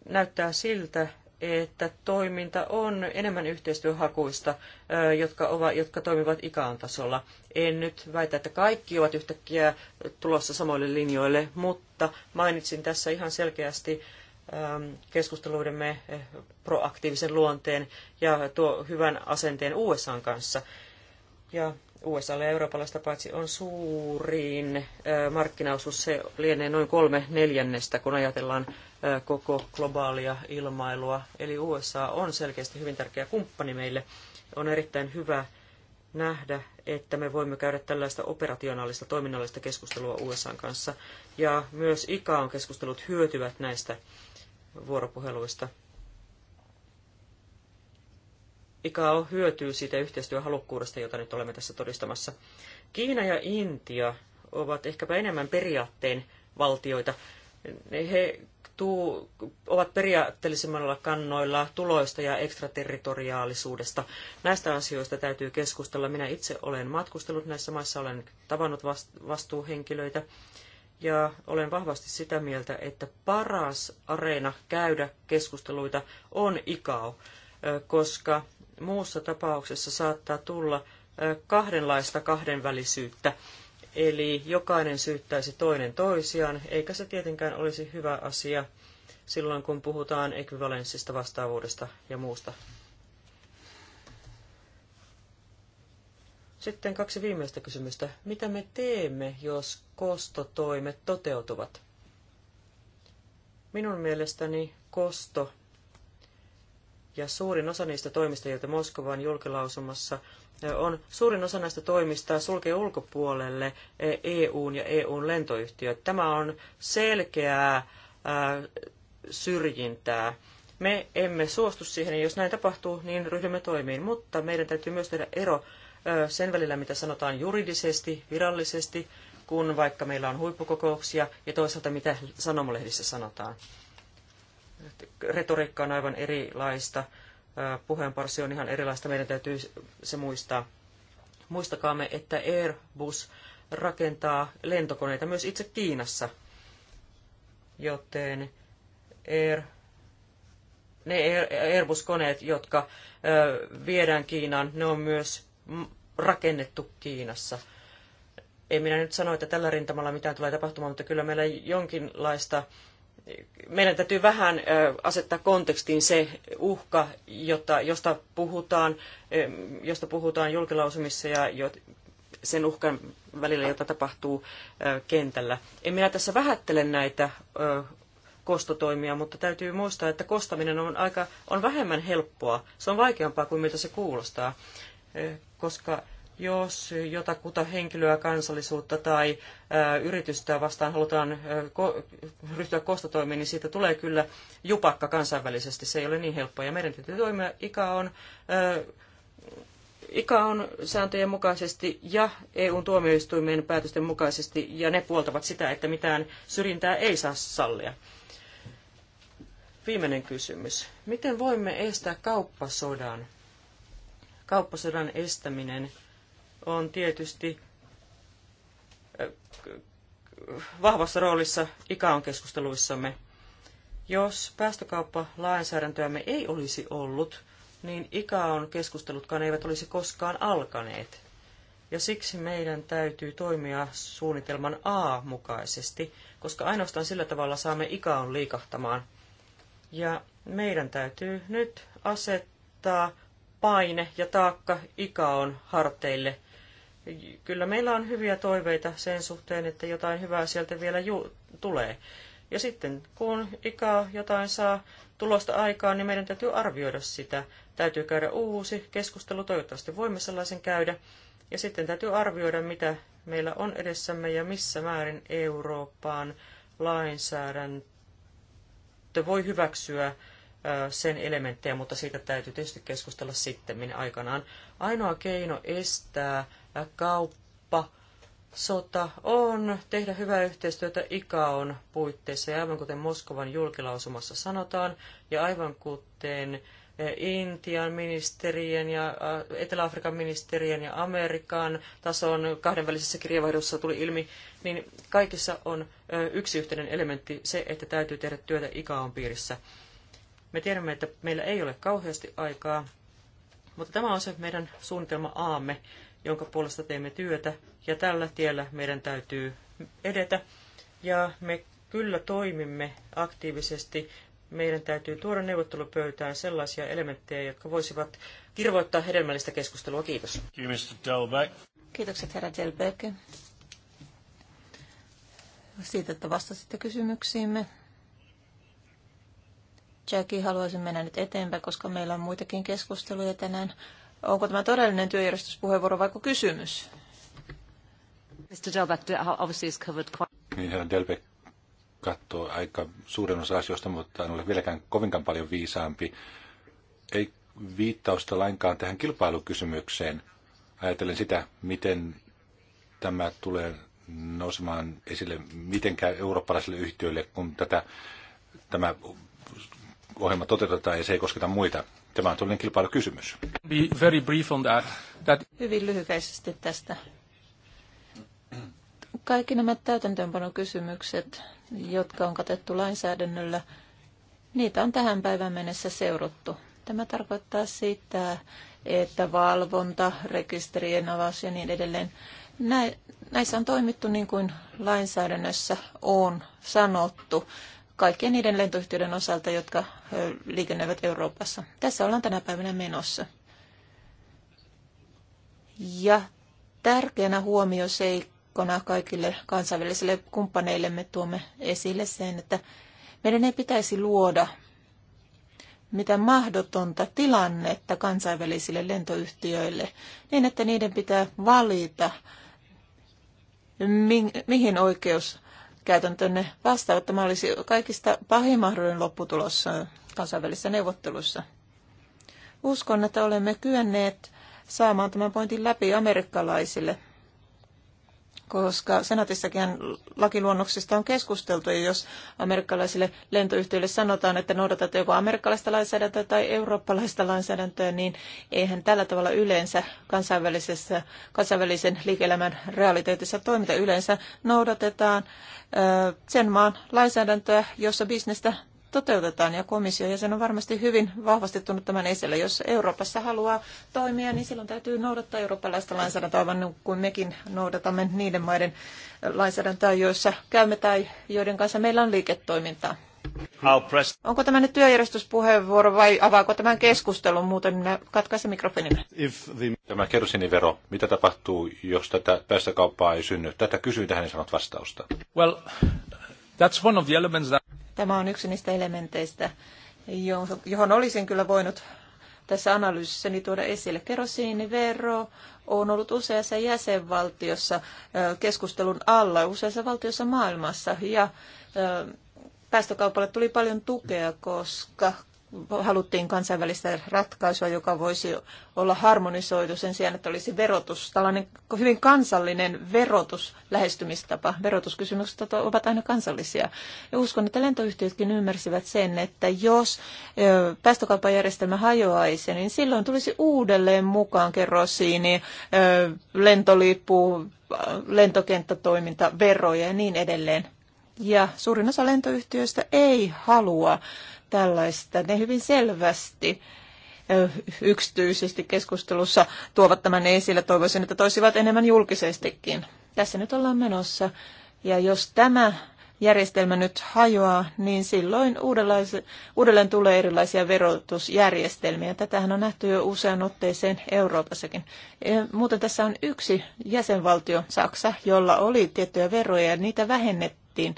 näyttää siltä, että toiminta on enemmän yhteistyöhakuista, jotka, ovat, jotka toimivat ikaan tasolla. En nyt väitä, että kaikki ovat yhtäkkiä tulossa samoille linjoille, mutta mainitsin tässä ihan selkeästi Ähm, keskusteluidemme eh, proaktiivisen luonteen ja tuo hyvän asenteen USAn kanssa. Ja USAlle ja eurooppalaista paitsi on suurin äh, markkinaosuus, se lienee noin kolme neljännestä, kun ajatellaan äh, koko globaalia ilmailua. Eli USA on selkeästi hyvin tärkeä kumppani meille. On erittäin hyvä nähdä, että me voimme käydä tällaista operationaalista, toiminnallista keskustelua USAn kanssa. Ja myös on keskustelut hyötyvät näistä vuoropuheluista. on hyötyy siitä yhteistyöhalukkuudesta, jota nyt olemme tässä todistamassa. Kiina ja Intia ovat ehkäpä enemmän periaatteen valtioita. He tuu, ovat periaatteellisemmalla kannoilla tuloista ja ekstraterritoriaalisuudesta. Näistä asioista täytyy keskustella. Minä itse olen matkustellut näissä maissa, olen tavannut vastuuhenkilöitä ja olen vahvasti sitä mieltä, että paras areena käydä keskusteluita on ICAO, koska muussa tapauksessa saattaa tulla kahdenlaista kahdenvälisyyttä. Eli jokainen syyttäisi toinen toisiaan, eikä se tietenkään olisi hyvä asia silloin, kun puhutaan ekvivalenssista, vastaavuudesta ja muusta Sitten kaksi viimeistä kysymystä. Mitä me teemme, jos kostotoimet toteutuvat? Minun mielestäni kosto ja suurin osa niistä toimista, joita Moskovan julkilausumassa on, suurin osa näistä toimista sulkee ulkopuolelle EUn ja EUn lentoyhtiöt. Tämä on selkeää syrjintää. Me emme suostu siihen, ja jos näin tapahtuu, niin ryhdymme toimiin, mutta meidän täytyy myös tehdä ero sen välillä, mitä sanotaan juridisesti, virallisesti, kun vaikka meillä on huippukokouksia, ja toisaalta mitä sanomalehdissä sanotaan. Retoriikka on aivan erilaista, puheenparsi on ihan erilaista, meidän täytyy se muistaa. Muistakaamme, että Airbus rakentaa lentokoneita myös itse Kiinassa, joten Air, ne Airbus-koneet, jotka viedään Kiinaan, ne on myös rakennettu Kiinassa. En minä nyt sano, että tällä rintamalla mitään tulee tapahtumaan, mutta kyllä meillä jonkinlaista, meidän täytyy vähän asettaa kontekstiin se uhka, jota, josta, puhutaan, josta puhutaan julkilausumissa ja sen uhkan välillä, jota tapahtuu kentällä. En minä tässä vähättele näitä kostotoimia, mutta täytyy muistaa, että kostaminen on, aika, on vähemmän helppoa. Se on vaikeampaa kuin miltä se kuulostaa. Eh, koska jos jotakuta henkilöä, kansallisuutta tai eh, yritystä vastaan halutaan eh, ryhtyä kostotoimiin, niin siitä tulee kyllä jupakka kansainvälisesti. Se ei ole niin helppoa. Ja meidän täytyy toimia ikä on sääntöjen mukaisesti ja EUn tuomioistuimen päätösten mukaisesti, ja ne puoltavat sitä, että mitään syrjintää ei saa sallia. Viimeinen kysymys. Miten voimme estää kauppasodan? kauppasodan estäminen on tietysti vahvassa roolissa ikaon keskusteluissamme. Jos päästökauppalainsäädäntöämme ei olisi ollut, niin ikaon keskustelutkaan eivät olisi koskaan alkaneet. Ja siksi meidän täytyy toimia suunnitelman A mukaisesti, koska ainoastaan sillä tavalla saamme ikaon liikahtamaan. Ja meidän täytyy nyt asettaa paine ja taakka on harteille. Kyllä meillä on hyviä toiveita sen suhteen, että jotain hyvää sieltä vielä ju- tulee. Ja sitten kun ikä jotain saa tulosta aikaan, niin meidän täytyy arvioida sitä. Täytyy käydä uusi keskustelu, toivottavasti voimme sellaisen käydä. Ja sitten täytyy arvioida, mitä meillä on edessämme ja missä määrin Eurooppaan lainsäädäntö voi hyväksyä sen elementtejä, mutta siitä täytyy tietysti keskustella sitten aikanaan. Ainoa keino estää kauppa sota on tehdä hyvää yhteistyötä ICAON puitteissa, ja aivan kuten Moskovan julkilausumassa sanotaan, ja aivan kuten Intian ministerien ja Etelä-Afrikan ministerien ja Amerikan tason kahdenvälisessä kirjavaihdossa tuli ilmi, niin kaikissa on yksi yhteinen elementti se, että täytyy tehdä työtä ICAON piirissä – me tiedämme, että meillä ei ole kauheasti aikaa, mutta tämä on se meidän suunnitelma aamme, jonka puolesta teemme työtä, ja tällä tiellä meidän täytyy edetä. Ja me kyllä toimimme aktiivisesti. Meidän täytyy tuoda neuvottelupöytään sellaisia elementtejä, jotka voisivat kirvoittaa hedelmällistä keskustelua. Kiitos. Kiitokset, herra Delbeke, siitä, että vastasitte kysymyksiimme. Jackie, haluaisin mennä nyt eteenpäin, koska meillä on muitakin keskusteluja tänään. Onko tämä todellinen työjärjestyspuheenvuoro vai kysymys? Mr. Delbeck obviously is covered quite... Niin, herra Delbeck katsoo aika suuren osa asioista, mutta en ole vieläkään kovinkaan paljon viisaampi. Ei viittausta lainkaan tähän kilpailukysymykseen. Ajatellen sitä, miten tämä tulee nousemaan esille, miten käy eurooppalaisille yhtiöille, kun tätä, tämä ohjelma toteutetaan ja se ei kosketa muita. Tämä on tullinen kilpailukysymys. Be very brief on that. that... Hyvin lyhykäisesti tästä. Kaikki nämä täytäntöönpanokysymykset, jotka on katettu lainsäädännöllä, niitä on tähän päivään mennessä seurattu. Tämä tarkoittaa sitä, että valvonta, rekisterien avaus ja niin edelleen, näissä on toimittu niin kuin lainsäädännössä on sanottu kaikkien niiden lentoyhtiöiden osalta, jotka liikennevät Euroopassa. Tässä ollaan tänä päivänä menossa. Ja tärkeänä huomioseikkona kaikille kansainvälisille kumppaneille me tuomme esille sen, että meidän ei pitäisi luoda mitä mahdotonta tilannetta kansainvälisille lentoyhtiöille, niin että niiden pitää valita, mihin oikeus käytäntönne vastaavat. Tämä olisi kaikista pahin mahdollinen lopputulos äh, kansainvälisissä neuvotteluissa. Uskon, että olemme kyenneet saamaan tämän pointin läpi amerikkalaisille – koska senaatissakin lakiluonnoksista on keskusteltu, ja jos amerikkalaisille lentoyhtiöille sanotaan, että noudatatte joko amerikkalaista lainsäädäntöä tai eurooppalaista lainsäädäntöä, niin eihän tällä tavalla yleensä kansainvälisessä, kansainvälisen liike-elämän realiteetissa toimita. Yleensä noudatetaan sen maan lainsäädäntöä, jossa bisnestä toteutetaan ja komission jäsen on varmasti hyvin vahvasti tunnut tämän esille. Jos Euroopassa haluaa toimia, niin silloin täytyy noudattaa eurooppalaista lainsäädäntöä, vaan niin kuin mekin noudatamme niiden maiden lainsäädäntöä, joissa käymme tai joiden kanssa meillä on liiketoimintaa. Onko tämä nyt työjärjestyspuheenvuoro vai avaako tämän keskustelun? Muuten minä katkaisen mikrofonin. the... Tämä kerosinivero, mitä tapahtuu, jos tätä päästökauppaa ei synny? Tätä kysyin tähän sanot vastausta. Well, that's one of the elements that... Tämä on yksi niistä elementeistä, johon olisin kyllä voinut tässä analyysissäni tuoda esille. Kerosiinivero on ollut useassa jäsenvaltiossa keskustelun alla, useassa valtiossa maailmassa. Ja päästökaupalle tuli paljon tukea, koska haluttiin kansainvälistä ratkaisua, joka voisi olla harmonisoitu sen sijaan, että olisi verotus, tällainen hyvin kansallinen verotuslähestymistapa. Verotuskysymykset ovat aina kansallisia. Ja uskon, että lentoyhtiötkin ymmärsivät sen, että jos päästökauppajärjestelmä hajoaisi, niin silloin tulisi uudelleen mukaan kerrosiini, lentolippu, lentokenttätoiminta, veroja ja niin edelleen. Ja suurin osa lentoyhtiöistä ei halua tällaista. Ne hyvin selvästi yksityisesti keskustelussa tuovat tämän esille. Toivoisin, että toisivat enemmän julkisestikin. Tässä nyt ollaan menossa. Ja jos tämä järjestelmä nyt hajoaa, niin silloin uudelleen tulee erilaisia verotusjärjestelmiä. Tätähän on nähty jo usean otteeseen Euroopassakin. E, muuten tässä on yksi jäsenvaltio, Saksa, jolla oli tiettyjä veroja ja niitä vähennettiin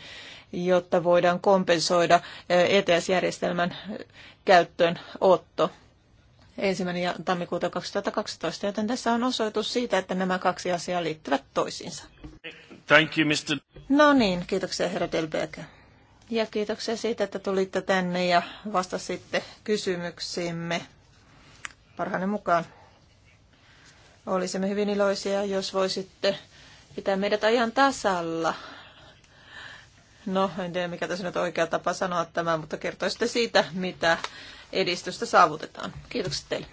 jotta voidaan kompensoida ETS-järjestelmän eh, e käyttöönotto ensimmäinen tammikuuta 2012, joten tässä on osoitus siitä, että nämä kaksi asiaa liittyvät toisiinsa. Thank you, Mr. No niin, kiitoksia herra Delberg. Ja kiitoksia siitä, että tulitte tänne ja vastasitte kysymyksiimme parhaanne mukaan. Olisimme hyvin iloisia, jos voisitte pitää meidät ajan tasalla No, en tiedä mikä tässä nyt oikea tapa sanoa tämä, mutta kertoisitte siitä, mitä edistystä saavutetaan. Kiitokset teille.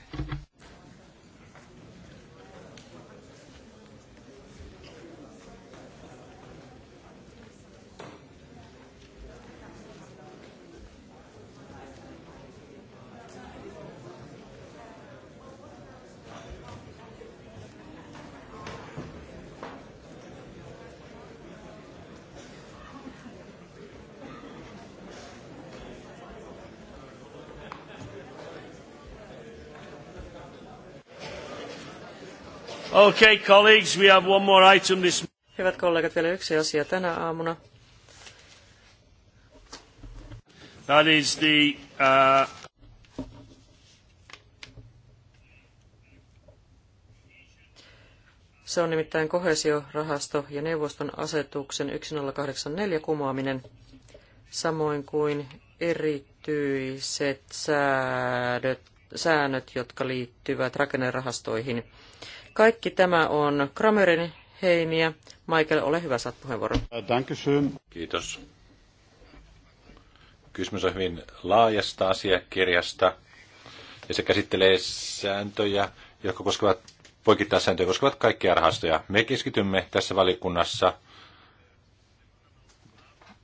Okay, colleagues, we have one more item this... Hyvät kollegat, vielä yksi asia tänä aamuna. That is the, uh... Se on nimittäin kohesiorahasto ja neuvoston asetuksen 1084 kumoaminen, samoin kuin erityiset säädöt, säännöt, jotka liittyvät rakennerahastoihin. Kaikki tämä on Kramerin heiniä. Michael, ole hyvä, saat puheenvuoron. Kiitos. Kysymys on hyvin laajasta asiakirjasta ja se käsittelee sääntöjä, jotka koskevat sääntöjä koskevat kaikkia rahastoja. Me keskitymme tässä valikunnassa,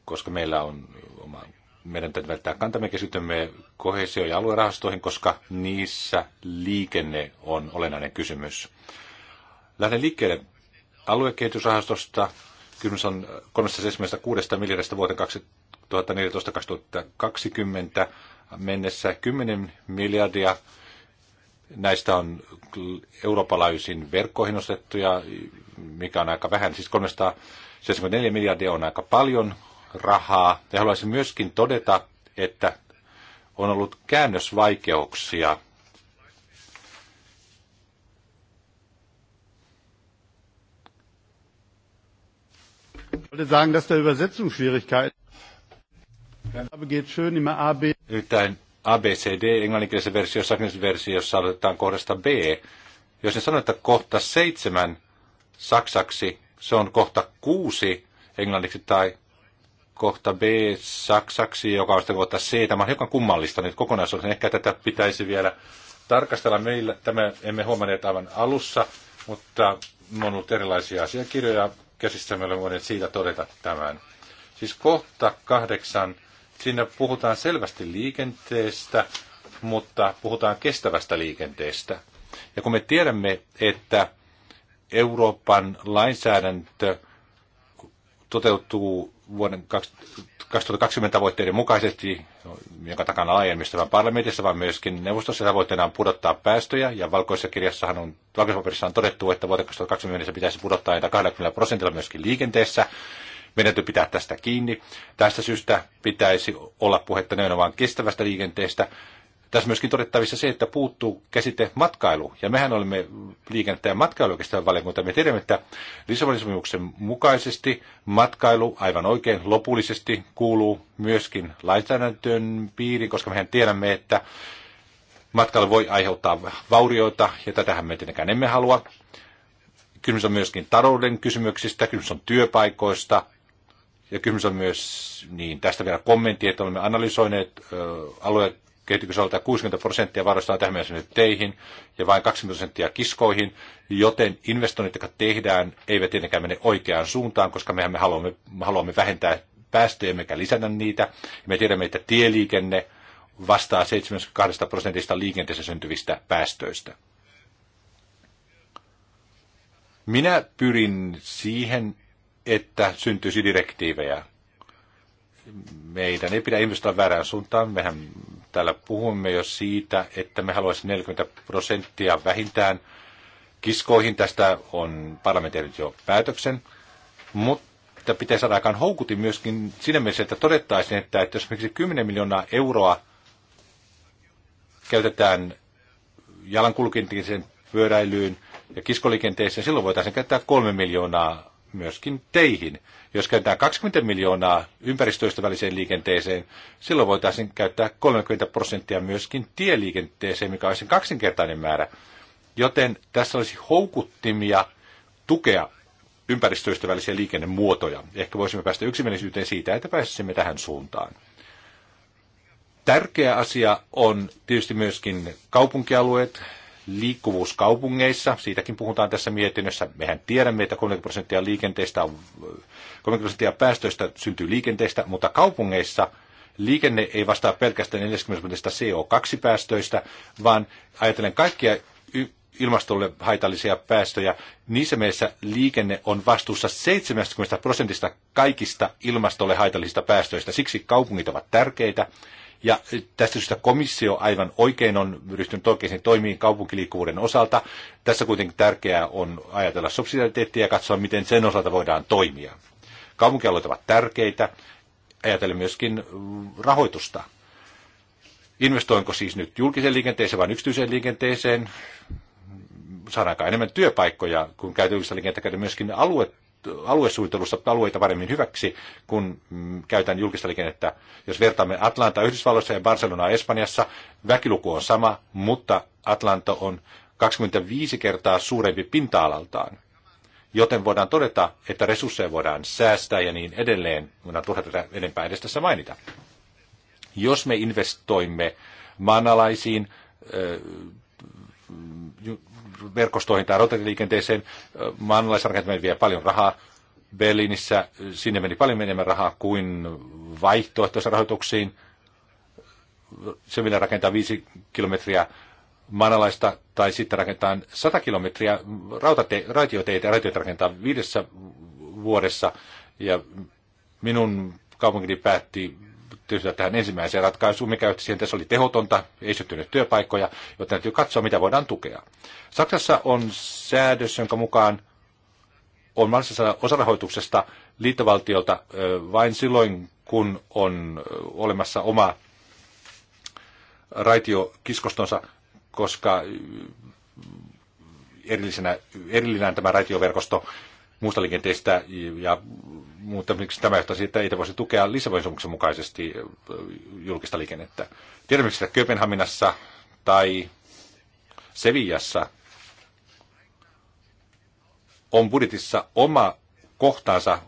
koska meillä on oma meidän täytyy välttää kantamme, keskitymme kohesio- ja aluerahastoihin, koska niissä liikenne on olennainen kysymys. Lähden liikkeelle aluekehitysrahastosta. Kysymys on 376 miljardista vuoteen 2014-2020 mennessä 10 miljardia. Näistä on eurooppalaisin verkkoihin ostettuja, mikä on aika vähän, siis 374 miljardia on aika paljon rahaa. Ja haluaisin myöskin todeta, että on ollut käännösvaikeuksia. sagen, dass da Übersetzungsschwierigkeiten geht ABCD englanninkielisessä versiossa, saksankielisessä versiossa aloitetaan kohdasta B. Jos ne sanoo, että kohta seitsemän saksaksi, se on kohta kuusi englanniksi tai kohta B saksaksi, joka on sitten kohta C. Tämä on hiukan kummallista nyt kokonaisuudessaan. Ehkä tätä pitäisi vielä tarkastella meillä. Tämä emme huomanneet aivan alussa, mutta on ollut erilaisia asiakirjoja Me olemme voineet siitä todeta tämän. Siis kohta kahdeksan, siinä puhutaan selvästi liikenteestä, mutta puhutaan kestävästä liikenteestä. Ja kun me tiedämme, että Euroopan lainsäädäntö toteutuu vuoden 2020 tavoitteiden mukaisesti, jonka takana laajemmista vaan parlamentissa, vaan myöskin neuvostossa tavoitteena on pudottaa päästöjä, ja valkoisessa kirjassahan on, valkoisessa on todettu, että vuoden 2020 pitäisi pudottaa näitä 20 prosentilla myöskin liikenteessä. Meidän täytyy pitää tästä kiinni. Tästä syystä pitäisi olla puhetta nimenomaan kestävästä liikenteestä, tässä myöskin todettavissa se, että puuttuu käsite matkailu. Ja mehän olemme liikennettä- ja matkailukestävän valiokunta. Me tiedämme, että Lissabonin sopimuksen mukaisesti matkailu aivan oikein lopullisesti kuuluu myöskin lainsäädäntöön piiriin, koska mehän tiedämme, että matkailu voi aiheuttaa vaurioita, ja tätähän me tietenkään emme halua. Kysymys on myöskin talouden kysymyksistä, kysymys on työpaikoista, ja kysymys on myös, niin tästä vielä kommentti, että olemme analysoineet ö, alueet kehitysalueelta 60 prosenttia varoista tähän mennessä nyt teihin ja vain 20 prosenttia kiskoihin, joten investoinnit, jotka tehdään, eivät tietenkään mene oikeaan suuntaan, koska mehän me haluamme, haluamme vähentää päästöjä emmekä lisätä niitä. Me tiedämme, että tieliikenne vastaa 72 prosentista liikenteessä syntyvistä päästöistä. Minä pyrin siihen, että syntyisi direktiivejä. Meidän ei pidä investoida väärään suuntaan. Mehän Täällä puhumme jo siitä, että me haluaisimme 40 prosenttia vähintään kiskoihin. Tästä on parlamentti jo päätöksen. Mutta pitäisi saada aikaan houkutin myöskin siinä mielessä, että todettaisiin, että, että jos esimerkiksi 10 miljoonaa euroa käytetään jalankulkintiin pyöräilyyn ja kiskoliikenteeseen, silloin voitaisiin käyttää 3 miljoonaa myöskin teihin. Jos käytetään 20 miljoonaa ympäristöystävälliseen liikenteeseen, silloin voitaisiin käyttää 30 prosenttia myöskin tieliikenteeseen, mikä olisi kaksinkertainen määrä. Joten tässä olisi houkuttimia tukea ympäristöystävällisiä liikennemuotoja. Ehkä voisimme päästä yksimielisyyteen siitä, että pääsisimme tähän suuntaan. Tärkeä asia on tietysti myöskin kaupunkialueet, Liikkuvuus kaupungeissa, siitäkin puhutaan tässä mietinnössä. Mehän tiedämme, että 30 prosenttia, liikenteestä 30 prosenttia päästöistä syntyy liikenteestä, mutta kaupungeissa liikenne ei vastaa pelkästään 40 prosentista CO2-päästöistä, vaan ajatellen kaikkia ilmastolle haitallisia päästöjä. Niissä mielessä liikenne on vastuussa 70 prosentista kaikista ilmastolle haitallisista päästöistä. Siksi kaupungit ovat tärkeitä ja tästä syystä komissio aivan oikein on ryhtynyt oikeisiin toimiin kaupunkiliikkuvuuden osalta. Tässä kuitenkin tärkeää on ajatella subsidiariteettia ja katsoa, miten sen osalta voidaan toimia. Kaupunkialueet ovat tärkeitä. Ajatellen myöskin rahoitusta. Investoinko siis nyt julkiseen liikenteeseen vai yksityiseen liikenteeseen? Saadaanko enemmän työpaikkoja, kun käytetään julkista liikennettä, käytetään myöskin alue aluesuunnittelussa alueita paremmin hyväksi, kun käytän julkista liikennettä. Jos vertaamme Atlanta Yhdysvalloissa ja Barcelonaa Espanjassa, väkiluku on sama, mutta Atlanta on 25 kertaa suurempi pinta-alaltaan. Joten voidaan todeta, että resursseja voidaan säästää ja niin edelleen. Minä turha tätä enempää edes tässä mainita. Jos me investoimme maanalaisiin verkostoihin tai rautatieliikenteeseen. Maanalaisrakentaminen vie paljon rahaa. Berliinissä sinne meni paljon enemmän rahaa kuin vaihtoehtoisiin rahoituksiin. Se, millä rakentaa viisi kilometriä maanalaista tai sitten rakentaa 100 kilometriä rautate, raitioteitä ja raitioita rakentaa viidessä vuodessa. Ja minun kaupunkini päätti tyytyä tähän ensimmäiseen ratkaisuun, mikä johti siihen, että se oli tehotonta, ei syntynyt työpaikkoja, joten täytyy katsoa, mitä voidaan tukea. Saksassa on säädös, jonka mukaan on mahdollista saada osarahoituksesta liittovaltiolta vain silloin, kun on olemassa oma raitiokiskostonsa, koska erillisenä, erillinen tämä raitioverkosto muusta liikenteestä ja mutta miksi tämä johtaa siitä, että ei voisi tukea Lissabonin sopimuksen mukaisesti julkista liikennettä. Tiedämme, että Kööpenhaminassa tai Sevijassa on budjetissa oma kohtaansa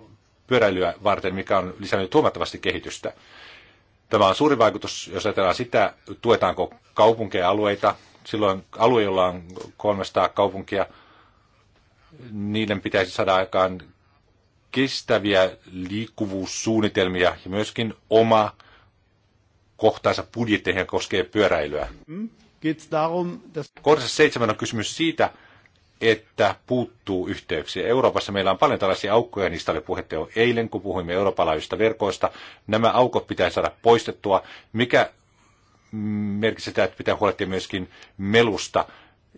pyöräilyä varten, mikä on lisännyt huomattavasti kehitystä. Tämä on suuri vaikutus, jos ajatellaan sitä, tuetaanko kaupunkeja alueita. Silloin alue, jolla on 300 kaupunkia, niiden pitäisi saada aikaan kestäviä liikkuvuussuunnitelmia ja myöskin oma kohtaansa budjetteihin koskee pyöräilyä. Hmm? Kohdassa seitsemän on kysymys siitä, että puuttuu yhteyksiä. Euroopassa meillä on paljon tällaisia aukkoja, niistä oli puhetta jo eilen, kun puhuimme eurooppalaisista verkoista. Nämä aukot pitää saada poistettua, mikä merkitsee sitä, että pitää huolehtia myöskin melusta,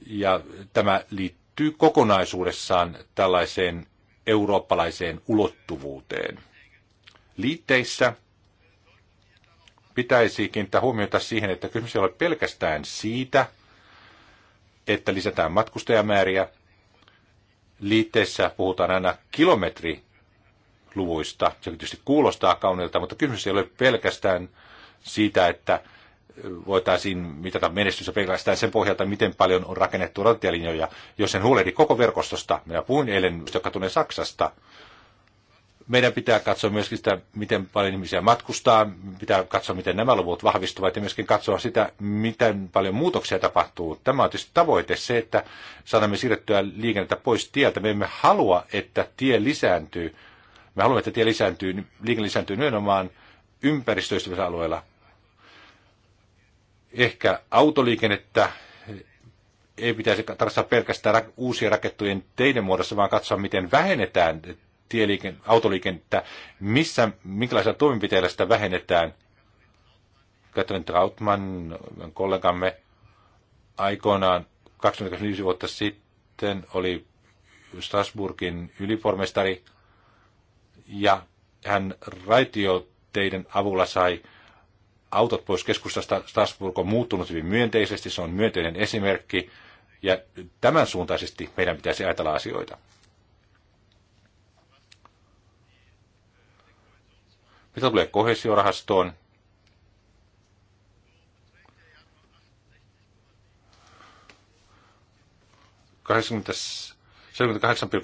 ja tämä liittyy liittyy kokonaisuudessaan tällaiseen eurooppalaiseen ulottuvuuteen. Liitteissä pitäisi kiinnittää huomiota siihen, että kysymys ei ole pelkästään siitä, että lisätään matkustajamääriä. Liitteissä puhutaan aina kilometriluvuista. Se tietysti kuulostaa kauniilta, mutta kysymys ei ole pelkästään siitä, että voitaisiin mitata menestystä pelkästään sen pohjalta, miten paljon on rakennettu rautatielinjoja, jos sen huolehdi koko verkostosta. Minä puhuin eilen, joka tulee Saksasta. Meidän pitää katsoa myöskin sitä, miten paljon ihmisiä matkustaa, pitää katsoa, miten nämä luvut vahvistuvat ja myöskin katsoa sitä, miten paljon muutoksia tapahtuu. Tämä on tietysti tavoite se, että saadaan siirrettyä liikennettä pois tieltä. Me emme halua, että tie lisääntyy. Me haluamme, että tie lisääntyy, liikenne lisääntyy nimenomaan ympäristöystävällisillä alueella ehkä autoliikennettä ei pitäisi tarkastella pelkästään uusia rakettujen teiden muodossa, vaan katsoa, miten vähennetään tieliiken, autoliikennettä, missä, minkälaisilla toimenpiteillä sitä vähennetään. Katrin Trautman, kollegamme, aikoinaan 25 vuotta sitten oli Strasburgin ylipormestari, ja hän raitioteiden avulla sai autot pois keskustasta Strasbourg on muuttunut hyvin myönteisesti, se on myönteinen esimerkki, ja tämän suuntaisesti meidän pitäisi ajatella asioita. Mitä tulee kohesiorahastoon?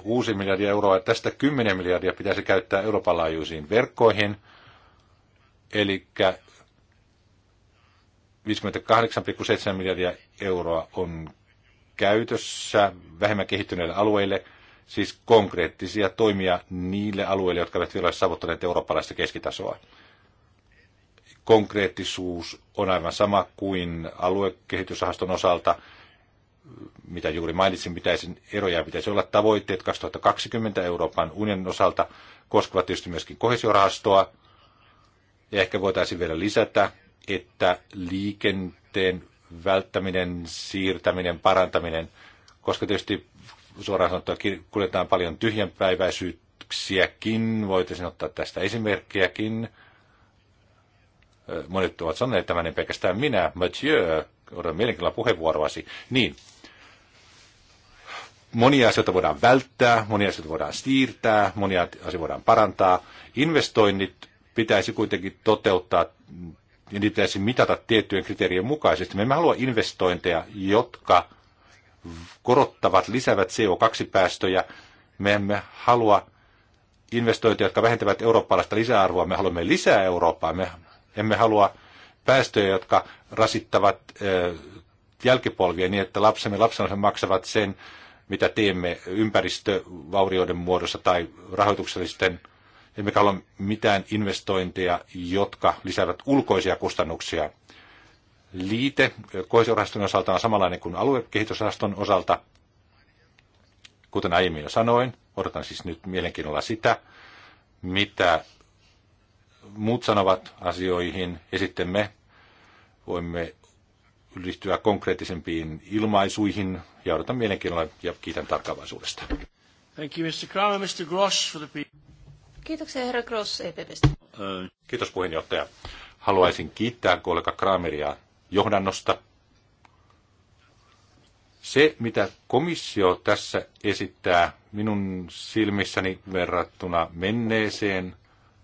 kuusi miljardia euroa, tästä 10 miljardia pitäisi käyttää Euroopan laajuisiin verkkoihin, eli 58,7 miljardia euroa on käytössä vähemmän kehittyneille alueille, siis konkreettisia toimia niille alueille, jotka eivät vielä ole saavuttaneet eurooppalaista keskitasoa. Konkreettisuus on aivan sama kuin aluekehitysrahaston osalta, mitä juuri mainitsin, pitäisi, eroja pitäisi olla tavoitteet 2020 Euroopan unionin osalta, koskevat tietysti myöskin kohesiorahastoa, ja ehkä voitaisiin vielä lisätä että liikenteen välttäminen, siirtäminen, parantaminen, koska tietysti suoraan sanottuna kuljetaan paljon tyhjänpäiväisyyksiäkin, voitaisiin ottaa tästä esimerkkiäkin. Monet ovat sanoneet tämän, en pelkästään minä, Mathieu, odotan mielenkiinnolla puheenvuoroasi. Niin, monia asioita voidaan välttää, monia asioita voidaan siirtää, monia asioita voidaan parantaa. Investoinnit pitäisi kuitenkin toteuttaa niin niitä pitäisi mitata tiettyjen kriteerien mukaisesti. Me emme halua investointeja, jotka korottavat, lisäävät CO2-päästöjä. Me emme halua investointeja, jotka vähentävät eurooppalaista lisäarvoa. Me haluamme lisää Eurooppaa. Me emme halua päästöjä, jotka rasittavat jälkipolvia niin, että lapsemme lapsensa maksavat sen, mitä teemme ympäristövaurioiden muodossa tai rahoituksellisten emmekä ole mitään investointeja, jotka lisäävät ulkoisia kustannuksia. Liite kohesiorahaston osalta on samanlainen kuin aluekehitysrahaston osalta. Kuten aiemmin jo sanoin, odotan siis nyt mielenkiinnolla sitä, mitä muut sanovat asioihin ja sitten me voimme ryhtyä konkreettisempiin ilmaisuihin ja odotan mielenkiinnolla ja kiitän tarkkaavaisuudesta. Thank you, Mr. Kramer, Mr. Gross for the Kiitoksia herra Gross EPPstä. Kiitos puheenjohtaja. Haluaisin kiittää kollega Krameria johdannosta. Se, mitä komissio tässä esittää minun silmissäni verrattuna menneeseen,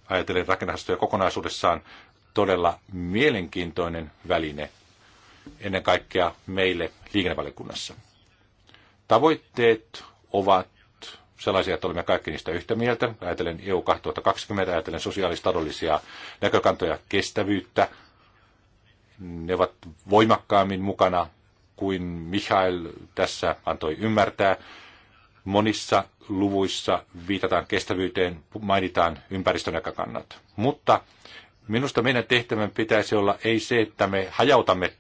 ajatellen rakennerahastoja kokonaisuudessaan, todella mielenkiintoinen väline ennen kaikkea meille liikennevaliokunnassa. Tavoitteet ovat sellaisia, että olemme kaikki niistä yhtä mieltä. Ajatellen EU 2020, ajatellen sosiaalistadollisia näkökantoja, kestävyyttä. Ne ovat voimakkaammin mukana kuin Mihail tässä antoi ymmärtää. Monissa luvuissa viitataan kestävyyteen, mainitaan ympäristönäkökannat. Mutta minusta meidän tehtävän pitäisi olla ei se, että me hajautamme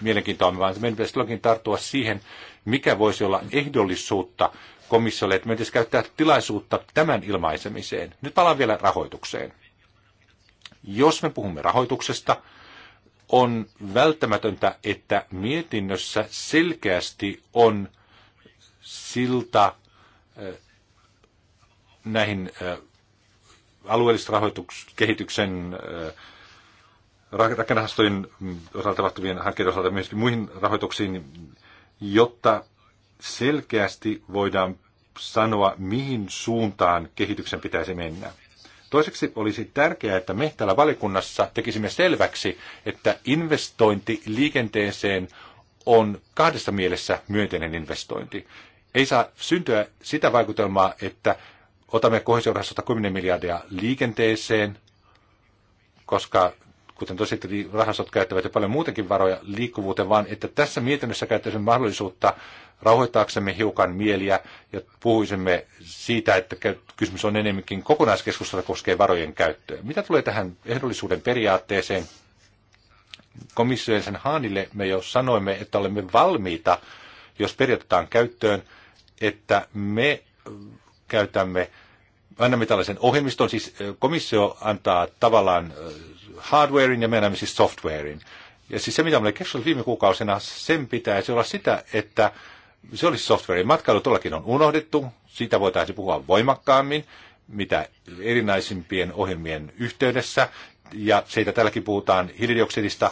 mielenkiintoa, vaan meidän pitäisi silloinkin tarttua siihen, mikä voisi olla ehdollisuutta komissiolle, että meidän pitäisi käyttää tilaisuutta tämän ilmaisemiseen. Nyt palaan vielä rahoitukseen. Jos me puhumme rahoituksesta, on välttämätöntä, että mietinnössä selkeästi on silta näihin alueellisen rahoituskehityksen rakennerahastojen osalta tapahtuvien hankkeiden osalta myöskin muihin rahoituksiin, jotta selkeästi voidaan sanoa, mihin suuntaan kehityksen pitäisi mennä. Toiseksi olisi tärkeää, että me täällä valikunnassa tekisimme selväksi, että investointi liikenteeseen on kahdessa mielessä myönteinen investointi. Ei saa syntyä sitä vaikutelmaa, että otamme kohesiorahastosta 10 miljardia liikenteeseen, koska kuten tosiaan rahastot käyttävät jo paljon muutenkin varoja liikkuvuuteen, vaan että tässä mietinnössä käyttäisimme mahdollisuutta rauhoittaaksemme hiukan mieliä ja puhuisimme siitä, että kysymys on enemmänkin kokonaiskeskustelua koskee varojen käyttöä. Mitä tulee tähän ehdollisuuden periaatteeseen? Komission sen Haanille me jo sanoimme, että olemme valmiita, jos periaatetaan käyttöön, että me käytämme annamme tällaisen ohjelmiston, siis komissio antaa tavallaan hardwarein ja meidän siis softwarein. Ja siis se, mitä me keskusteltu viime kuukausina, sen pitäisi olla sitä, että se olisi software. Matkailu tuollakin on unohdettu, siitä voitaisiin puhua voimakkaammin, mitä erinäisimpien ohjelmien yhteydessä, ja siitä tälläkin puhutaan hiilidioksidista.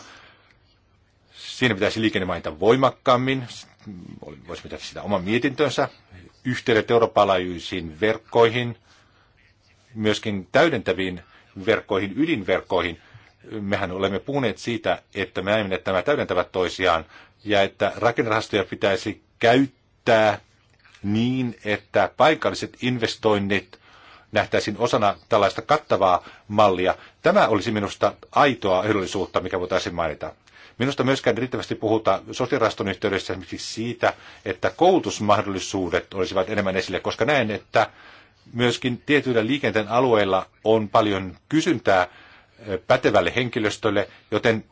Siinä pitäisi liikenne mainita voimakkaammin, voisi mitä sitä oman mietintönsä, yhteydet Euroopan laajuisiin verkkoihin, myöskin täydentäviin verkkoihin, ydinverkkoihin – mehän olemme puhuneet siitä, että me näemme, että nämä täydentävät toisiaan ja että rakennerahastoja pitäisi käyttää niin, että paikalliset investoinnit nähtäisiin osana tällaista kattavaa mallia. Tämä olisi minusta aitoa ehdollisuutta, mikä voitaisiin mainita. Minusta myöskään riittävästi puhuta sosiaaliraston yhteydessä esimerkiksi siitä, että koulutusmahdollisuudet olisivat enemmän esille, koska näen, että myöskin tietyillä liikenteen alueilla on paljon kysyntää pätevälle henkilöstölle, joten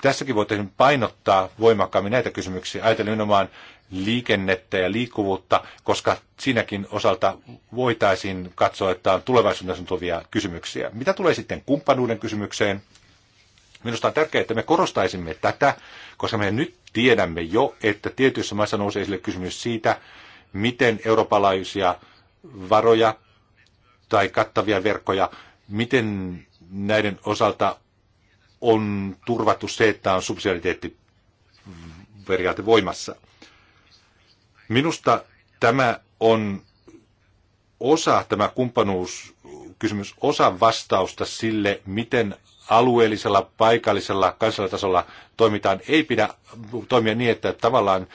tässäkin voitaisiin painottaa voimakkaammin näitä kysymyksiä. Ajatellen nimenomaan liikennettä ja liikkuvuutta, koska siinäkin osalta voitaisiin katsoa, että on tulevaisuudessa tuvia kysymyksiä. Mitä tulee sitten kumppanuuden kysymykseen? Minusta on tärkeää, että me korostaisimme tätä, koska me nyt tiedämme jo, että tietyissä maissa nousee esille kysymys siitä, miten eurooppalaisia varoja tai kattavia verkkoja, miten näiden osalta on turvattu se, että on subsidiariteettiperiaate voimassa. Minusta tämä on osa, tämä kumppanuuskysymys, osa vastausta sille, miten alueellisella, paikallisella, kansallisella tasolla toimitaan. Ei pidä toimia niin, että tavallaan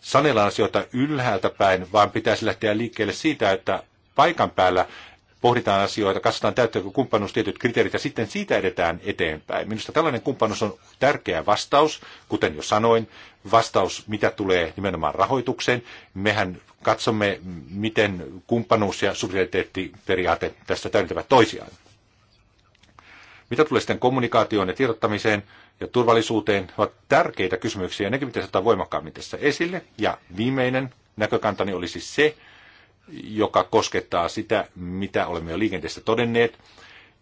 sanellaan asioita ylhäältä päin, vaan pitäisi lähteä liikkeelle siitä, että paikan päällä pohditaan asioita, katsotaan täyttääkö kumppanuus tietyt kriteerit ja sitten siitä edetään eteenpäin. Minusta tällainen kumppanuus on tärkeä vastaus, kuten jo sanoin, vastaus mitä tulee nimenomaan rahoitukseen. Mehän katsomme, miten kumppanuus ja subsidiariteettiperiaate tässä täydentävät toisiaan. Mitä tulee sitten kommunikaatioon ja tiedottamiseen ja turvallisuuteen, ovat tärkeitä kysymyksiä ja nekin pitäisi ottaa voimakkaammin tässä esille. Ja viimeinen näkökantani olisi se, joka koskettaa sitä, mitä olemme jo liikenteessä todenneet,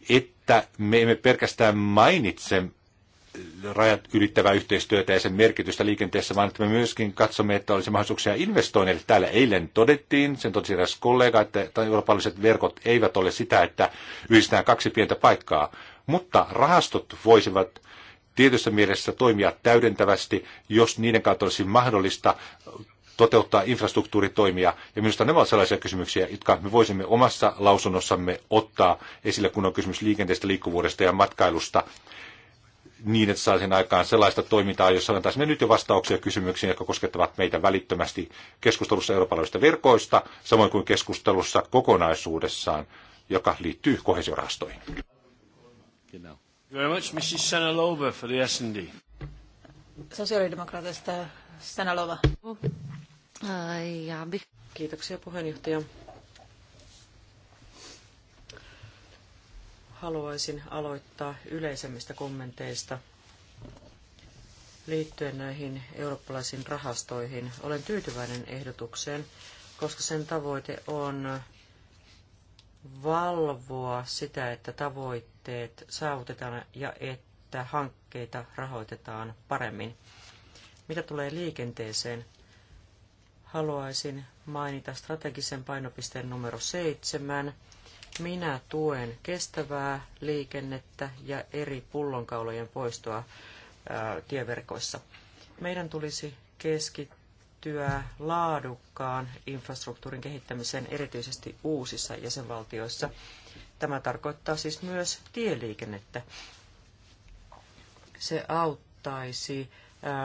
että me emme pelkästään mainitse rajat ylittävää yhteistyötä ja sen merkitystä liikenteessä, vaan että me myöskin katsomme, että olisi mahdollisuuksia investoinneille. Täällä eilen todettiin, sen totesi eräs kollega, että eurooppalaiset verkot eivät ole sitä, että yhdistetään kaksi pientä paikkaa, mutta rahastot voisivat tietyssä mielessä toimia täydentävästi, jos niiden kautta olisi mahdollista toteuttaa infrastruktuuritoimia. Ja minusta nämä ovat sellaisia kysymyksiä, jotka me voisimme omassa lausunnossamme ottaa esille, kun on kysymys liikenteestä, liikkuvuudesta ja matkailusta niin, että saisin aikaan sellaista toimintaa, jossa antaisimme nyt jo vastauksia kysymyksiin, jotka koskettavat meitä välittömästi keskustelussa eurooppalaisista verkoista, samoin kuin keskustelussa kokonaisuudessaan, joka liittyy kohesiorahastoihin. Sanalova ja bych... Kiitoksia puheenjohtaja. Haluaisin aloittaa yleisemmistä kommenteista liittyen näihin eurooppalaisiin rahastoihin. Olen tyytyväinen ehdotukseen, koska sen tavoite on valvoa sitä, että tavoitteet saavutetaan ja että hankkeita rahoitetaan paremmin. Mitä tulee liikenteeseen, haluaisin mainita strategisen painopisteen numero seitsemän. Minä tuen kestävää liikennettä ja eri pullonkaulojen poistoa ää, tieverkoissa. Meidän tulisi keskittyä laadukkaan infrastruktuurin kehittämiseen erityisesti uusissa jäsenvaltioissa. Tämä tarkoittaa siis myös tieliikennettä. Se auttaisi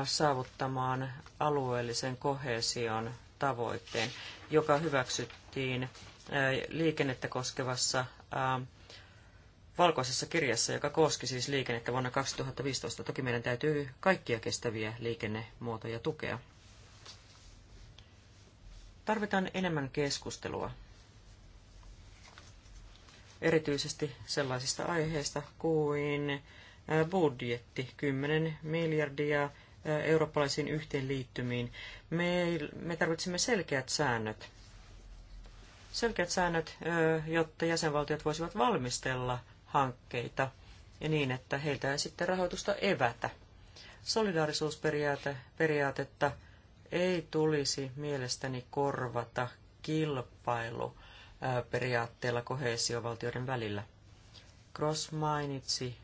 saavuttamaan alueellisen kohesion tavoitteen, joka hyväksyttiin liikennettä koskevassa valkoisessa kirjassa, joka koski siis liikennettä vuonna 2015. Toki meidän täytyy kaikkia kestäviä liikennemuotoja tukea. Tarvitaan enemmän keskustelua, erityisesti sellaisista aiheista kuin budjetti, 10 miljardia eurooppalaisiin yhteenliittymiin. Me, me tarvitsemme selkeät säännöt. Selkeät säännöt, jotta jäsenvaltiot voisivat valmistella hankkeita ja niin, että heiltä ei sitten rahoitusta evätä. Solidaarisuusperiaatetta ei tulisi mielestäni korvata kilpailuperiaatteella kohesiovaltioiden välillä. Cross mainitsi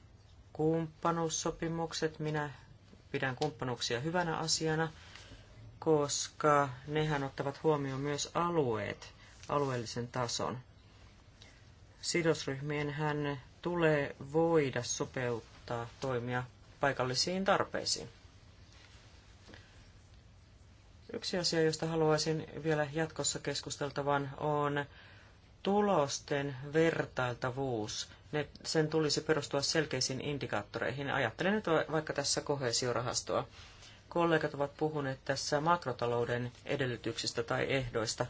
kumppanuussopimukset. Minä pidän kumppanuuksia hyvänä asiana, koska nehän ottavat huomioon myös alueet, alueellisen tason. Sidosryhmien hän tulee voida sopeuttaa toimia paikallisiin tarpeisiin. Yksi asia, josta haluaisin vielä jatkossa keskusteltavan, on tulosten vertailtavuus, ne, sen tulisi perustua selkeisiin indikaattoreihin. Ajattelen nyt vaikka tässä kohesiorahastoa. Kollegat ovat puhuneet tässä makrotalouden edellytyksistä tai ehdoista.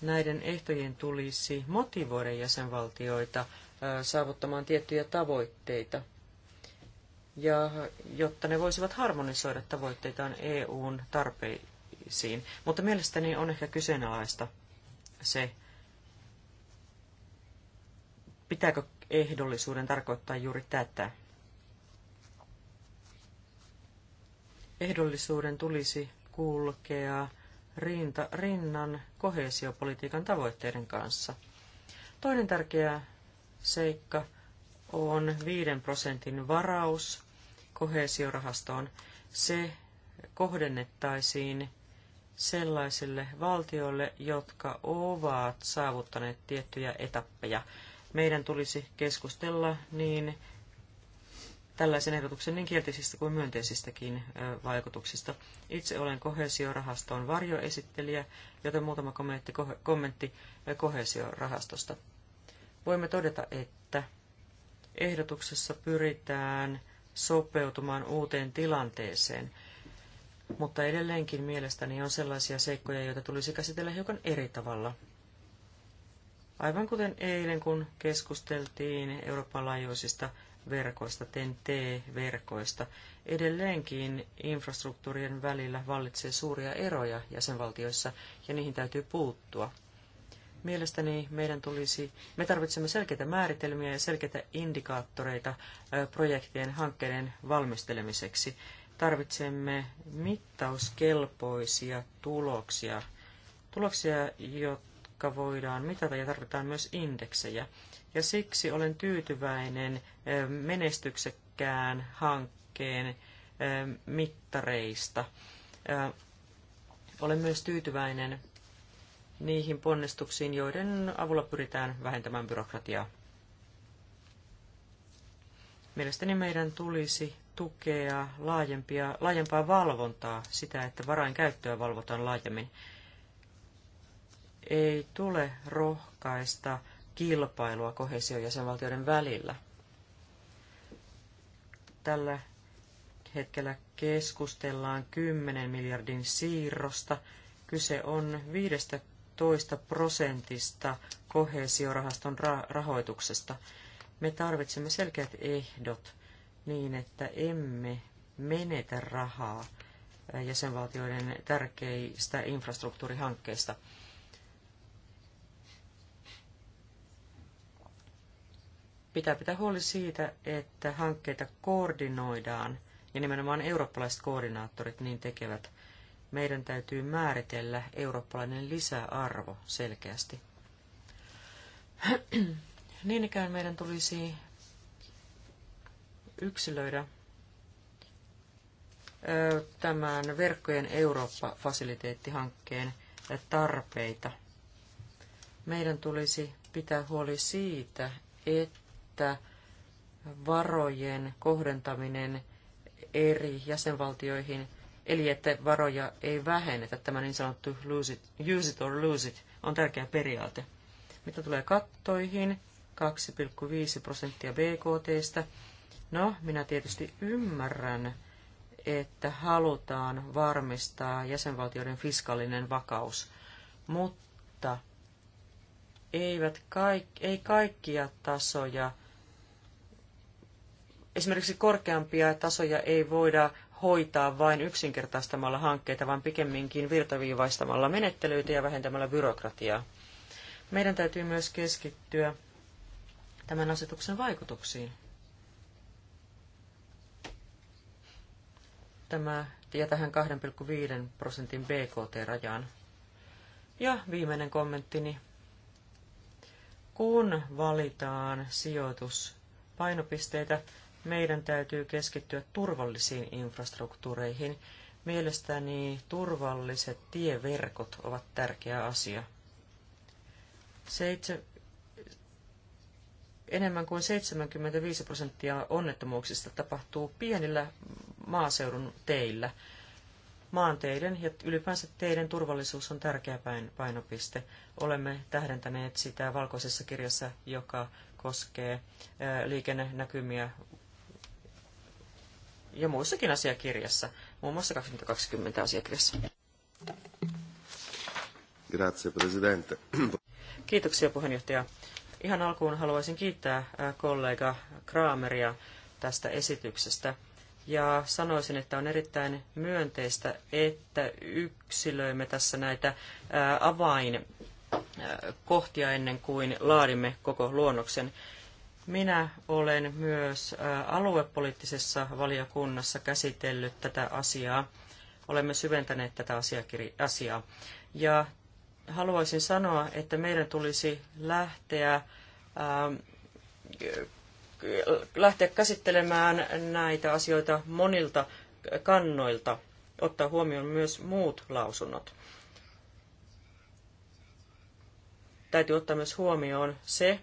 Näiden ehtojen tulisi motivoida jäsenvaltioita saavuttamaan tiettyjä tavoitteita, ja jotta ne voisivat harmonisoida tavoitteitaan EUn tarpeisiin. Mutta mielestäni on ehkä kyseenalaista se, pitääkö ehdollisuuden tarkoittaa juuri tätä? Ehdollisuuden tulisi kulkea rinta, rinnan kohesiopolitiikan tavoitteiden kanssa. Toinen tärkeä seikka on 5 prosentin varaus kohesiorahastoon. Se kohdennettaisiin sellaisille valtioille, jotka ovat saavuttaneet tiettyjä etappeja meidän tulisi keskustella niin tällaisen ehdotuksen niin kielteisistä kuin myönteisistäkin vaikutuksista. Itse olen kohesiorahaston varjoesittelijä, joten muutama kommentti, kommentti kohesiorahastosta. Voimme todeta, että ehdotuksessa pyritään sopeutumaan uuteen tilanteeseen, mutta edelleenkin mielestäni on sellaisia seikkoja, joita tulisi käsitellä hiukan eri tavalla Aivan kuten eilen, kun keskusteltiin Euroopan laajuisista verkoista, TEN-T-verkoista, edelleenkin infrastruktuurien välillä vallitsee suuria eroja jäsenvaltioissa ja niihin täytyy puuttua. Mielestäni meidän tulisi, me tarvitsemme selkeitä määritelmiä ja selkeitä indikaattoreita projektien hankkeiden valmistelemiseksi. Tarvitsemme mittauskelpoisia tuloksia, tuloksia, jotka taakka voidaan mitata ja tarvitaan myös indeksejä. Ja siksi olen tyytyväinen eh, menestyksekkään hankkeen eh, mittareista. Eh, olen myös tyytyväinen niihin ponnistuksiin, joiden avulla pyritään vähentämään byrokratiaa. Mielestäni meidän tulisi tukea laajempia, laajempaa valvontaa, sitä, että varain käyttöä valvotaan laajemmin ei tule rohkaista kilpailua kohesiojäsenvaltioiden välillä. Tällä hetkellä keskustellaan 10 miljardin siirrosta. Kyse on 15 prosentista kohesiorahaston rahoituksesta. Me tarvitsemme selkeät ehdot niin, että emme menetä rahaa jäsenvaltioiden tärkeistä infrastruktuurihankkeista. Pitää pitää huoli siitä, että hankkeita koordinoidaan, ja nimenomaan eurooppalaiset koordinaattorit niin tekevät. Meidän täytyy määritellä eurooppalainen lisäarvo selkeästi. niin ikään meidän tulisi yksilöidä tämän verkkojen Eurooppa-fasiliteettihankkeen tarpeita. Meidän tulisi pitää huoli siitä, että että varojen kohdentaminen eri jäsenvaltioihin, eli että varoja ei vähennetä, tämä niin sanottu lose it, use it or lose it, on tärkeä periaate. Mitä tulee kattoihin, 2,5 prosenttia BKTstä. No, minä tietysti ymmärrän, että halutaan varmistaa jäsenvaltioiden fiskaalinen vakaus, mutta eivät kaik, ei kaikkia tasoja esimerkiksi korkeampia tasoja ei voida hoitaa vain yksinkertaistamalla hankkeita, vaan pikemminkin virtaviivaistamalla menettelyitä ja vähentämällä byrokratiaa. Meidän täytyy myös keskittyä tämän asetuksen vaikutuksiin. Tämä ja tähän 2,5 prosentin BKT-rajaan. Ja viimeinen kommenttini. Kun valitaan sijoituspainopisteitä, meidän täytyy keskittyä turvallisiin infrastruktuureihin. Mielestäni turvalliset tieverkot ovat tärkeä asia. Seitse, enemmän kuin 75 prosenttia onnettomuuksista tapahtuu pienillä maaseudun teillä. Maanteiden ja ylipäänsä teiden turvallisuus on tärkeä painopiste. Olemme tähdentäneet sitä valkoisessa kirjassa, joka koskee liikennenäkymiä ja muissakin asiakirjassa, muun muassa 2020 asiakirjassa. Grazie, presidente. Kiitoksia puheenjohtaja. Ihan alkuun haluaisin kiittää kollega Krameria tästä esityksestä. Ja sanoisin, että on erittäin myönteistä, että yksilöimme tässä näitä avainkohtia ennen kuin laadimme koko luonnoksen. Minä olen myös aluepoliittisessa valiokunnassa käsitellyt tätä asiaa. Olemme syventäneet tätä asiaa. Ja haluaisin sanoa, että meidän tulisi lähteä, lähteä käsittelemään näitä asioita monilta kannoilta, ottaa huomioon myös muut lausunnot. Täytyy ottaa myös huomioon se,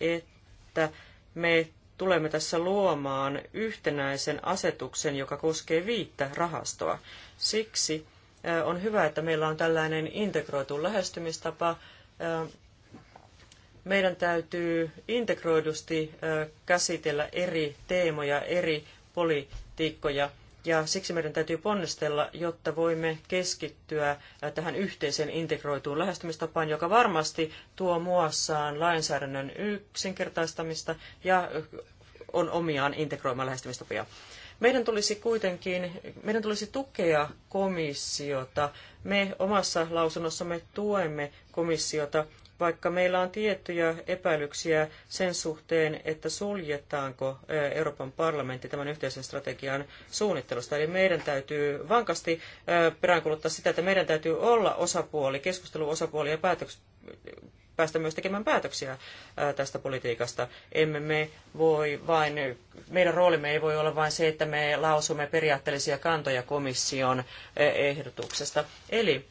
että että me tulemme tässä luomaan yhtenäisen asetuksen, joka koskee viittä rahastoa. Siksi on hyvä, että meillä on tällainen integroitu lähestymistapa. Meidän täytyy integroidusti käsitellä eri teemoja, eri politiikkoja ja siksi meidän täytyy ponnistella, jotta voimme keskittyä äh, tähän yhteiseen integroituun lähestymistapaan, joka varmasti tuo muassaan lainsäädännön yksinkertaistamista ja äh, on omiaan integroimaan lähestymistapia. Meidän tulisi kuitenkin, meidän tulisi tukea komissiota. Me omassa lausunnossamme tuemme komissiota vaikka meillä on tiettyjä epäilyksiä sen suhteen, että suljetaanko Euroopan parlamentti tämän yhteisen strategian suunnittelusta. Eli meidän täytyy vankasti peräänkuluttaa sitä, että meidän täytyy olla osapuoli, keskusteluosapuoli ja päätöks, päästä myös tekemään päätöksiä tästä politiikasta. Emme me voi vain, meidän roolimme ei voi olla vain se, että me lausumme periaatteellisia kantoja komission ehdotuksesta. Eli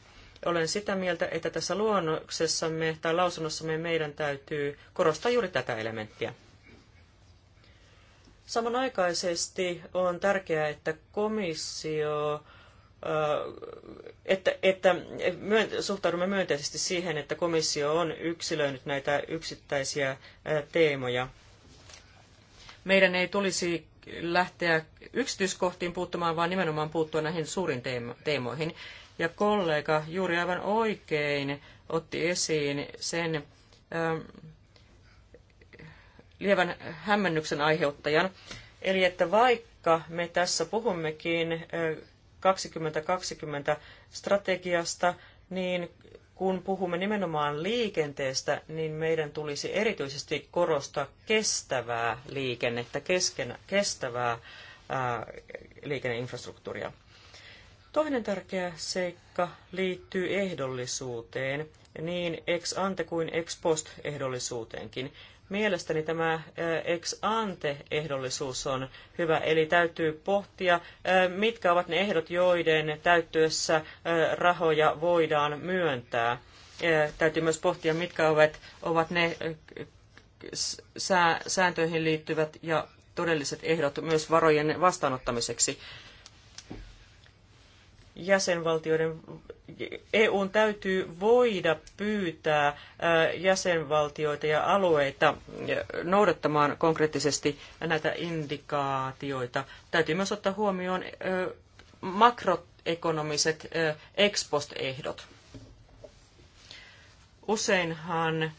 olen sitä mieltä, että tässä luonnoksessamme tai lausunnossamme meidän täytyy korostaa juuri tätä elementtiä. Samanaikaisesti on tärkeää, että komissio että, että suhtaudumme myönteisesti siihen, että komissio on yksilöinyt näitä yksittäisiä teemoja. Meidän ei tulisi lähteä yksityiskohtiin puuttumaan, vaan nimenomaan puuttua näihin suurin teemoihin. Ja kollega juuri aivan oikein otti esiin sen ähm, lievän hämmennyksen aiheuttajan. Eli että vaikka me tässä puhummekin äh, 2020 strategiasta, niin kun puhumme nimenomaan liikenteestä, niin meidän tulisi erityisesti korostaa kestävää liikennettä, kesken, kestävää ää, äh, liikenneinfrastruktuuria. Toinen tärkeä seikka liittyy ehdollisuuteen, niin ex ante kuin ex post ehdollisuuteenkin. Mielestäni tämä äh, ex ante ehdollisuus on hyvä, eli täytyy pohtia, äh, mitkä ovat ne ehdot, joiden täyttyessä äh, rahoja voidaan myöntää. Täytyy myös pohtia, mitkä ovat, ovat ne sääntöihin liittyvät ja todelliset ehdot myös varojen vastaanottamiseksi jäsenvaltioiden, EUn täytyy voida pyytää äh, jäsenvaltioita ja alueita äh, noudattamaan konkreettisesti näitä indikaatioita. Täytyy myös ottaa huomioon äh, makroekonomiset ex post-ehdot. Useinhan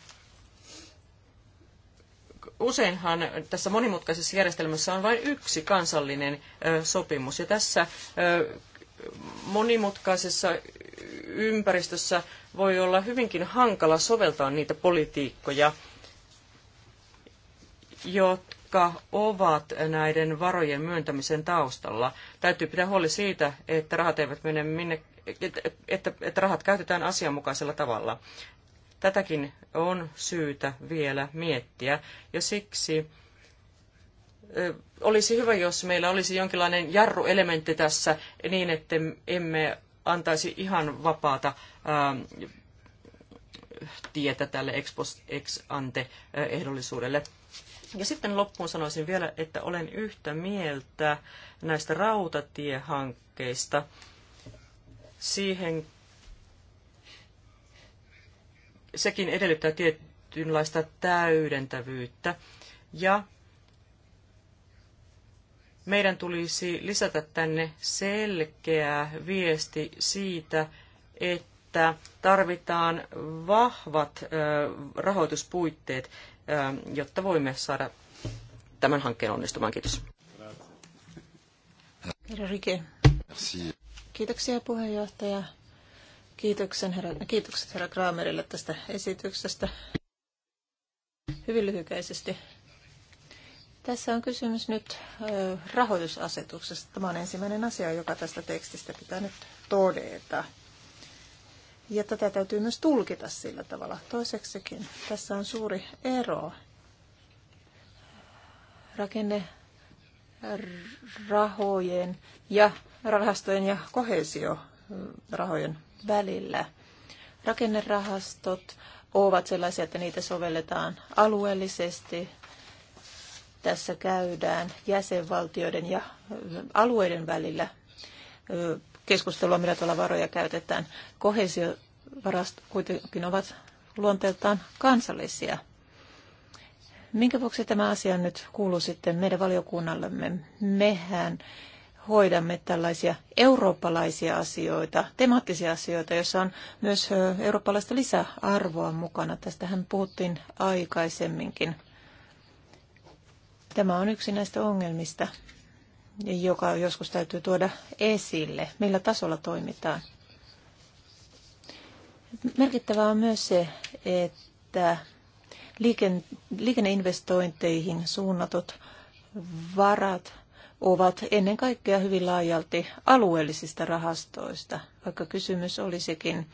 useinhan tässä monimutkaisessa järjestelmässä on vain yksi kansallinen sopimus. Ja tässä monimutkaisessa ympäristössä voi olla hyvinkin hankala soveltaa niitä politiikkoja, jotka ovat näiden varojen myöntämisen taustalla. Täytyy pitää huoli siitä, että rahat eivät mene minne, että, että rahat käytetään asianmukaisella tavalla. Tätäkin on syytä vielä miettiä, ja siksi olisi hyvä, jos meillä olisi jonkinlainen jarruelementti tässä niin, että emme antaisi ihan vapaata ähm, tietä tälle ex, post, ex ante ehdollisuudelle. Ja sitten loppuun sanoisin vielä, että olen yhtä mieltä näistä rautatiehankkeista siihen sekin edellyttää tietynlaista täydentävyyttä. Ja meidän tulisi lisätä tänne selkeä viesti siitä, että tarvitaan vahvat rahoituspuitteet, jotta voimme saada tämän hankkeen onnistumaan. Kiitos. Herra Rike. Kiitoksia puheenjohtaja. Kiitoksen herra, kiitokset herra Kramerille tästä esityksestä. Hyvin lyhykäisesti tässä on kysymys nyt rahoitusasetuksesta. Tämä on ensimmäinen asia, joka tästä tekstistä pitää nyt todeta. Ja tätä täytyy myös tulkita sillä tavalla. Toiseksikin tässä on suuri ero rakenne rahojen ja rahastojen ja kohesiorahojen välillä. Rakennerahastot ovat sellaisia, että niitä sovelletaan alueellisesti tässä käydään jäsenvaltioiden ja alueiden välillä keskustelua, millä tavalla varoja käytetään. Kohesiovarast kuitenkin ovat luonteeltaan kansallisia. Minkä vuoksi tämä asia nyt kuuluu sitten meidän valiokunnallemme? Mehän hoidamme tällaisia eurooppalaisia asioita, temaattisia asioita, joissa on myös eurooppalaista lisäarvoa mukana. Tästähän puhuttiin aikaisemminkin. Tämä on yksi näistä ongelmista, joka joskus täytyy tuoda esille, millä tasolla toimitaan. Merkittävää on myös se, että liikenneinvestointeihin suunnatut varat ovat ennen kaikkea hyvin laajalti alueellisista rahastoista, vaikka kysymys olisikin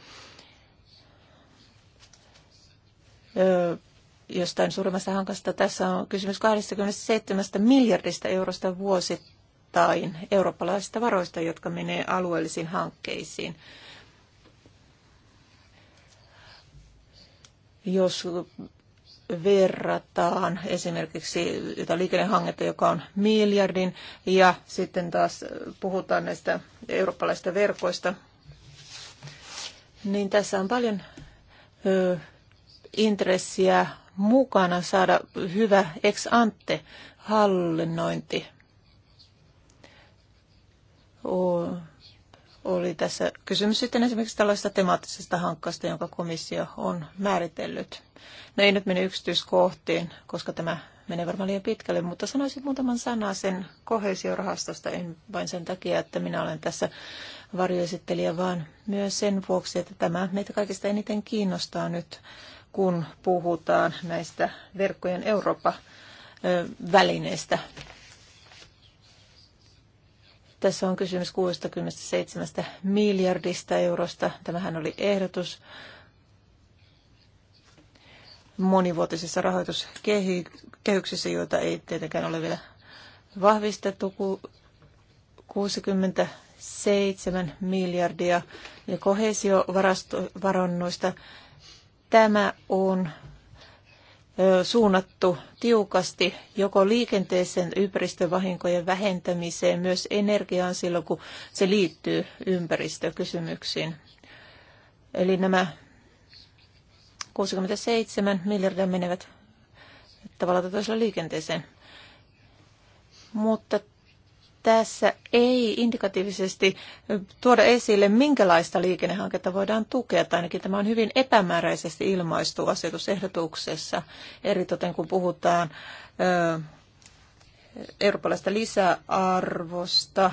jostain suuremmasta hankasta. Tässä on kysymys 27 miljardista eurosta vuosittain eurooppalaisista varoista, jotka menee alueellisiin hankkeisiin. Jos verrataan esimerkiksi jotain liikennehanketta, joka on miljardin, ja sitten taas puhutaan näistä eurooppalaisista verkoista, niin tässä on paljon ö, intressiä mukana saada hyvä ex ante hallinnointi. Oli tässä kysymys sitten esimerkiksi tällaisesta temaattisesta hankkeesta, jonka komissio on määritellyt. No ei nyt mene yksityiskohtiin, koska tämä menee varmaan liian pitkälle, mutta sanoisin muutaman sanaa sen kohesiorahastosta, en vain sen takia, että minä olen tässä varjoesittelijä, vaan myös sen vuoksi, että tämä meitä kaikista eniten kiinnostaa nyt kun puhutaan näistä verkkojen Eurooppa-välineistä. Tässä on kysymys 67 miljardista eurosta. Tämähän oli ehdotus monivuotisissa rahoituskehyksissä, joita ei tietenkään ole vielä vahvistettu. 67 miljardia ja kohesiovarannoista Tämä on suunnattu tiukasti joko liikenteeseen ympäristövahinkojen vähentämiseen, myös energiaan silloin, kun se liittyy ympäristökysymyksiin. Eli nämä 67 miljardia menevät tavallaan toisella liikenteeseen. Mutta tässä ei indikatiivisesti tuoda esille, minkälaista liikennehanketta voidaan tukea, tai ainakin tämä on hyvin epämääräisesti ilmaistu asetusehdotuksessa, eritoten kun puhutaan ö, eurooppalaista lisäarvosta,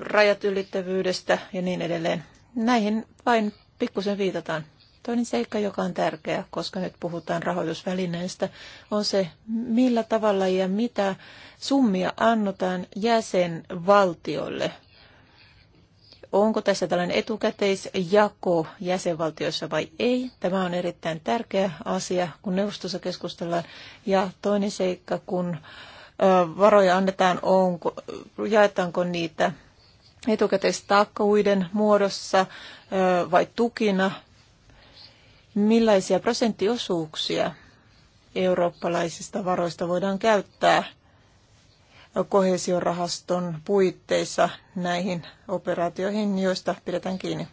rajat ylittävyydestä ja niin edelleen. Näihin vain pikkusen viitataan. Toinen seikka, joka on tärkeä, koska nyt puhutaan rahoitusvälineistä, on se, millä tavalla ja mitä summia annotaan jäsenvaltioille. Onko tässä tällainen etukäteisjako jäsenvaltioissa vai ei? Tämä on erittäin tärkeä asia, kun neuvostossa keskustellaan. Ja toinen seikka, kun varoja annetaan, onko, jaetaanko niitä etukäteistakkuiden muodossa vai tukina millaisia prosenttiosuuksia eurooppalaisista varoista voidaan käyttää kohesiorahaston puitteissa näihin operaatioihin, joista pidetään kiinni.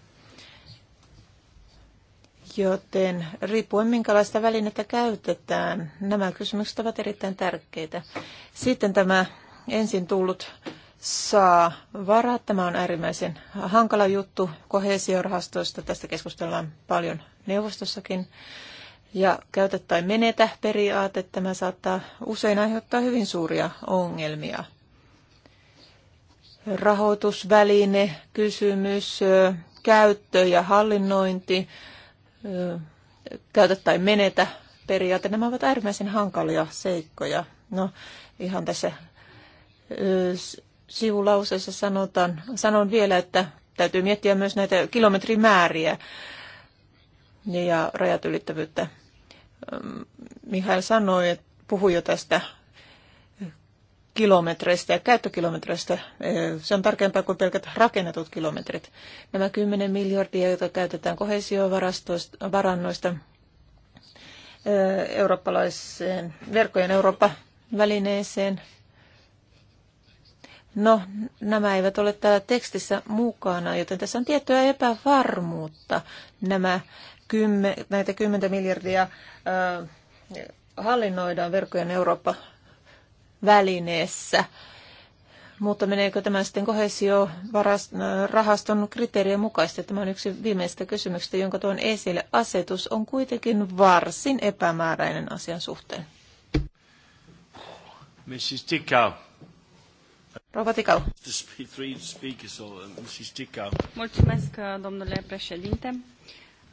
Joten riippuen minkälaista välinettä käytetään, nämä kysymykset ovat erittäin tärkeitä. Sitten tämä ensin tullut saa varaa. Tämä on äärimmäisen hankala juttu kohesiorahastoista. Tästä keskustellaan paljon neuvostossakin. Ja käytä tai menetä periaate, tämä saattaa usein aiheuttaa hyvin suuria ongelmia. Rahoitusväline, kysymys, käyttö ja hallinnointi, käytä tai menetä periaate, nämä ovat äärimmäisen hankalia seikkoja. No, ihan tässä sivulauseessa sanotaan, sanon vielä, että täytyy miettiä myös näitä kilometrimääriä ja rajat ylittävyyttä. Mihail sanoi, että puhui jo tästä kilometreistä ja käyttökilometreistä. Se on tarkempaa kuin pelkät rakennetut kilometrit. Nämä 10 miljardia, joita käytetään kohesiovarannoista eurooppalaiseen verkkojen Eurooppa-välineeseen, No, nämä eivät ole täällä tekstissä mukana, joten tässä on tiettyä epävarmuutta. Nämä kymmen, näitä 10 miljardia ö, hallinnoidaan verkkojen Eurooppa-välineessä. Mutta meneekö tämä sitten rahaston kriteerien mukaisesti? Tämä on yksi viimeistä kysymyksistä, jonka tuon esille. Asetus on kuitenkin varsin epämääräinen asian suhteen. Mrs. Tickau. Rova Ticau. Uh, mulțumesc, uh, domnule președinte.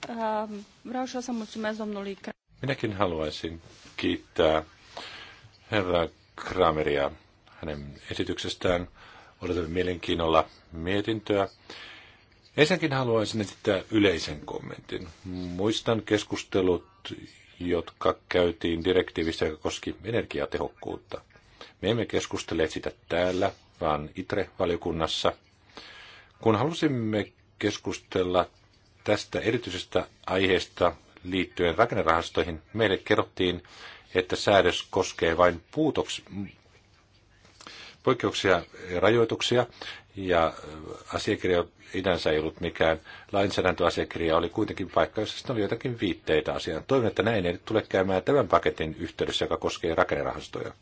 Uh, vreau și eu să mulțumesc domnului Minäkin haluaisin kiittää herra Krameria hänen esityksestään. Odotamme mielenkiinnolla mietintöä. Ensinnäkin haluaisin esittää yleisen kommentin. Muistan keskustelut, jotka käytiin direktiivistä, joka koski energiatehokkuutta. Me emme keskustelleet sitä täällä, vaan ITRE-valiokunnassa. Kun halusimme keskustella tästä erityisestä aiheesta liittyen rakennerahastoihin, meille kerrottiin, että säädös koskee vain puutoksi, poikkeuksia ja rajoituksia, ja asiakirja idänsä ei ollut mikään lainsäädäntöasiakirja, oli kuitenkin paikka, jossa sitten oli jotakin viitteitä asiaan. Toivon, että näin ei tule käymään tämän paketin yhteydessä, joka koskee rakennerahastoja.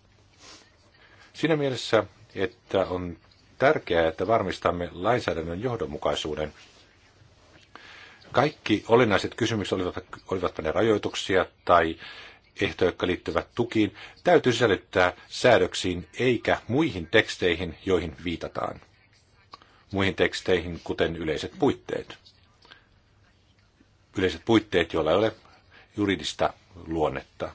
Siinä mielessä että on tärkeää, että varmistamme lainsäädännön johdonmukaisuuden. Kaikki olennaiset kysymykset, olivat, olivatpa ne rajoituksia tai ehtoja, jotka liittyvät tukiin, täytyy sisällyttää säädöksiin eikä muihin teksteihin, joihin viitataan. Muihin teksteihin, kuten yleiset puitteet. Yleiset puitteet, joilla ei ole juridista luonnetta.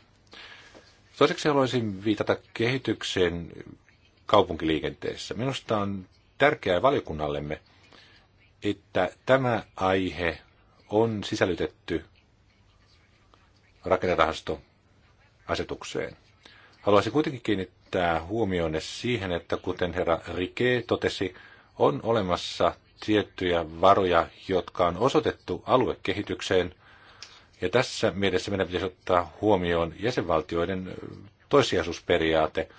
Toiseksi haluaisin viitata kehitykseen, kaupunkiliikenteessä. Minusta on tärkeää valiokunnallemme, että tämä aihe on sisällytetty rakennerahastoasetukseen. Haluaisin kuitenkin kiinnittää huomionne siihen, että kuten herra Rike totesi, on olemassa tiettyjä varoja, jotka on osoitettu aluekehitykseen, ja tässä mielessä meidän pitäisi ottaa huomioon jäsenvaltioiden toissijaisuusperiaate –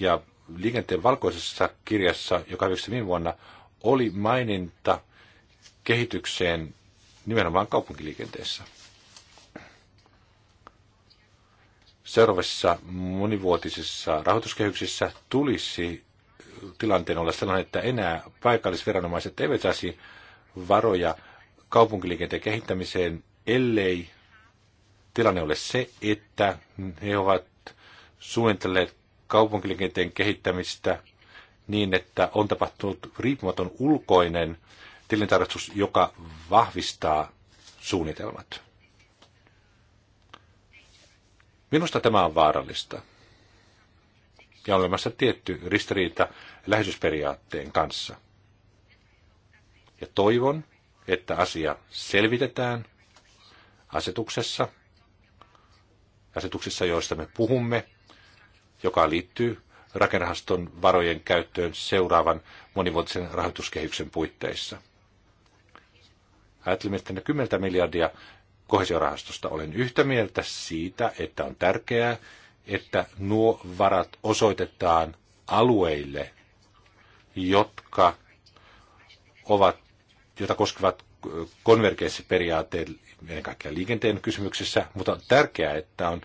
ja liikenteen valkoisessa kirjassa, joka hyväksyi viime vuonna, oli maininta kehitykseen nimenomaan kaupunkiliikenteessä. Seuraavassa monivuotisissa rahoituskehyksissä tulisi tilanteen olla sellainen, että enää paikallisviranomaiset eivät saisi varoja kaupunkiliikenteen kehittämiseen, ellei tilanne ole se, että he ovat suunnitelleet kaupunkiliikenteen kehittämistä niin, että on tapahtunut riippumaton ulkoinen tilintarkastus, joka vahvistaa suunnitelmat. Minusta tämä on vaarallista. Ja on olemassa tietty ristiriita läheisyysperiaatteen kanssa. Ja toivon, että asia selvitetään asetuksessa, asetuksissa, joista me puhumme, joka liittyy rakennerahaston varojen käyttöön seuraavan monivuotisen rahoituskehyksen puitteissa. Ajattelin, että ne 10 miljardia kohesiorahastosta olen yhtä mieltä siitä, että on tärkeää, että nuo varat osoitetaan alueille, jotka ovat, jota koskevat konvergenssiperiaatteet ennen kaikkea liikenteen kysymyksissä, mutta on tärkeää, että on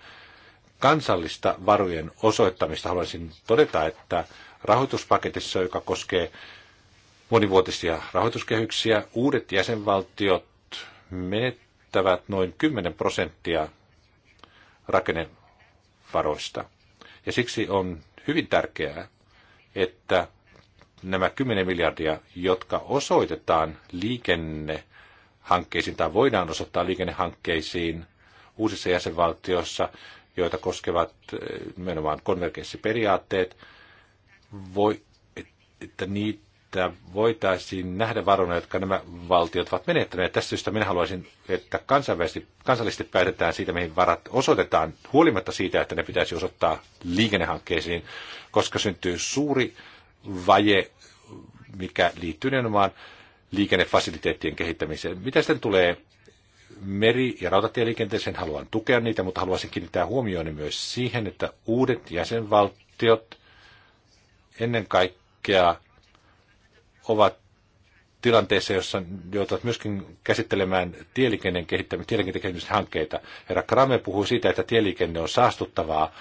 kansallista varojen osoittamista, haluaisin todeta, että rahoituspaketissa, joka koskee monivuotisia rahoituskehyksiä, uudet jäsenvaltiot menettävät noin 10 prosenttia rakennevaroista. Ja siksi on hyvin tärkeää, että nämä 10 miljardia, jotka osoitetaan liikennehankkeisiin tai voidaan osoittaa liikennehankkeisiin uusissa jäsenvaltioissa, joita koskevat eh, nimenomaan konvergenssiperiaatteet, voi, että niitä voitaisiin nähdä varona, jotka nämä valtiot ovat menettäneet. Tästä syystä minä haluaisin, että kansallisesti päätetään siitä, mihin varat osoitetaan, huolimatta siitä, että ne pitäisi osoittaa liikennehankkeisiin, koska syntyy suuri vaje, mikä liittyy nimenomaan liikennefasiliteettien kehittämiseen. Mitä sitten tulee meri- ja rautatieliikenteeseen, haluan tukea niitä, mutta haluaisin kiinnittää huomioon myös siihen, että uudet jäsenvaltiot ennen kaikkea ovat tilanteessa, jossa joutuvat myöskin käsittelemään tieliikenteen kehittämistä, tieliikenteen Herra Kramme puhuu siitä, että tieliikenne on saastuttavaa,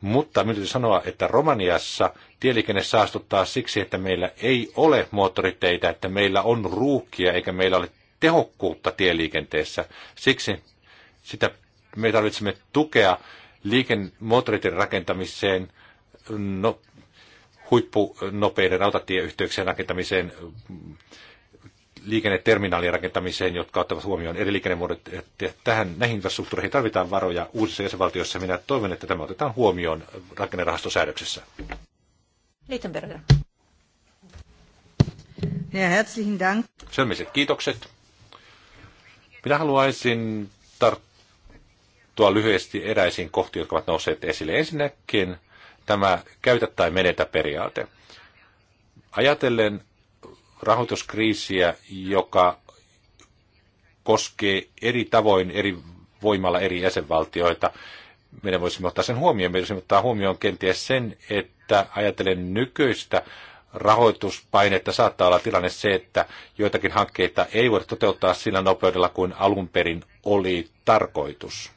mutta minun täytyy sanoa, että Romaniassa tieliikenne saastuttaa siksi, että meillä ei ole moottoriteitä, että meillä on ruuhkia eikä meillä ole tehokkuutta tieliikenteessä. Siksi sitä me tarvitsemme tukea liikennemotoritin rakentamiseen, no, huippunopeiden rautatieyhteyksien rakentamiseen, liikenneterminaalien rakentamiseen, jotka ottavat huomioon eri liikennemuodot. Että tähän, näihin infrastruktuureihin tarvitaan varoja uusissa jäsenvaltioissa. Minä toivon, että tämä otetaan huomioon rakennerahastosäädöksessä. Liitenberger. herzlichen Dank. Sömmiset kiitokset. Minä haluaisin tarttua lyhyesti eräisiin kohtiin, jotka ovat nousseet esille. Ensinnäkin tämä käytä tai menetä periaate. Ajatellen rahoituskriisiä, joka koskee eri tavoin eri voimalla eri jäsenvaltioita, meidän voisimme ottaa sen huomioon. Meidän voisimme ottaa huomioon kenties sen, että ajatellen nykyistä rahoituspainetta saattaa olla tilanne se, että joitakin hankkeita ei voida toteuttaa sillä nopeudella kuin alun perin oli tarkoitus.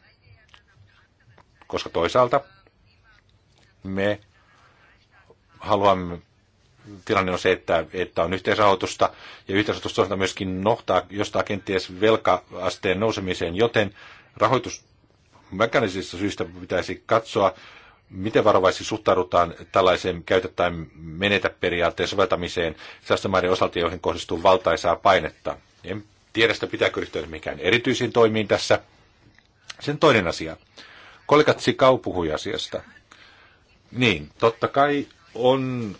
Koska toisaalta me haluamme, tilanne on se, että, että on yhteisrahoitusta ja yhteisrahoitus toisaalta myöskin nohtaa jostain kenties velkaasteen nousemiseen, joten rahoitus mekanisista syistä pitäisi katsoa, miten varovaisesti suhtaudutaan tällaiseen käytä menetä periaatteen soveltamiseen sellaisten maiden osalta, joihin kohdistuu valtaisaa painetta. En tiedä sitä, pitääkö ryhtyä mikään erityisiin toimiin tässä. Sen toinen asia. Kollegat Sikau puhui asiasta. Niin, totta kai on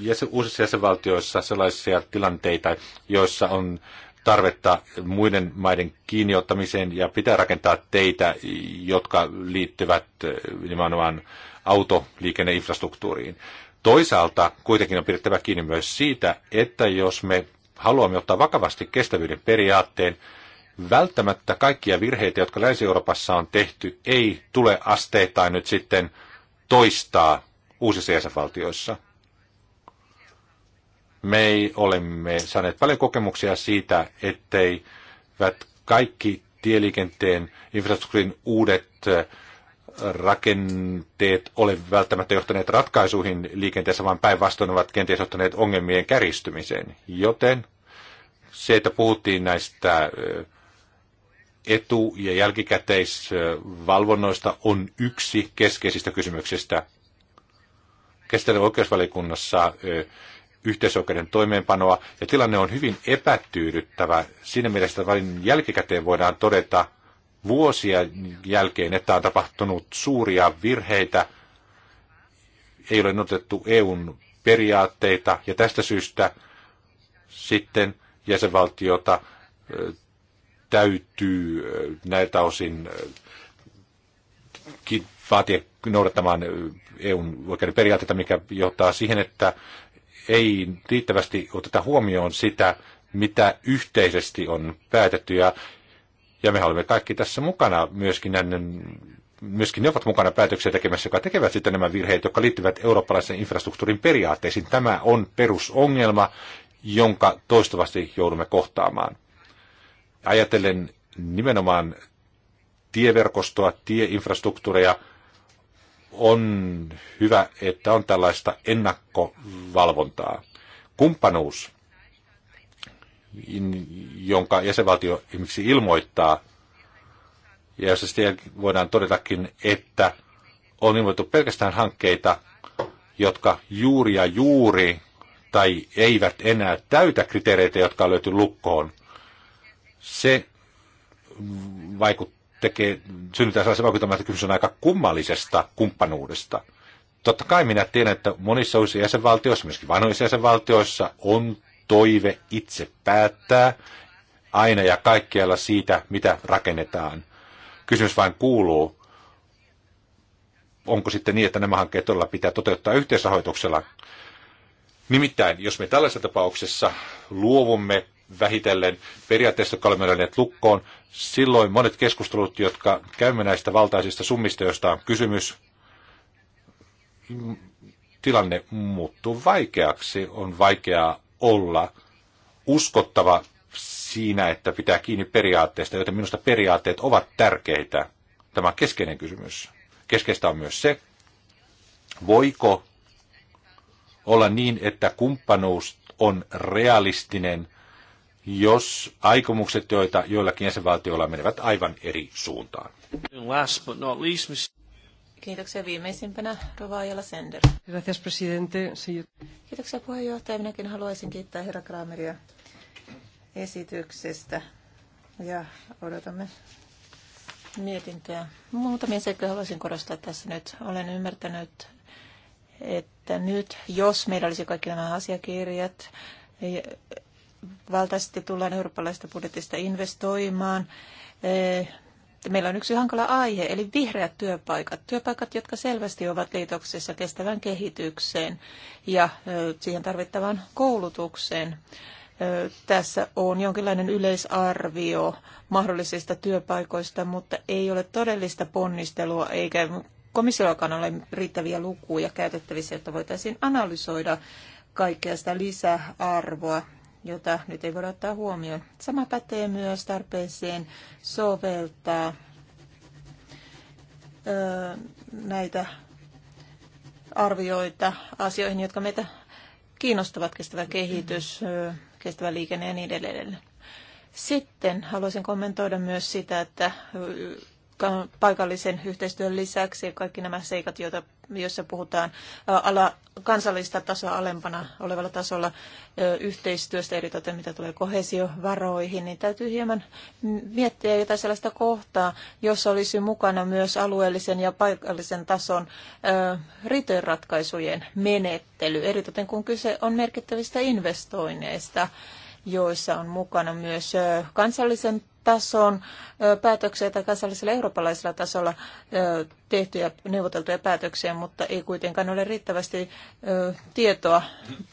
jäsen, uusissa jäsenvaltioissa sellaisia tilanteita, joissa on tarvetta muiden maiden kiinniottamiseen ja pitää rakentaa teitä, jotka liittyvät eh, nimenomaan autoliikenneinfrastruktuuriin. Toisaalta kuitenkin on pidettävä kiinni myös siitä, että jos me haluamme ottaa vakavasti kestävyyden periaatteen, välttämättä kaikkia virheitä, jotka Länsi-Euroopassa on tehty, ei tule asteittain nyt sitten toistaa uusissa jäsenvaltioissa. Me olemme saaneet paljon kokemuksia siitä, ettei kaikki tieliikenteen infrastruktuurin uudet rakenteet ole välttämättä johtaneet ratkaisuihin liikenteessä, vaan päinvastoin ovat kenties johtaneet ongelmien käristymiseen. Joten se, että puhuttiin näistä etu- ja jälkikäteisvalvonnoista, on yksi keskeisistä kysymyksistä. Käsitellään oikeusvalikunnassa yhteisoikeuden toimeenpanoa, ja tilanne on hyvin epätyydyttävä. Siinä mielessä, että vain jälkikäteen voidaan todeta, vuosia jälkeen, että on tapahtunut suuria virheitä, ei ole otettu EUn periaatteita ja tästä syystä sitten jäsenvaltiota täytyy näiltä osin vaatia noudattamaan EUn oikeuden periaatteita, mikä johtaa siihen, että ei riittävästi oteta huomioon sitä, mitä yhteisesti on päätetty. Ja ja me olemme kaikki tässä mukana myöskin näiden myöskin ne ovat mukana päätöksiä tekemässä, jotka tekevät sitten nämä virheet, jotka liittyvät eurooppalaisen infrastruktuurin periaatteisiin. Tämä on perusongelma, jonka toistuvasti joudumme kohtaamaan. Ajatellen nimenomaan tieverkostoa, tieinfrastruktuureja, on hyvä, että on tällaista ennakkovalvontaa. Kumppanuus jonka jäsenvaltio esimerkiksi ilmoittaa, ja jos sitten voidaan todetakin, että on ilmoitettu pelkästään hankkeita, jotka juuri ja juuri tai eivät enää täytä kriteereitä, jotka on löyty lukkoon, se vaikuttaa tekee, synnytään sellaisen vaikutelman, että kysymys on aika kummallisesta kumppanuudesta. Totta kai minä tiedän, että monissa uusissa jäsenvaltioissa, myöskin vanhoissa jäsenvaltioissa, on toive itse päättää aina ja kaikkialla siitä, mitä rakennetaan. Kysymys vain kuuluu, onko sitten niin, että nämä hankkeet todella pitää toteuttaa yhteisrahoituksella. Nimittäin, jos me tällaisessa tapauksessa luovumme vähitellen periaatteessa, jotka olemme lukkoon, silloin monet keskustelut, jotka käymme näistä valtaisista summista, joista on kysymys, tilanne muuttuu vaikeaksi. On vaikeaa olla uskottava siinä, että pitää kiinni periaatteista, joten minusta periaatteet ovat tärkeitä. Tämä on keskeinen kysymys. Keskeistä on myös se, voiko olla niin, että kumppanuus on realistinen, jos aikomukset, joita joillakin jäsenvaltioilla menevät aivan eri suuntaan. Kiitoksia viimeisimpänä Rovaajalla Sender. Gracias, presidente. Kiitoksia puheenjohtaja. Minäkin haluaisin kiittää herra Krameria esityksestä ja odotamme mietintöä. Muutamia seikkoja haluaisin korostaa tässä nyt. Olen ymmärtänyt, että nyt jos meillä olisi kaikki nämä asiakirjat, valtaisesti tullaan eurooppalaista budjetista investoimaan eh, meillä on yksi hankala aihe, eli vihreät työpaikat. Työpaikat, jotka selvästi ovat liitoksessa kestävään kehitykseen ja siihen tarvittavaan koulutukseen. Tässä on jonkinlainen yleisarvio mahdollisista työpaikoista, mutta ei ole todellista ponnistelua eikä komissiollakaan ole riittäviä lukuja käytettävissä, että voitaisiin analysoida kaikkea sitä lisäarvoa, jota nyt ei voida ottaa huomioon. Sama pätee myös tarpeeseen soveltaa ö, näitä arvioita asioihin, jotka meitä kiinnostavat, kestävä kehitys, kestävä liikenne ja niin edelleen. Sitten haluaisin kommentoida myös sitä, että paikallisen yhteistyön lisäksi kaikki nämä seikat, joita, joissa puhutaan ala, kansallista tasoa alempana olevalla tasolla yhteistyöstä, eritoten mitä tulee kohesiovaroihin, niin täytyy hieman miettiä jotain sellaista kohtaa, jossa olisi mukana myös alueellisen ja paikallisen tason riitojenratkaisujen menettely, eritoten kun kyse on merkittävistä investoinneista joissa on mukana myös kansallisen tason päätöksiä tai kansallisella eurooppalaisella tasolla tehtyjä neuvoteltuja päätöksiä, mutta ei kuitenkaan ole riittävästi tietoa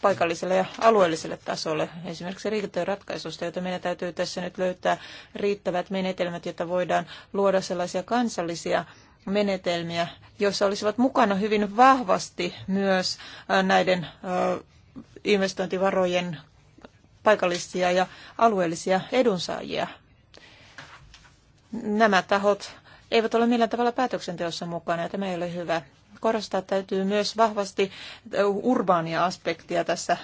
paikalliselle ja alueelliselle tasolle, esimerkiksi ratkaisusta, joten meidän täytyy tässä nyt löytää riittävät menetelmät, jotta voidaan luoda sellaisia kansallisia menetelmiä, joissa olisivat mukana hyvin vahvasti myös näiden investointivarojen paikallisia ja alueellisia edunsaajia nämä tahot eivät ole millään tavalla päätöksenteossa mukana ja tämä ei ole hyvä. Korostaa täytyy myös vahvasti urbaania aspektia tässä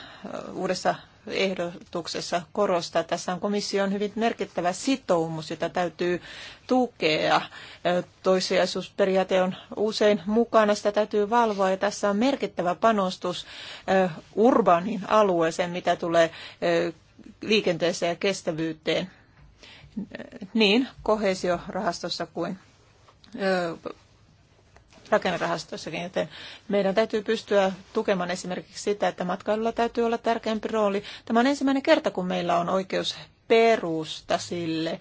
uudessa ehdotuksessa korostaa. Tässä on komission hyvin merkittävä sitoumus, jota täytyy tukea. Toissijaisuusperiaate on usein mukana, sitä täytyy valvoa ja tässä on merkittävä panostus urbaanin alueeseen, mitä tulee liikenteeseen ja kestävyyteen niin kohesiorahastossa kuin rakennerahastossakin, joten meidän täytyy pystyä tukemaan esimerkiksi sitä, että matkailulla täytyy olla tärkeämpi rooli. Tämä on ensimmäinen kerta, kun meillä on oikeus perusta sille,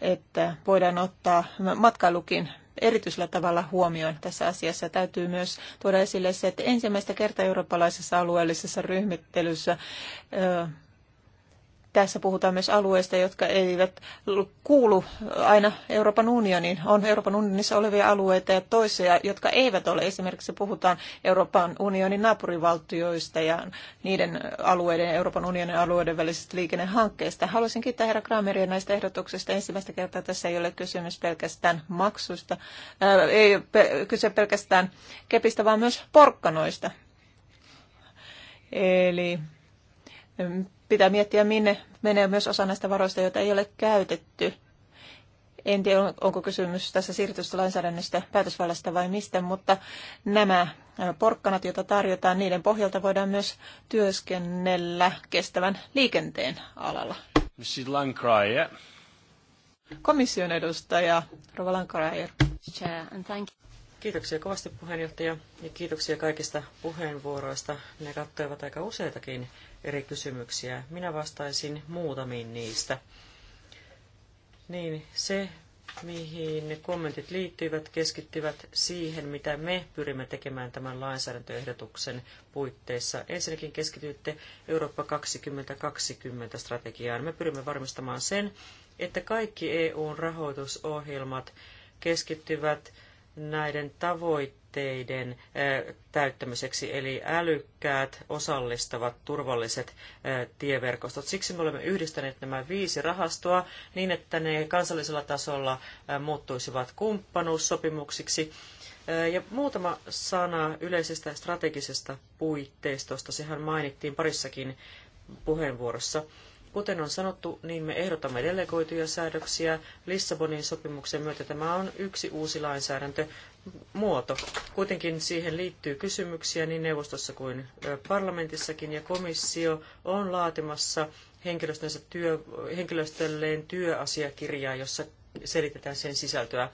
että voidaan ottaa matkailukin erityisellä tavalla huomioon tässä asiassa. Täytyy myös tuoda esille se, että ensimmäistä kertaa eurooppalaisessa alueellisessa ryhmittelyssä tässä puhutaan myös alueista, jotka eivät kuulu aina Euroopan unioniin. On Euroopan unionissa olevia alueita ja toisia, jotka eivät ole. Esimerkiksi puhutaan Euroopan unionin naapurivaltioista ja niiden alueiden ja Euroopan unionin alueiden välisistä liikennehankkeista. Haluaisin kiittää herra Krameria näistä ehdotuksista. Ensimmäistä kertaa tässä ei ole kysymys pelkästään maksuista, äh, ei pe- kyse pelkästään kepistä, vaan myös porkkanoista. Eli mm, pitää miettiä, minne menee myös osa näistä varoista, joita ei ole käytetty. En tiedä, onko kysymys tässä siirretystä lainsäädännöstä, päätösvallasta vai mistä, mutta nämä äh, porkkanat, joita tarjotaan, niiden pohjalta voidaan myös työskennellä kestävän liikenteen alalla. Komission edustaja Rova Lankraja. Kiitoksia kovasti puheenjohtaja ja kiitoksia kaikista puheenvuoroista. Ne kattoivat aika useitakin eri kysymyksiä. Minä vastaisin muutamiin niistä. Niin se, mihin ne kommentit liittyivät, keskittyvät siihen, mitä me pyrimme tekemään tämän lainsäädäntöehdotuksen puitteissa. Ensinnäkin keskitytte Eurooppa 2020 strategiaan. Me pyrimme varmistamaan sen, että kaikki EUn rahoitusohjelmat keskittyvät näiden tavoitteiden tavoitteiden täyttämiseksi, eli älykkäät, osallistavat, turvalliset tieverkostot. Siksi me olemme yhdistäneet nämä viisi rahastoa niin, että ne kansallisella tasolla muuttuisivat kumppanuussopimuksiksi. Ja muutama sana yleisestä strategisesta puitteistosta. Sehän mainittiin parissakin puheenvuorossa. Kuten on sanottu, niin me ehdotamme delegoituja säädöksiä. Lissabonin sopimuksen myötä tämä on yksi uusi lainsäädäntömuoto. Kuitenkin siihen liittyy kysymyksiä niin neuvostossa kuin parlamentissakin, ja komissio on laatimassa työ, henkilöstölleen työasiakirjaa, jossa selitetään sen sisältöä.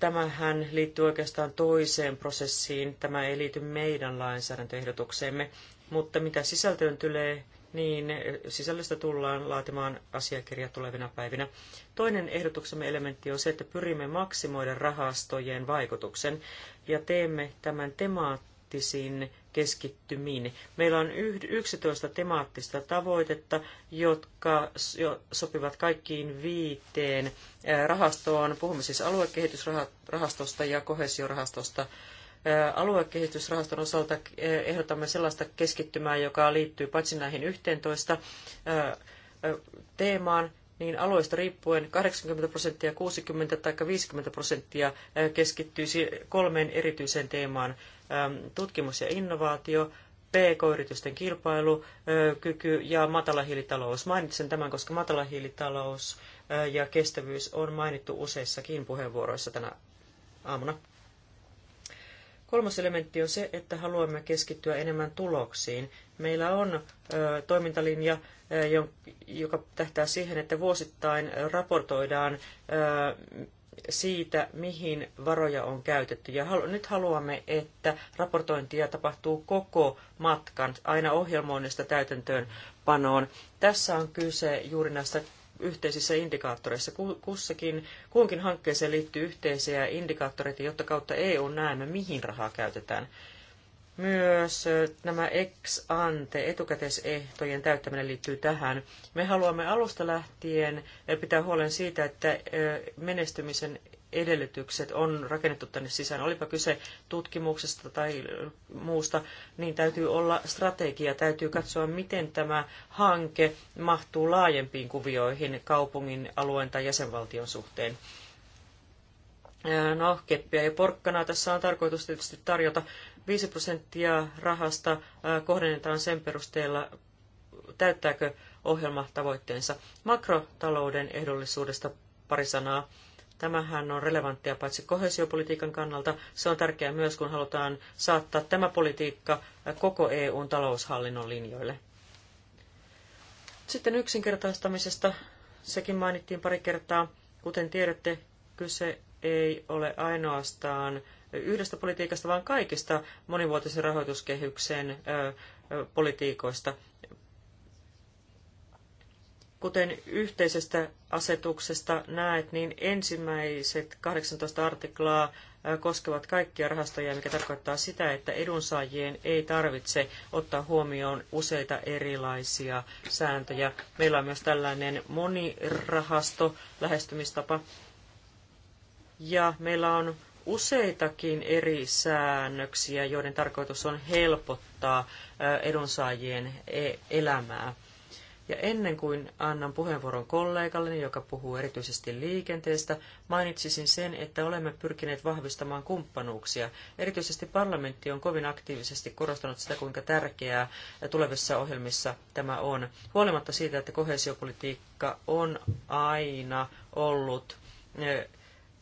Tämähän liittyy oikeastaan toiseen prosessiin. Tämä ei liity meidän lainsäädäntöehdotukseemme mutta mitä sisältöön tulee, niin sisällöstä tullaan laatimaan asiakirja tulevina päivinä. Toinen ehdotuksemme elementti on se, että pyrimme maksimoida rahastojen vaikutuksen ja teemme tämän temaattisin keskittymin. Meillä on 11 temaattista tavoitetta, jotka sopivat kaikkiin viiteen rahastoon. Puhumme siis aluekehitysrahastosta ja kohesiorahastosta aluekehitysrahaston osalta ehdotamme sellaista keskittymää, joka liittyy paitsi näihin 11 teemaan, niin alueesta riippuen 80 prosenttia, 60 tai 50 prosenttia keskittyisi kolmeen erityiseen teemaan. Tutkimus ja innovaatio, PK-yritysten kilpailukyky ja matalahiilitalous. Mainitsen tämän, koska matalahiilitalous ja kestävyys on mainittu useissakin puheenvuoroissa tänä aamuna. Kolmas elementti on se, että haluamme keskittyä enemmän tuloksiin. Meillä on toimintalinja, joka tähtää siihen, että vuosittain raportoidaan siitä, mihin varoja on käytetty. Ja nyt haluamme, että raportointia tapahtuu koko matkan, aina ohjelmoinnista täytäntöönpanoon. Tässä on kyse juuri näistä yhteisissä indikaattoreissa. Kussakin, kuunkin hankkeeseen liittyy yhteisiä indikaattoreita, jotta kautta EU näemme, mihin rahaa käytetään. Myös nämä ex ante etukäteisehtojen täyttäminen liittyy tähän. Me haluamme alusta lähtien pitää huolen siitä, että menestymisen edellytykset on rakennettu tänne sisään, olipa kyse tutkimuksesta tai muusta, niin täytyy olla strategia, täytyy katsoa, miten tämä hanke mahtuu laajempiin kuvioihin kaupungin, alueen tai jäsenvaltion suhteen. No, keppiä ja porkkanaa tässä on tarkoitus tietysti tarjota. 5 prosenttia rahasta kohdennetaan sen perusteella, täyttääkö ohjelma tavoitteensa. Makrotalouden ehdollisuudesta pari sanaa. Tämähän on relevanttia paitsi kohesiopolitiikan kannalta, se on tärkeää myös, kun halutaan saattaa tämä politiikka koko EUn taloushallinnon linjoille. Sitten yksinkertaistamisesta, sekin mainittiin pari kertaa. Kuten tiedätte, kyse ei ole ainoastaan yhdestä politiikasta, vaan kaikista monivuotisen rahoituskehyksen politiikoista. Kuten yhteisestä asetuksesta näet, niin ensimmäiset 18 artiklaa koskevat kaikkia rahastoja, mikä tarkoittaa sitä, että edunsaajien ei tarvitse ottaa huomioon useita erilaisia sääntöjä. Meillä on myös tällainen monirahasto lähestymistapa. Ja meillä on useitakin eri säännöksiä, joiden tarkoitus on helpottaa edunsaajien e- elämää. Ja ennen kuin annan puheenvuoron kollegalleni, joka puhuu erityisesti liikenteestä, mainitsisin sen, että olemme pyrkineet vahvistamaan kumppanuuksia. Erityisesti parlamentti on kovin aktiivisesti korostanut sitä, kuinka tärkeää tulevissa ohjelmissa tämä on. Huolimatta siitä, että koheesiopolitiikka on aina ollut e,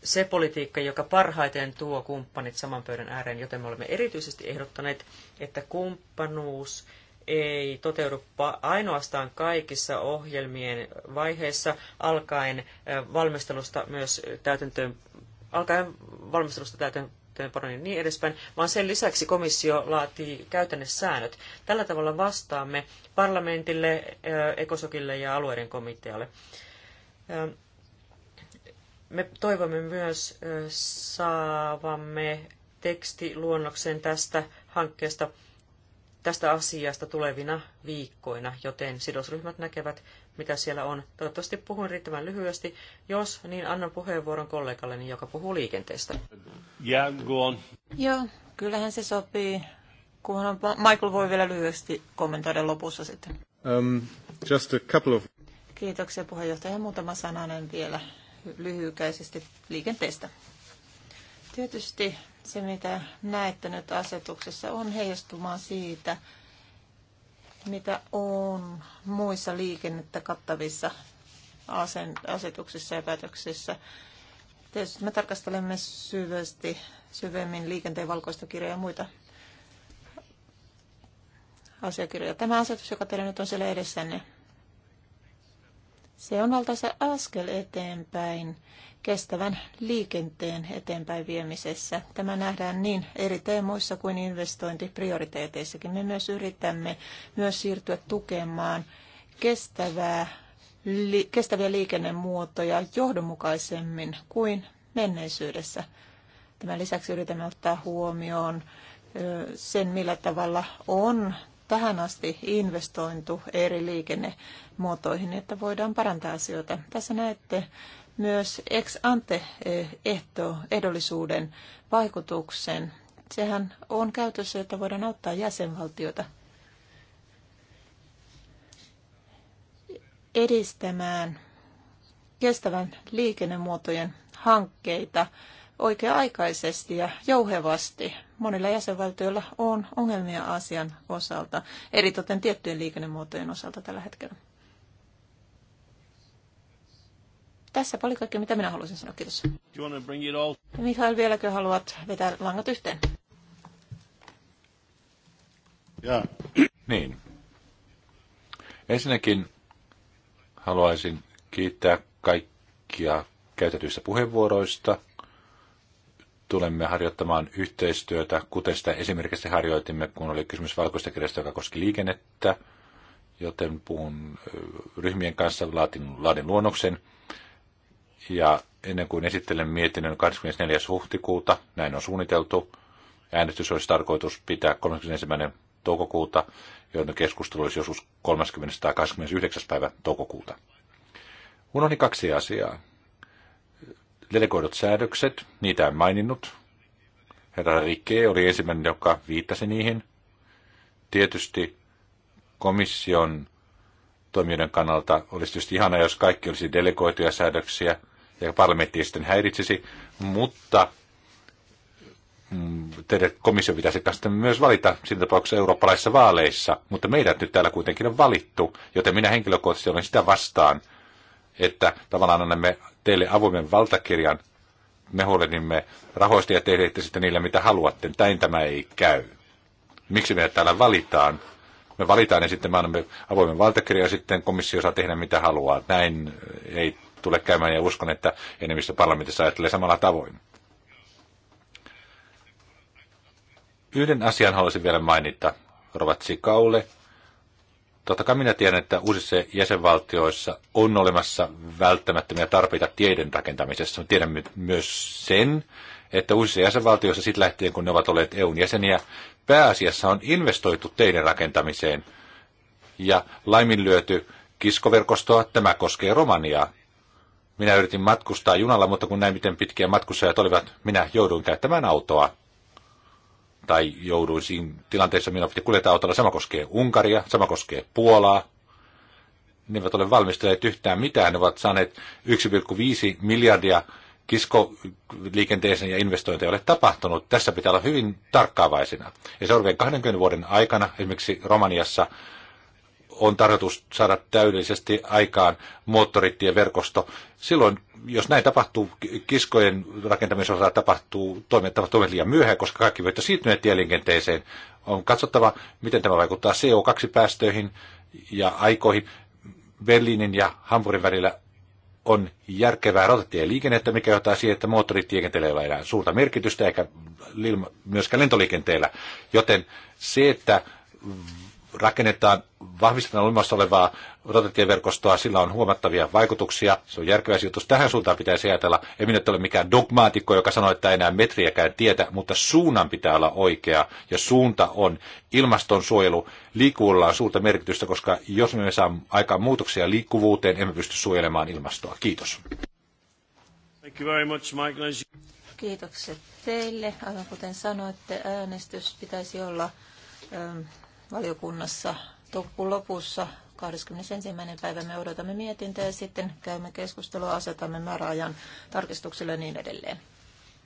se politiikka, joka parhaiten tuo kumppanit saman pöydän ääreen, joten me olemme erityisesti ehdottaneet, että kumppanuus ei toteudu ainoastaan kaikissa ohjelmien vaiheissa, alkaen valmistelusta myös täytäntöön, alkaen valmistelusta täytäntöönpanoon ja niin edespäin, vaan sen lisäksi komissio laatii käytännössäännöt. Tällä tavalla vastaamme parlamentille, ekosokille ja alueiden komitealle. Me toivomme myös saavamme tekstiluonnoksen tästä hankkeesta – tästä asiasta tulevina viikkoina, joten sidosryhmät näkevät, mitä siellä on. Toivottavasti puhuin riittävän lyhyesti. Jos, niin annan puheenvuoron kollegalleni, joka puhuu liikenteestä. Yeah, go on. Joo, kyllähän se sopii. Kunhan Michael voi vielä lyhyesti kommentoida lopussa sitten. Um, just a couple of... Kiitoksia puheenjohtaja. Muutama sananen vielä lyhykäisesti liikenteestä. Tietysti se, mitä näette nyt asetuksessa, on heijastumaan siitä, mitä on muissa liikennettä kattavissa asetuksissa ja päätöksissä. Tietysti me tarkastelemme syvästi, syvemmin liikenteen valkoista kirjaa ja muita asiakirjoja. Tämä asetus, joka teillä nyt on siellä edessänne, se on valtaisa askel eteenpäin kestävän liikenteen eteenpäin viemisessä. Tämä nähdään niin eri teemoissa kuin investointiprioriteeteissakin. Me myös yritämme myös siirtyä tukemaan kestävää, li, kestäviä liikennemuotoja johdonmukaisemmin kuin menneisyydessä. Tämän lisäksi yritämme ottaa huomioon sen, millä tavalla on tähän asti investointu eri liikennemuotoihin, että voidaan parantaa asioita. Tässä näette myös ex ante eh, ehto, ehdollisuuden vaikutuksen. Sehän on käytössä, että voidaan auttaa jäsenvaltiota edistämään kestävän liikennemuotojen hankkeita oikea-aikaisesti ja jouhevasti. Monilla jäsenvaltioilla on ongelmia asian osalta, eritoten tiettyjen liikennemuotojen osalta tällä hetkellä. Tässä oli kaikki, mitä minä halusin sanoa. Kiitos. Mihail, vieläkö haluat vetää langat yhteen? Yeah. Niin. Ensinnäkin haluaisin kiittää kaikkia käytetyistä puheenvuoroista. Tulemme harjoittamaan yhteistyötä, kuten sitä esimerkiksi harjoitimme, kun oli kysymys valkoista kirjasta, joka koski liikennettä, joten puhun ryhmien kanssa, laatin, laadin luonnoksen ja ennen kuin esittelen mietinnön 24. huhtikuuta, näin on suunniteltu, äänestys olisi tarkoitus pitää 31. toukokuuta, joten keskustelu olisi joskus 30. tai 29. päivä toukokuuta. Unohdin kaksi asiaa. Delegoidut säädökset, niitä en maininnut. Herra Rikke oli ensimmäinen, joka viittasi niihin. Tietysti komission toimijoiden kannalta olisi tietysti ihana, jos kaikki olisi delegoituja säädöksiä – ja parlamentti sitten häiritsisi, mutta mm, teidän komissio pitäisi sitten myös valita siinä tapauksessa eurooppalaisissa vaaleissa, mutta meidät nyt täällä kuitenkin on valittu, joten minä henkilökohtaisesti olen sitä vastaan, että tavallaan annamme teille avoimen valtakirjan, me huolehdimme rahoista ja teette sitten niillä mitä haluatte. Täin tämä ei käy. Miksi me täällä valitaan? Me valitaan ja sitten me annamme avoimen valtakirjan ja sitten komissio saa tehdä mitä haluaa. Näin ei tule käymään ja uskon, että enemmistö parlamentissa ajattelee samalla tavoin. Yhden asian haluaisin vielä mainita Rovatsi kaule. Totta kai minä tiedän, että uusissa jäsenvaltioissa on olemassa välttämättömiä tarpeita tieden rakentamisessa. Tiedän myös sen, että uusissa jäsenvaltioissa sitten lähtien, kun ne ovat olleet EUn jäseniä, pääasiassa on investoitu teiden rakentamiseen ja laiminlyöty kiskoverkostoa. Tämä koskee Romaniaa. Minä yritin matkustaa junalla, mutta kun näin miten pitkiä matkustajat olivat, minä jouduin käyttämään autoa. Tai jouduin siinä tilanteessa, minä piti kuljettaa autolla. Sama koskee Unkaria, sama koskee Puolaa. Ne eivät ole valmistelleet yhtään mitään. Ne ovat saaneet 1,5 miljardia kiskoliikenteeseen ja investointeja ole tapahtunut. Tässä pitää olla hyvin tarkkaavaisina. Ja seuraavien 20 vuoden aikana esimerkiksi Romaniassa on tarkoitus saada täydellisesti aikaan verkosto. Silloin, jos näin tapahtuu, kiskojen rakentamisen osalta tapahtuu toimet, toimet liian myöhään, koska kaikki voivat siirtyneet tieliikenteeseen. On katsottava, miten tämä vaikuttaa CO2-päästöihin ja aikoihin. Berliinin ja Hamburgin välillä on järkevää rautatieliikennettä, mikä johtaa siihen, että moottoritieliikenteellä ei ole suurta merkitystä, eikä myöskään lentoliikenteellä. Joten se, että rakennetaan, vahvistetaan olemassa olevaa rautatieverkostoa, sillä on huomattavia vaikutuksia. Se on järkevä sijoitus. Tähän suuntaan pitäisi ajatella. En minä ole mikään dogmaatikko, joka sanoo, että enää metriäkään tietä, mutta suunnan pitää olla oikea. Ja suunta on ilmastonsuojelu. Liikkuvuudella on suurta merkitystä, koska jos me saa aikaan muutoksia liikkuvuuteen, emme pysty suojelemaan ilmastoa. Kiitos. Thank you very much, Michael. Kiitokset teille. Aivan kuten sanoitte, äänestys pitäisi olla valiokunnassa toukokuun lopussa 21. päivä me odotamme mietintöä ja sitten käymme keskustelua, asetamme määräajan tarkistuksille ja niin edelleen.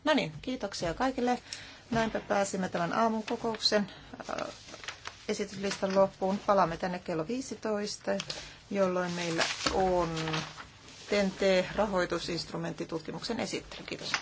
No niin, kiitoksia kaikille. Näinpä pääsimme tämän aamun kokouksen äh, esityslistan loppuun. Palaamme tänne kello 15, jolloin meillä on TNT-rahoitusinstrumenttitutkimuksen esittely. Kiitos.